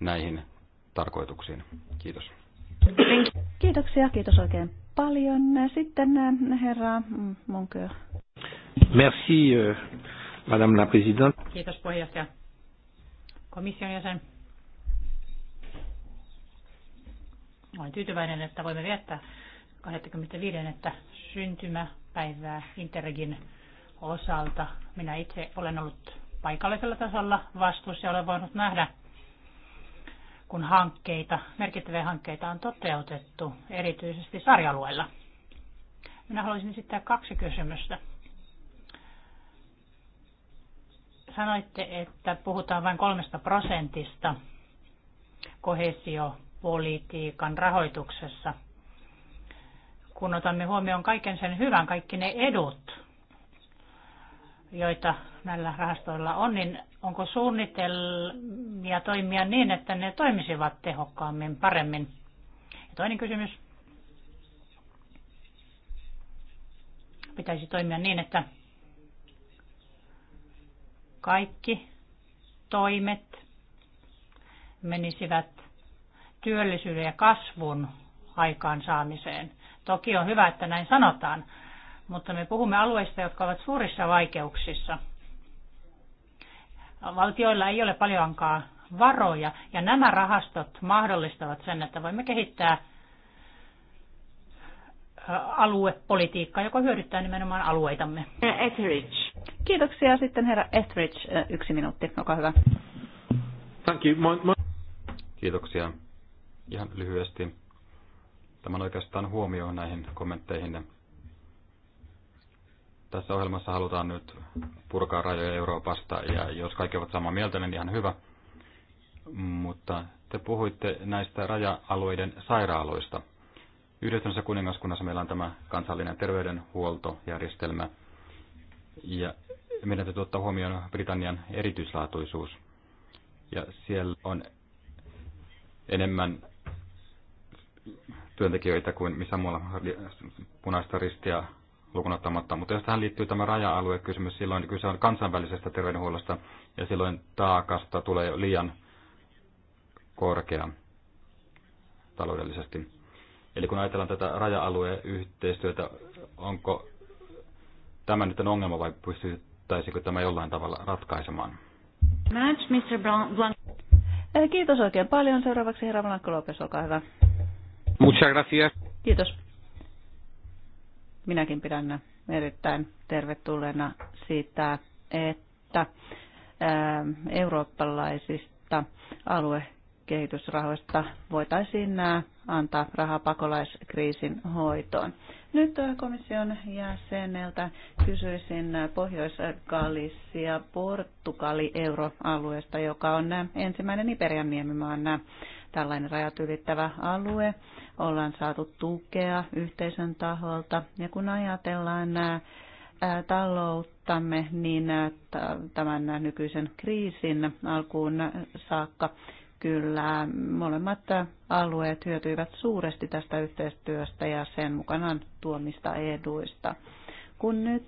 näihin tarkoituksiin. Kiitos. Kiitoksia, kiitos oikein paljon. Sitten äh, herra Monkö. Merci, euh, madame la présidente. Kiitos puheenjohtaja. Komission jäsen. Olen tyytyväinen, että voimme viettää 25. syntymäpäivää Interregin osalta. Minä itse olen ollut paikallisella tasolla vastuussa ja olen voinut nähdä, kun hankkeita, merkittäviä hankkeita on toteutettu, erityisesti sarjalueilla. Minä haluaisin esittää kaksi kysymystä. Sanoitte, että puhutaan vain kolmesta prosentista kohesiopolitiikan rahoituksessa. Kun otamme huomioon kaiken sen hyvän, kaikki ne edut, joita näillä rahastoilla on, niin onko suunnitelmia toimia niin, että ne toimisivat tehokkaammin, paremmin? Ja toinen kysymys. Pitäisi toimia niin, että kaikki toimet menisivät työllisyyden ja kasvun aikaansaamiseen. Toki on hyvä, että näin sanotaan, mutta me puhumme alueista, jotka ovat suurissa vaikeuksissa. Valtioilla ei ole paljonkaan varoja, ja nämä rahastot mahdollistavat sen, että voimme kehittää aluepolitiikkaa, joka hyödyttää nimenomaan alueitamme. Etheridge. Kiitoksia. Sitten herra Etheridge, yksi minuutti. Olkaa hyvä. Thank you. My, my... Kiitoksia. Ihan lyhyesti. Tämä on oikeastaan huomio näihin kommentteihin tässä ohjelmassa halutaan nyt purkaa rajoja Euroopasta, ja jos kaikki ovat samaa mieltä, niin ihan hyvä. Mutta te puhuitte näistä raja-alueiden sairaaloista. Yhdessä kuningaskunnassa meillä on tämä kansallinen terveydenhuoltojärjestelmä, ja meidän täytyy ottaa huomioon Britannian erityislaatuisuus. Ja siellä on enemmän työntekijöitä kuin missä muualla punaista ristiä lukunottamatta. Mutta jos tähän liittyy tämä raja-aluekysymys, silloin kyse on kansainvälisestä terveydenhuollosta ja silloin taakasta tulee liian korkea taloudellisesti. Eli kun ajatellaan tätä raja-alueen yhteistyötä, onko tämä nyt ongelma vai pystyttäisikö tämä jollain tavalla ratkaisemaan? Match, Mr. Blanc. Kiitos oikein paljon. Seuraavaksi herra Blanco Lopes, olkaa hyvä. Muchas gracias. Kiitos. Minäkin pidän erittäin tervetulleena siitä, että eurooppalaisista aluekehitysrahoista voitaisiin antaa rahaa pakolaiskriisin hoitoon. Nyt komission jäseneltä kysyisin Pohjois-Galisia Portugali euroalueesta, joka on ensimmäinen Iberian niemimaan tällainen rajat ylittävä alue. Ollaan saatu tukea yhteisön taholta ja kun ajatellaan nämä talouttamme, niin tämän nykyisen kriisin alkuun saakka kyllä molemmat alueet hyötyivät suuresti tästä yhteistyöstä ja sen mukanaan tuomista eduista. Kun nyt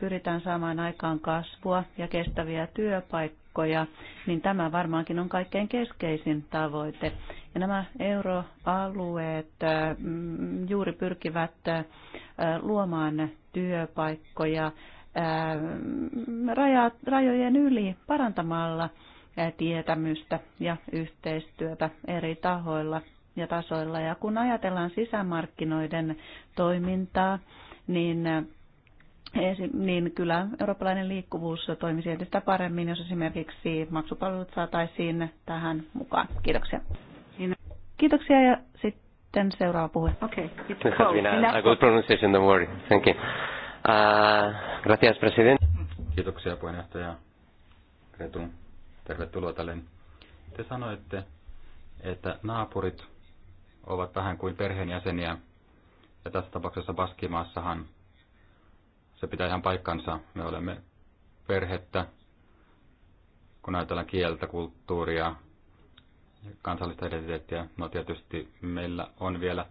pyritään saamaan aikaan kasvua ja kestäviä työpaikkoja, niin tämä varmaankin on kaikkein keskeisin tavoite. Ja nämä euroalueet mm, juuri pyrkivät luomaan työpaikkoja rajojen yli parantamalla tietämystä ja yhteistyötä eri tahoilla ja tasoilla. Ja kun ajatellaan sisämarkkinoiden toimintaa, niin niin kyllä eurooppalainen liikkuvuus toimisi entistä paremmin, jos esimerkiksi maksupalvelut saataisiin tähän mukaan. Kiitoksia. Kiitoksia ja sitten seuraava puhe. Okei, okay. it's A good pronunciation, don't worry. Thank you. Uh, gracias, president. Kiitoksia puheenjohtaja Retu. Tervetuloa tälle. Te sanoitte, että naapurit ovat vähän kuin perheenjäseniä, ja tässä tapauksessa Baskimaassahan se pitää ihan paikkansa. Me olemme perhettä, kun ajatellaan kieltä, kulttuuria, kansallista identiteettiä. No tietysti meillä on vielä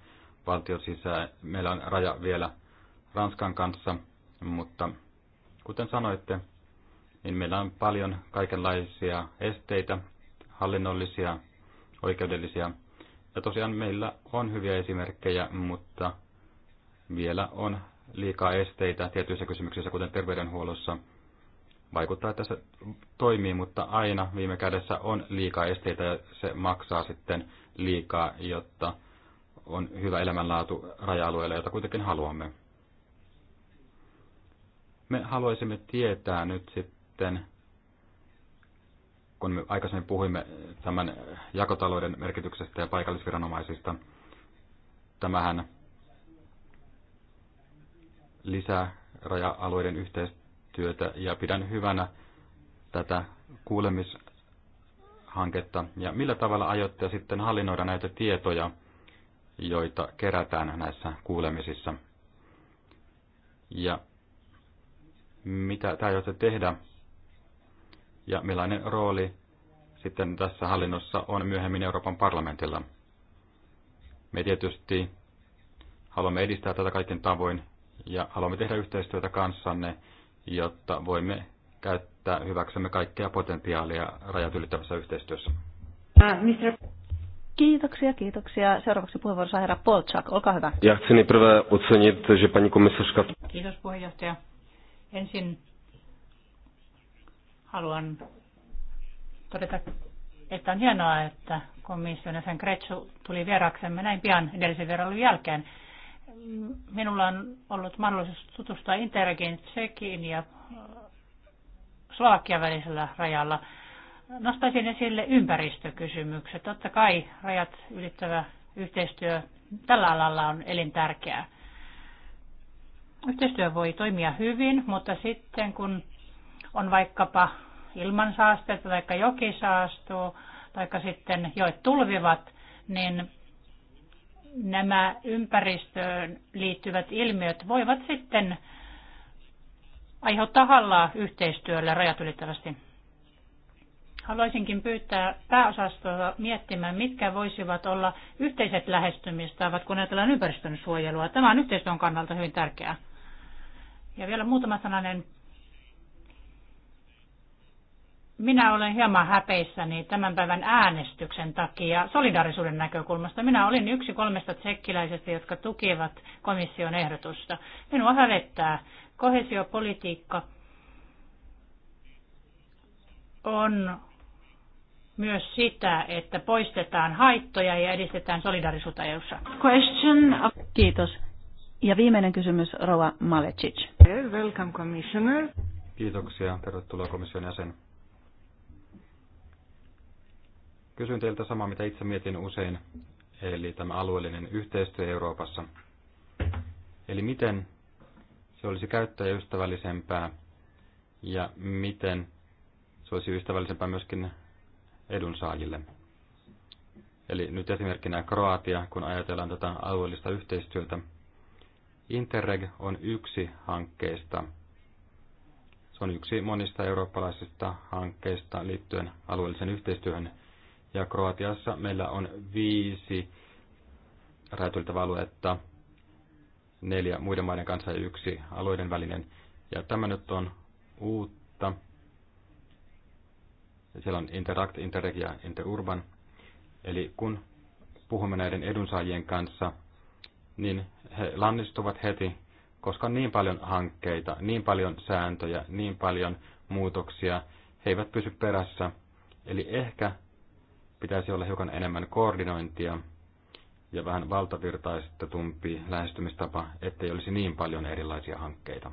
valtion sisä, meillä on raja vielä Ranskan kanssa, mutta kuten sanoitte, niin meillä on paljon kaikenlaisia esteitä, hallinnollisia, oikeudellisia. Ja tosiaan meillä on hyviä esimerkkejä, mutta vielä on liikaa esteitä tietyissä kysymyksissä, kuten terveydenhuollossa. Vaikuttaa, että se toimii, mutta aina viime kädessä on liikaa esteitä ja se maksaa sitten liikaa, jotta on hyvä elämänlaatu raja-alueella, jota kuitenkin haluamme. Me haluaisimme tietää nyt sitten, kun me aikaisemmin puhuimme tämän jakotalouden merkityksestä ja paikallisviranomaisista, tämähän lisää raja-alueiden yhteistyötä ja pidän hyvänä tätä kuulemishanketta. Ja millä tavalla aiotte sitten hallinnoida näitä tietoja, joita kerätään näissä kuulemisissa? Ja mitä tämä aiotte tehdä ja millainen rooli sitten tässä hallinnossa on myöhemmin Euroopan parlamentilla? Me tietysti haluamme edistää tätä kaiken tavoin ja haluamme tehdä yhteistyötä kanssanne, jotta voimme käyttää hyväksemme kaikkea potentiaalia rajat ylittävässä yhteistyössä. Äh, kiitoksia, kiitoksia. Seuraavaksi saa herra Polchak, olkaa hyvä. Ja ocenit, že paní komisařka... Kiitos puheenjohtaja. Ensin haluan todeta, että on hienoa, että komission sen Kretsu tuli vieraksemme näin pian edellisen vierailun jälkeen. Minulla on ollut mahdollisuus tutustua Interregin Tsekin ja äh, Slovakian välisellä rajalla. Nostaisin esille ympäristökysymykset. Totta kai rajat ylittävä yhteistyö tällä alalla on elintärkeää. Yhteistyö voi toimia hyvin, mutta sitten kun on vaikkapa ilmansaasteet, tai joki saastuu tai sitten joet tulvivat, niin nämä ympäristöön liittyvät ilmiöt voivat sitten aiheuttaa hallaa yhteistyöllä rajat ylittävästi. Haluaisinkin pyytää pääosastoa miettimään, mitkä voisivat olla yhteiset lähestymistavat, kun ajatellaan ympäristön suojelua. Tämä on yhteistyön kannalta hyvin tärkeää. Ja vielä muutama sananen minä olen hieman häpeissäni tämän päivän äänestyksen takia solidaarisuuden näkökulmasta. Minä olin yksi kolmesta tsekkiläisestä, jotka tukivat komission ehdotusta. Minua hävettää. Kohesiopolitiikka on myös sitä, että poistetaan haittoja ja edistetään solidarisuutta EU:ssa. Question. Kiitos. Ja viimeinen kysymys, Rova Malecic. Welcome, Commissioner. Kiitoksia. Tervetuloa komission jäsen. Kysyn teiltä samaa, mitä itse mietin usein, eli tämä alueellinen yhteistyö Euroopassa. Eli miten se olisi käyttäjäystävällisempää ja miten se olisi ystävällisempää myöskin edunsaajille. Eli nyt esimerkkinä Kroatia, kun ajatellaan tätä alueellista yhteistyötä. Interreg on yksi hankkeista. Se on yksi monista eurooppalaisista hankkeista liittyen alueellisen yhteistyöhön ja Kroatiassa meillä on viisi räätyltävää aluetta, neljä muiden maiden kanssa ja yksi alueiden välinen. Ja tämä nyt on uutta. Siellä on Interact, Interreg ja Interurban. Eli kun puhumme näiden edunsaajien kanssa, niin he lannistuvat heti, koska on niin paljon hankkeita, niin paljon sääntöjä, niin paljon muutoksia, he eivät pysy perässä. Eli ehkä pitäisi olla hiukan enemmän koordinointia ja vähän valtavirtaistetumpi lähestymistapa, ettei olisi niin paljon erilaisia hankkeita.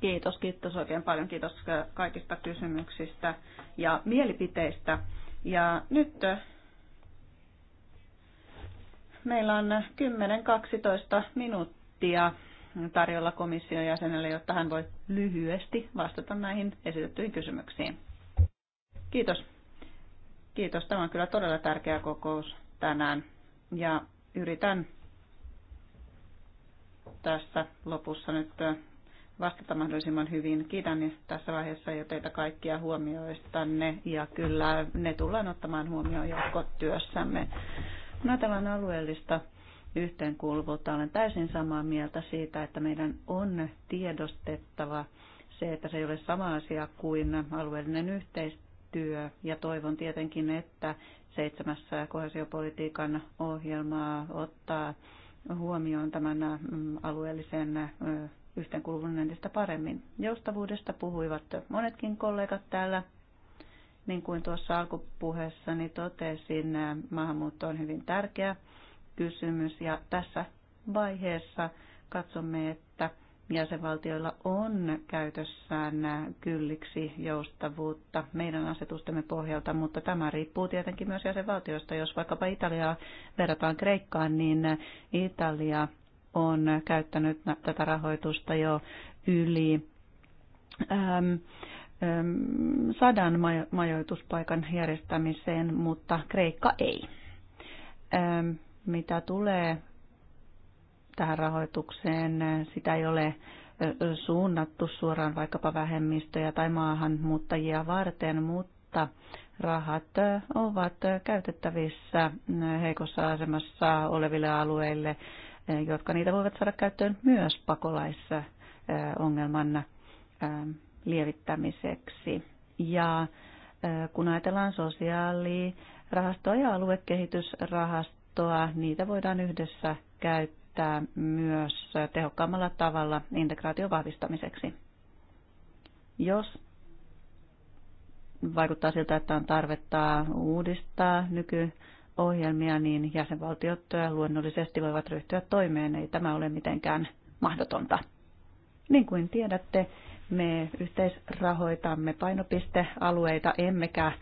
Kiitos, kiitos oikein paljon. Kiitos kaikista kysymyksistä ja mielipiteistä. Ja nyt äh, meillä on 10-12 minuuttia tarjolla komission jäsenelle, jotta hän voi lyhyesti vastata näihin esitettyihin kysymyksiin. Kiitos. Kiitos. Tämä on kyllä todella tärkeä kokous tänään. Ja yritän tässä lopussa nyt vastata mahdollisimman hyvin. Kiitän tässä vaiheessa jo teitä kaikkia huomioistanne ja kyllä ne tullaan ottamaan huomioon jatkotyössämme. Kun no, ajatellaan alueellista yhteenkuuluvuutta, olen täysin samaa mieltä siitä, että meidän on tiedostettava se, että se ei ole sama asia kuin alueellinen yhteistyö työ ja toivon tietenkin, että seitsemässä kohesiopolitiikan ohjelmaa ottaa huomioon tämän mm, alueellisen yhteenkuuluvuuden entistä paremmin. Joustavuudesta puhuivat monetkin kollegat täällä. Niin kuin tuossa alkupuheessani totesin, maahanmuutto on hyvin tärkeä kysymys ja tässä vaiheessa katsomme, että jäsenvaltioilla on käytössään kylliksi joustavuutta meidän asetustemme pohjalta, mutta tämä riippuu tietenkin myös jäsenvaltioista. Jos vaikkapa Italiaa verrataan Kreikkaan, niin Italia on käyttänyt tätä rahoitusta jo yli sadan majoituspaikan järjestämiseen, mutta Kreikka ei. Mitä tulee tähän rahoitukseen. Sitä ei ole suunnattu suoraan vaikkapa vähemmistöjä tai maahanmuuttajia varten, mutta rahat ovat käytettävissä heikossa asemassa oleville alueille, jotka niitä voivat saada käyttöön myös pakolaissa ongelman lievittämiseksi. Ja kun ajatellaan sosiaalirahastoa ja aluekehitysrahastoa, niitä voidaan yhdessä käyttää käyttää myös tehokkaammalla tavalla integraation vahvistamiseksi. Jos vaikuttaa siltä, että on tarvetta uudistaa nykyohjelmia, niin jäsenvaltiot luonnollisesti voivat ryhtyä toimeen. Ei tämä ole mitenkään mahdotonta. Niin kuin tiedätte, me yhteisrahoitamme painopistealueita, emmekä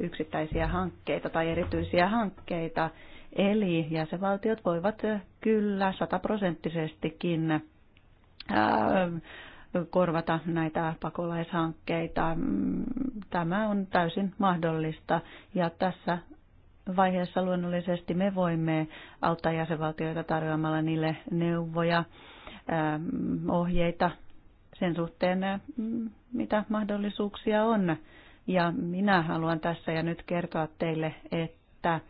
yksittäisiä hankkeita tai erityisiä hankkeita. Eli jäsenvaltiot voivat kyllä sataprosenttisestikin korvata näitä pakolaishankkeita. Mm, tämä on täysin mahdollista ja tässä vaiheessa luonnollisesti me voimme auttaa jäsenvaltioita tarjoamalla niille neuvoja, ohjeita sen suhteen, mitä mahdollisuuksia on. Ja minä haluan tässä ja nyt kertoa teille, että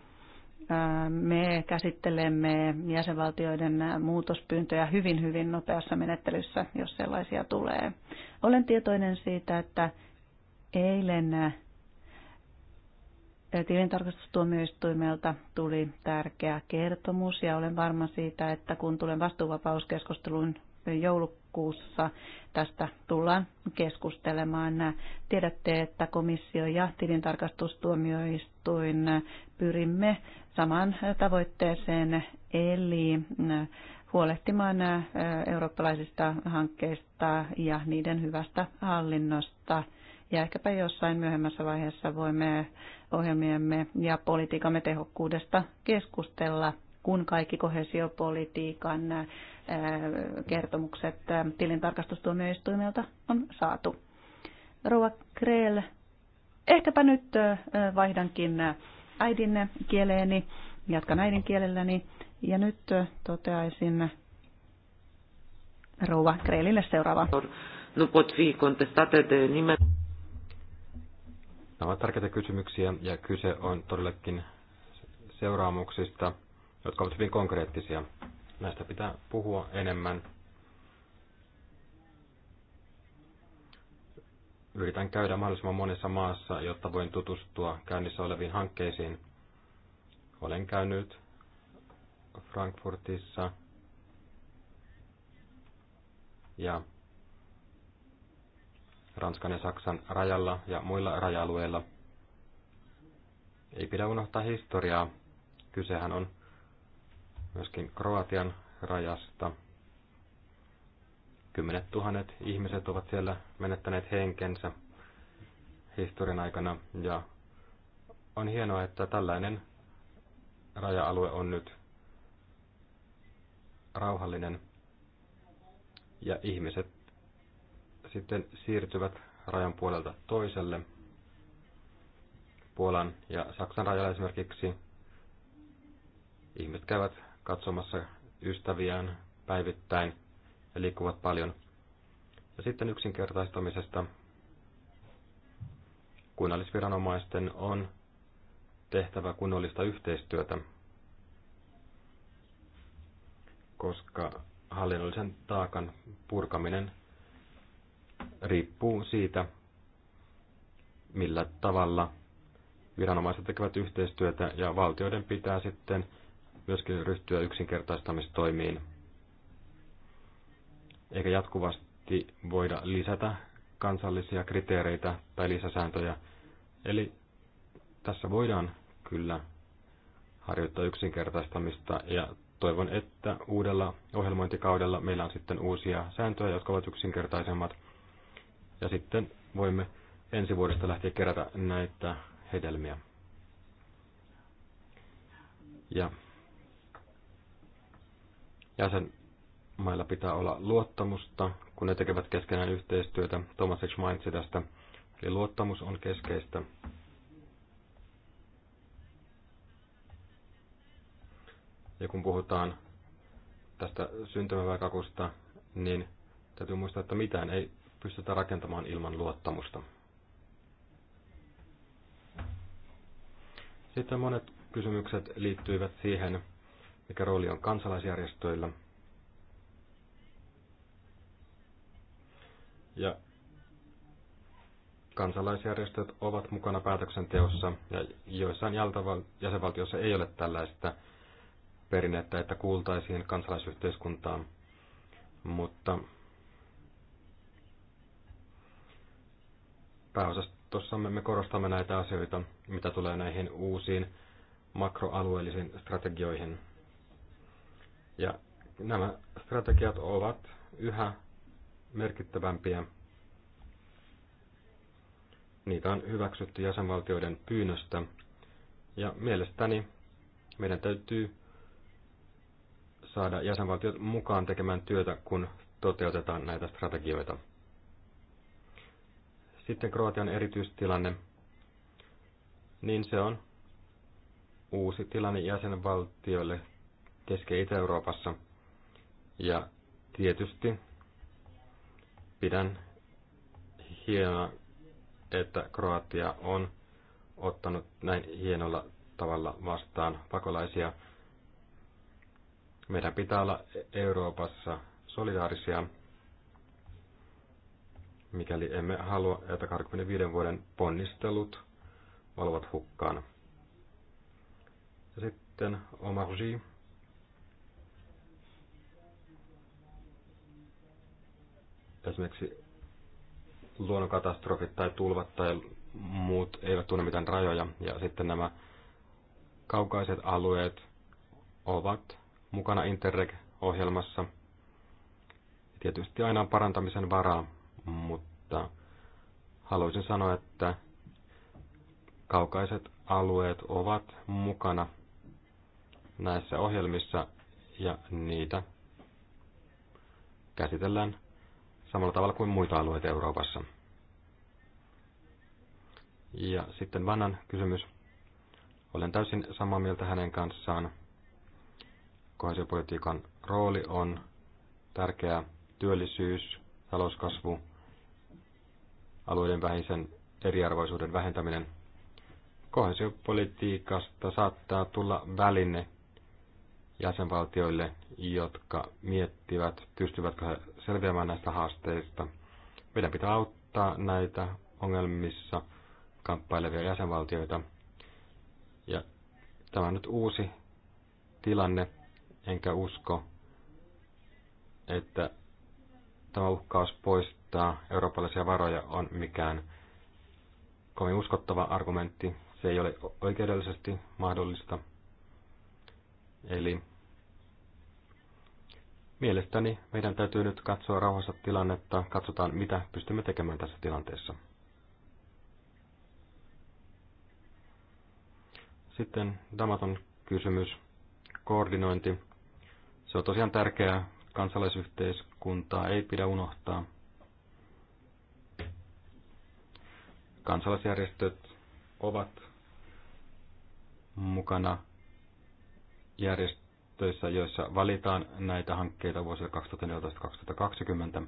me käsittelemme jäsenvaltioiden muutospyyntöjä hyvin, hyvin nopeassa menettelyssä, jos sellaisia tulee. Olen tietoinen siitä, että eilen eh, tilintarkastustuomioistuimelta tuli tärkeä kertomus ja olen varma siitä, että kun tulen vastuuvapauskeskusteluun joulukuussa, marraskuussa tästä tullaan keskustelemaan. Tiedätte, että komissio ja tilintarkastustuomioistuin pyrimme samaan tavoitteeseen, eli huolehtimaan eurooppalaisista hankkeista ja niiden hyvästä hallinnosta. Ja ehkäpä jossain myöhemmässä vaiheessa voimme ohjelmiemme ja politiikamme tehokkuudesta keskustella kun kaikki kohesiopolitiikan kertomukset tilintarkastustuomioistuimelta on saatu. Rova Kreel, ehkäpä nyt vaihdankin äidinne kieleeni, jatkan äidinkielelläni ja nyt toteaisin Rouva Kreelille seuraava. Nu pot fi Nämä ovat tärkeitä kysymyksiä ja kyse on todellakin seuraamuksista, jotka ovat hyvin konkreettisia. Näistä pitää puhua enemmän. Yritän käydä mahdollisimman monessa maassa, jotta voin tutustua käynnissä oleviin hankkeisiin. Olen käynyt Frankfurtissa ja Ranskan ja Saksan rajalla ja muilla raja-alueilla. Ei pidä unohtaa historiaa. Kysehän on myöskin Kroatian rajasta. Kymmenet tuhannet ihmiset ovat siellä menettäneet henkensä historian aikana ja on hienoa, että tällainen raja-alue on nyt rauhallinen ja ihmiset sitten siirtyvät rajan puolelta toiselle. Puolan ja Saksan rajalla esimerkiksi ihmiset käyvät katsomassa ystäviään päivittäin ja liikkuvat paljon. Ja sitten yksinkertaistamisesta kunnallisviranomaisten on tehtävä kunnollista yhteistyötä, koska hallinnollisen taakan purkaminen riippuu siitä, millä tavalla viranomaiset tekevät yhteistyötä ja valtioiden pitää sitten myöskin ryhtyä yksinkertaistamistoimiin, eikä jatkuvasti voida lisätä kansallisia kriteereitä tai lisäsääntöjä. Eli tässä voidaan kyllä harjoittaa yksinkertaistamista ja toivon, että uudella ohjelmointikaudella meillä on sitten uusia sääntöjä, jotka ovat yksinkertaisemmat. Ja sitten voimme ensi vuodesta lähtien kerätä näitä hedelmiä. Ja Jäsenmailla pitää olla luottamusta, kun ne tekevät keskenään yhteistyötä. Tomasic mainitsi tästä. Eli luottamus on keskeistä. Ja kun puhutaan tästä syntymäväkakusta, niin täytyy muistaa, että mitään ei pystytä rakentamaan ilman luottamusta. Sitten monet kysymykset liittyivät siihen, mikä rooli on kansalaisjärjestöillä. Ja kansalaisjärjestöt ovat mukana päätöksenteossa ja joissain jäsenvaltioissa ei ole tällaista perinnettä, että kuultaisiin kansalaisyhteiskuntaa, mutta pääosastossamme me korostamme näitä asioita, mitä tulee näihin uusiin makroalueellisiin strategioihin ja nämä strategiat ovat yhä merkittävämpiä. Niitä on hyväksytty jäsenvaltioiden pyynnöstä. Ja mielestäni meidän täytyy saada jäsenvaltiot mukaan tekemään työtä, kun toteutetaan näitä strategioita. Sitten Kroatian erityistilanne. Niin se on uusi tilanne jäsenvaltioille Keski- Itä-Euroopassa. Ja tietysti pidän hienoa, että Kroatia on ottanut näin hienolla tavalla vastaan pakolaisia. Meidän pitää olla Euroopassa solidaarisia, mikäli emme halua, että 25 vuoden ponnistelut valvat hukkaan. Ja sitten Omar G. esimerkiksi luonnonkatastrofit tai tulvat tai muut eivät tunne mitään rajoja. Ja sitten nämä kaukaiset alueet ovat mukana Interreg-ohjelmassa. Tietysti aina on parantamisen varaa, mutta haluaisin sanoa, että kaukaiset alueet ovat mukana näissä ohjelmissa ja niitä käsitellään samalla tavalla kuin muita alueita Euroopassa. Ja sitten Vannan kysymys. Olen täysin samaa mieltä hänen kanssaan. Kohesiopolitiikan rooli on tärkeä työllisyys, talouskasvu, alueiden vähisen eriarvoisuuden vähentäminen. Kohesiopolitiikasta saattaa tulla väline jäsenvaltioille, jotka miettivät, pystyvätkö he selviämään näistä haasteista. Meidän pitää auttaa näitä ongelmissa kamppailevia jäsenvaltioita. Ja tämä on nyt uusi tilanne, enkä usko, että tämä uhkaus poistaa eurooppalaisia varoja on mikään kovin uskottava argumentti. Se ei ole oikeudellisesti mahdollista. Eli Mielestäni meidän täytyy nyt katsoa rauhassa tilannetta, katsotaan mitä pystymme tekemään tässä tilanteessa. Sitten Damaton kysymys, koordinointi. Se on tosiaan tärkeää, kansalaisyhteiskuntaa ei pidä unohtaa. Kansalaisjärjestöt ovat mukana järjest- töissä, joissa valitaan näitä hankkeita vuosille 2014-2020.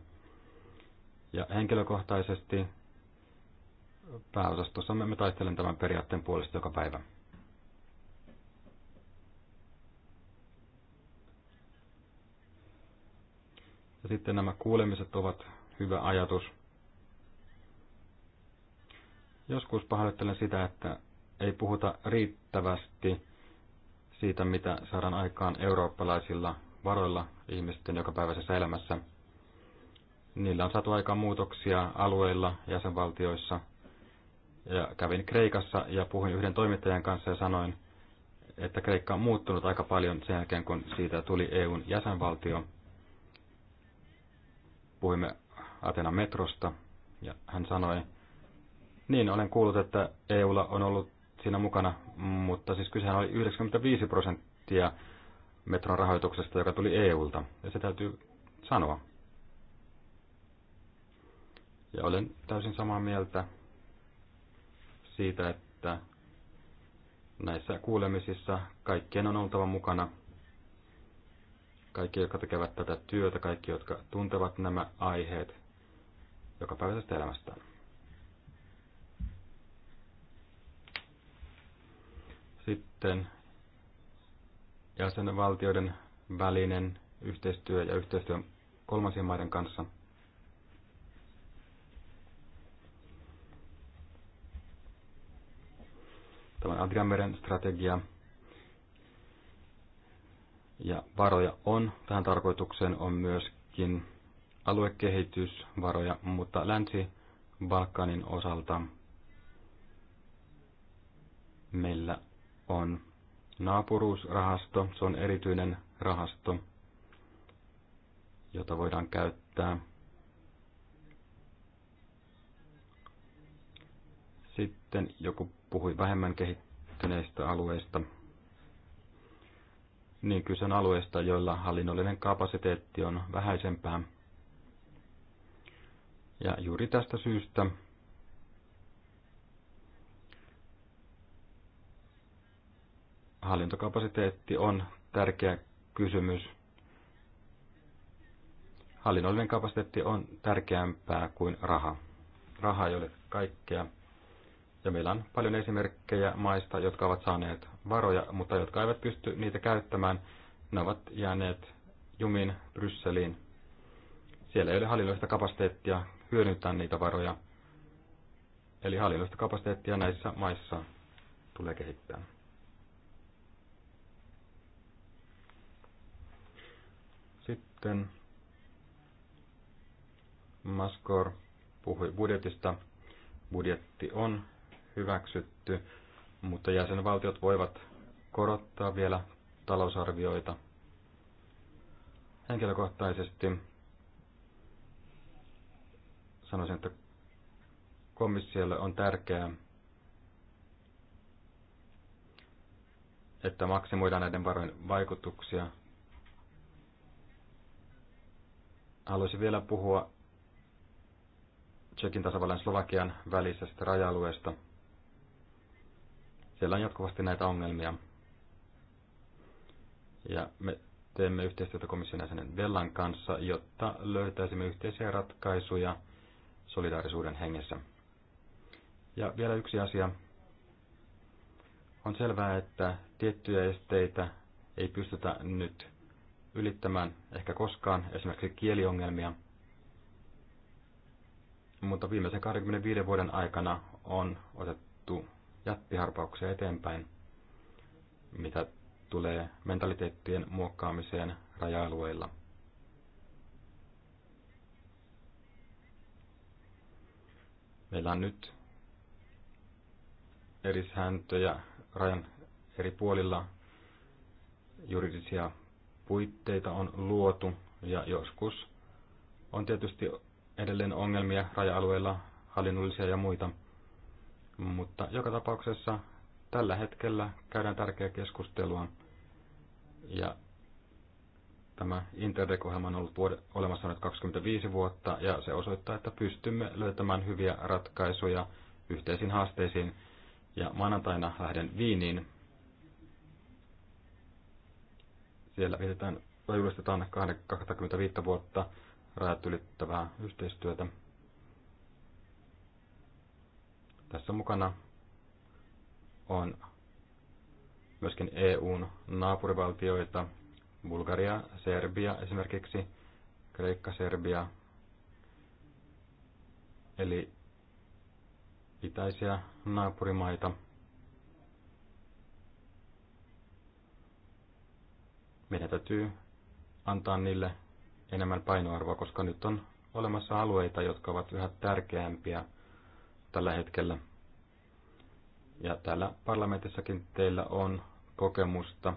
Ja henkilökohtaisesti pääosastossa me taistelen tämän periaatteen puolesta joka päivä. Ja sitten nämä kuulemiset ovat hyvä ajatus. Joskus pahoittelen sitä, että ei puhuta riittävästi siitä, mitä saadaan aikaan eurooppalaisilla varoilla ihmisten jokapäiväisessä elämässä. Niillä on saatu aikaan muutoksia alueilla, jäsenvaltioissa. Ja kävin Kreikassa ja puhuin yhden toimittajan kanssa ja sanoin, että Kreikka on muuttunut aika paljon sen jälkeen, kun siitä tuli EUn jäsenvaltio. Puhuimme Atenan metrosta ja hän sanoi, niin olen kuullut, että EUlla on ollut siinä mukana, mutta siis kysehän oli 95 prosenttia metron rahoituksesta, joka tuli EUlta, ja se täytyy sanoa. Ja olen täysin samaa mieltä siitä, että näissä kuulemisissa kaikkien on oltava mukana. Kaikki, jotka tekevät tätä työtä, kaikki, jotka tuntevat nämä aiheet joka päivästä elämästään. Sitten jäsenvaltioiden välinen yhteistyö ja yhteistyö kolmansien maiden kanssa. Tämä on Adrianmeren strategia. Ja varoja on. Tähän tarkoitukseen on myöskin aluekehitysvaroja, mutta Länsi-Balkanin osalta meillä on naapuruusrahasto. Se on erityinen rahasto, jota voidaan käyttää. Sitten joku puhui vähemmän kehittyneistä alueista. Niin kyse on alueista, joilla hallinnollinen kapasiteetti on vähäisempää. Ja juuri tästä syystä Hallintokapasiteetti on tärkeä kysymys. Hallinnollinen kapasiteetti on tärkeämpää kuin raha. Raha ei ole kaikkea. Ja meillä on paljon esimerkkejä maista, jotka ovat saaneet varoja, mutta jotka eivät pysty niitä käyttämään. Ne ovat jääneet jumiin Brysseliin. Siellä ei ole hallinnollista kapasiteettia hyödyntää niitä varoja. Eli hallinnollista kapasiteettia näissä maissa tulee kehittää. Sitten Maskor puhui budjetista. Budjetti on hyväksytty, mutta jäsenvaltiot voivat korottaa vielä talousarvioita. Henkilökohtaisesti sanoisin, että komissiolle on tärkeää, että maksimoidaan näiden varojen vaikutuksia Haluaisin vielä puhua Tsekin tasavallan Slovakian välisestä raja-alueesta. Siellä on jatkuvasti näitä ongelmia. Ja me teemme yhteistyötä komission jäsenen Vellan kanssa, jotta löytäisimme yhteisiä ratkaisuja solidaarisuuden hengessä. Ja vielä yksi asia. On selvää, että tiettyjä esteitä ei pystytä nyt ylittämään ehkä koskaan esimerkiksi kieliongelmia. Mutta viimeisen 25 vuoden aikana on otettu jättiharpauksia eteenpäin, mitä tulee mentaliteettien muokkaamiseen raja-alueilla. Meillä on nyt eri sääntöjä rajan eri puolilla, juridisia puitteita on luotu ja joskus on tietysti edelleen ongelmia raja-alueilla, hallinnollisia ja muita. Mutta joka tapauksessa tällä hetkellä käydään tärkeää keskustelua ja tämä interreg on ollut vuod- olemassa nyt 25 vuotta ja se osoittaa, että pystymme löytämään hyviä ratkaisuja yhteisiin haasteisiin. Ja maanantaina lähden Viiniin Siellä vietetään tai julistetaan 25 vuotta rajat ylittävää yhteistyötä. Tässä mukana on myöskin EUn naapurivaltioita, Bulgaria, Serbia esimerkiksi, Kreikka, Serbia, eli itäisiä naapurimaita – meidän täytyy antaa niille enemmän painoarvoa, koska nyt on olemassa alueita, jotka ovat yhä tärkeämpiä tällä hetkellä. Ja täällä parlamentissakin teillä on kokemusta.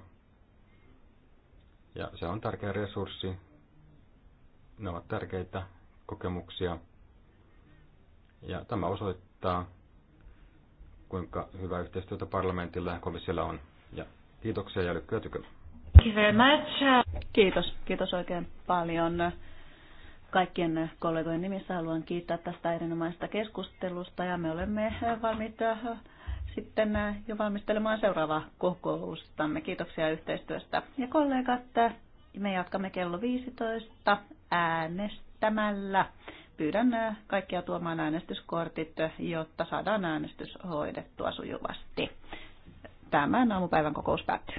Ja se on tärkeä resurssi. Ne ovat tärkeitä kokemuksia. Ja tämä osoittaa, kuinka hyvä yhteistyötä parlamentilla ja komissiolla on. Ja kiitoksia ja lykkyä Thank you very much. Kiitos, kiitos oikein paljon. Kaikkien kollegojen nimissä haluan kiittää tästä erinomaisesta keskustelusta ja me olemme valmiita sitten jo valmistelemaan seuraavaa kokoustamme. Kiitoksia yhteistyöstä. Ja kollegat, me jatkamme kello 15 äänestämällä. Pyydän kaikkia tuomaan äänestyskortit, jotta saadaan äänestys hoidettua sujuvasti. Tämän aamupäivän kokous päättyy.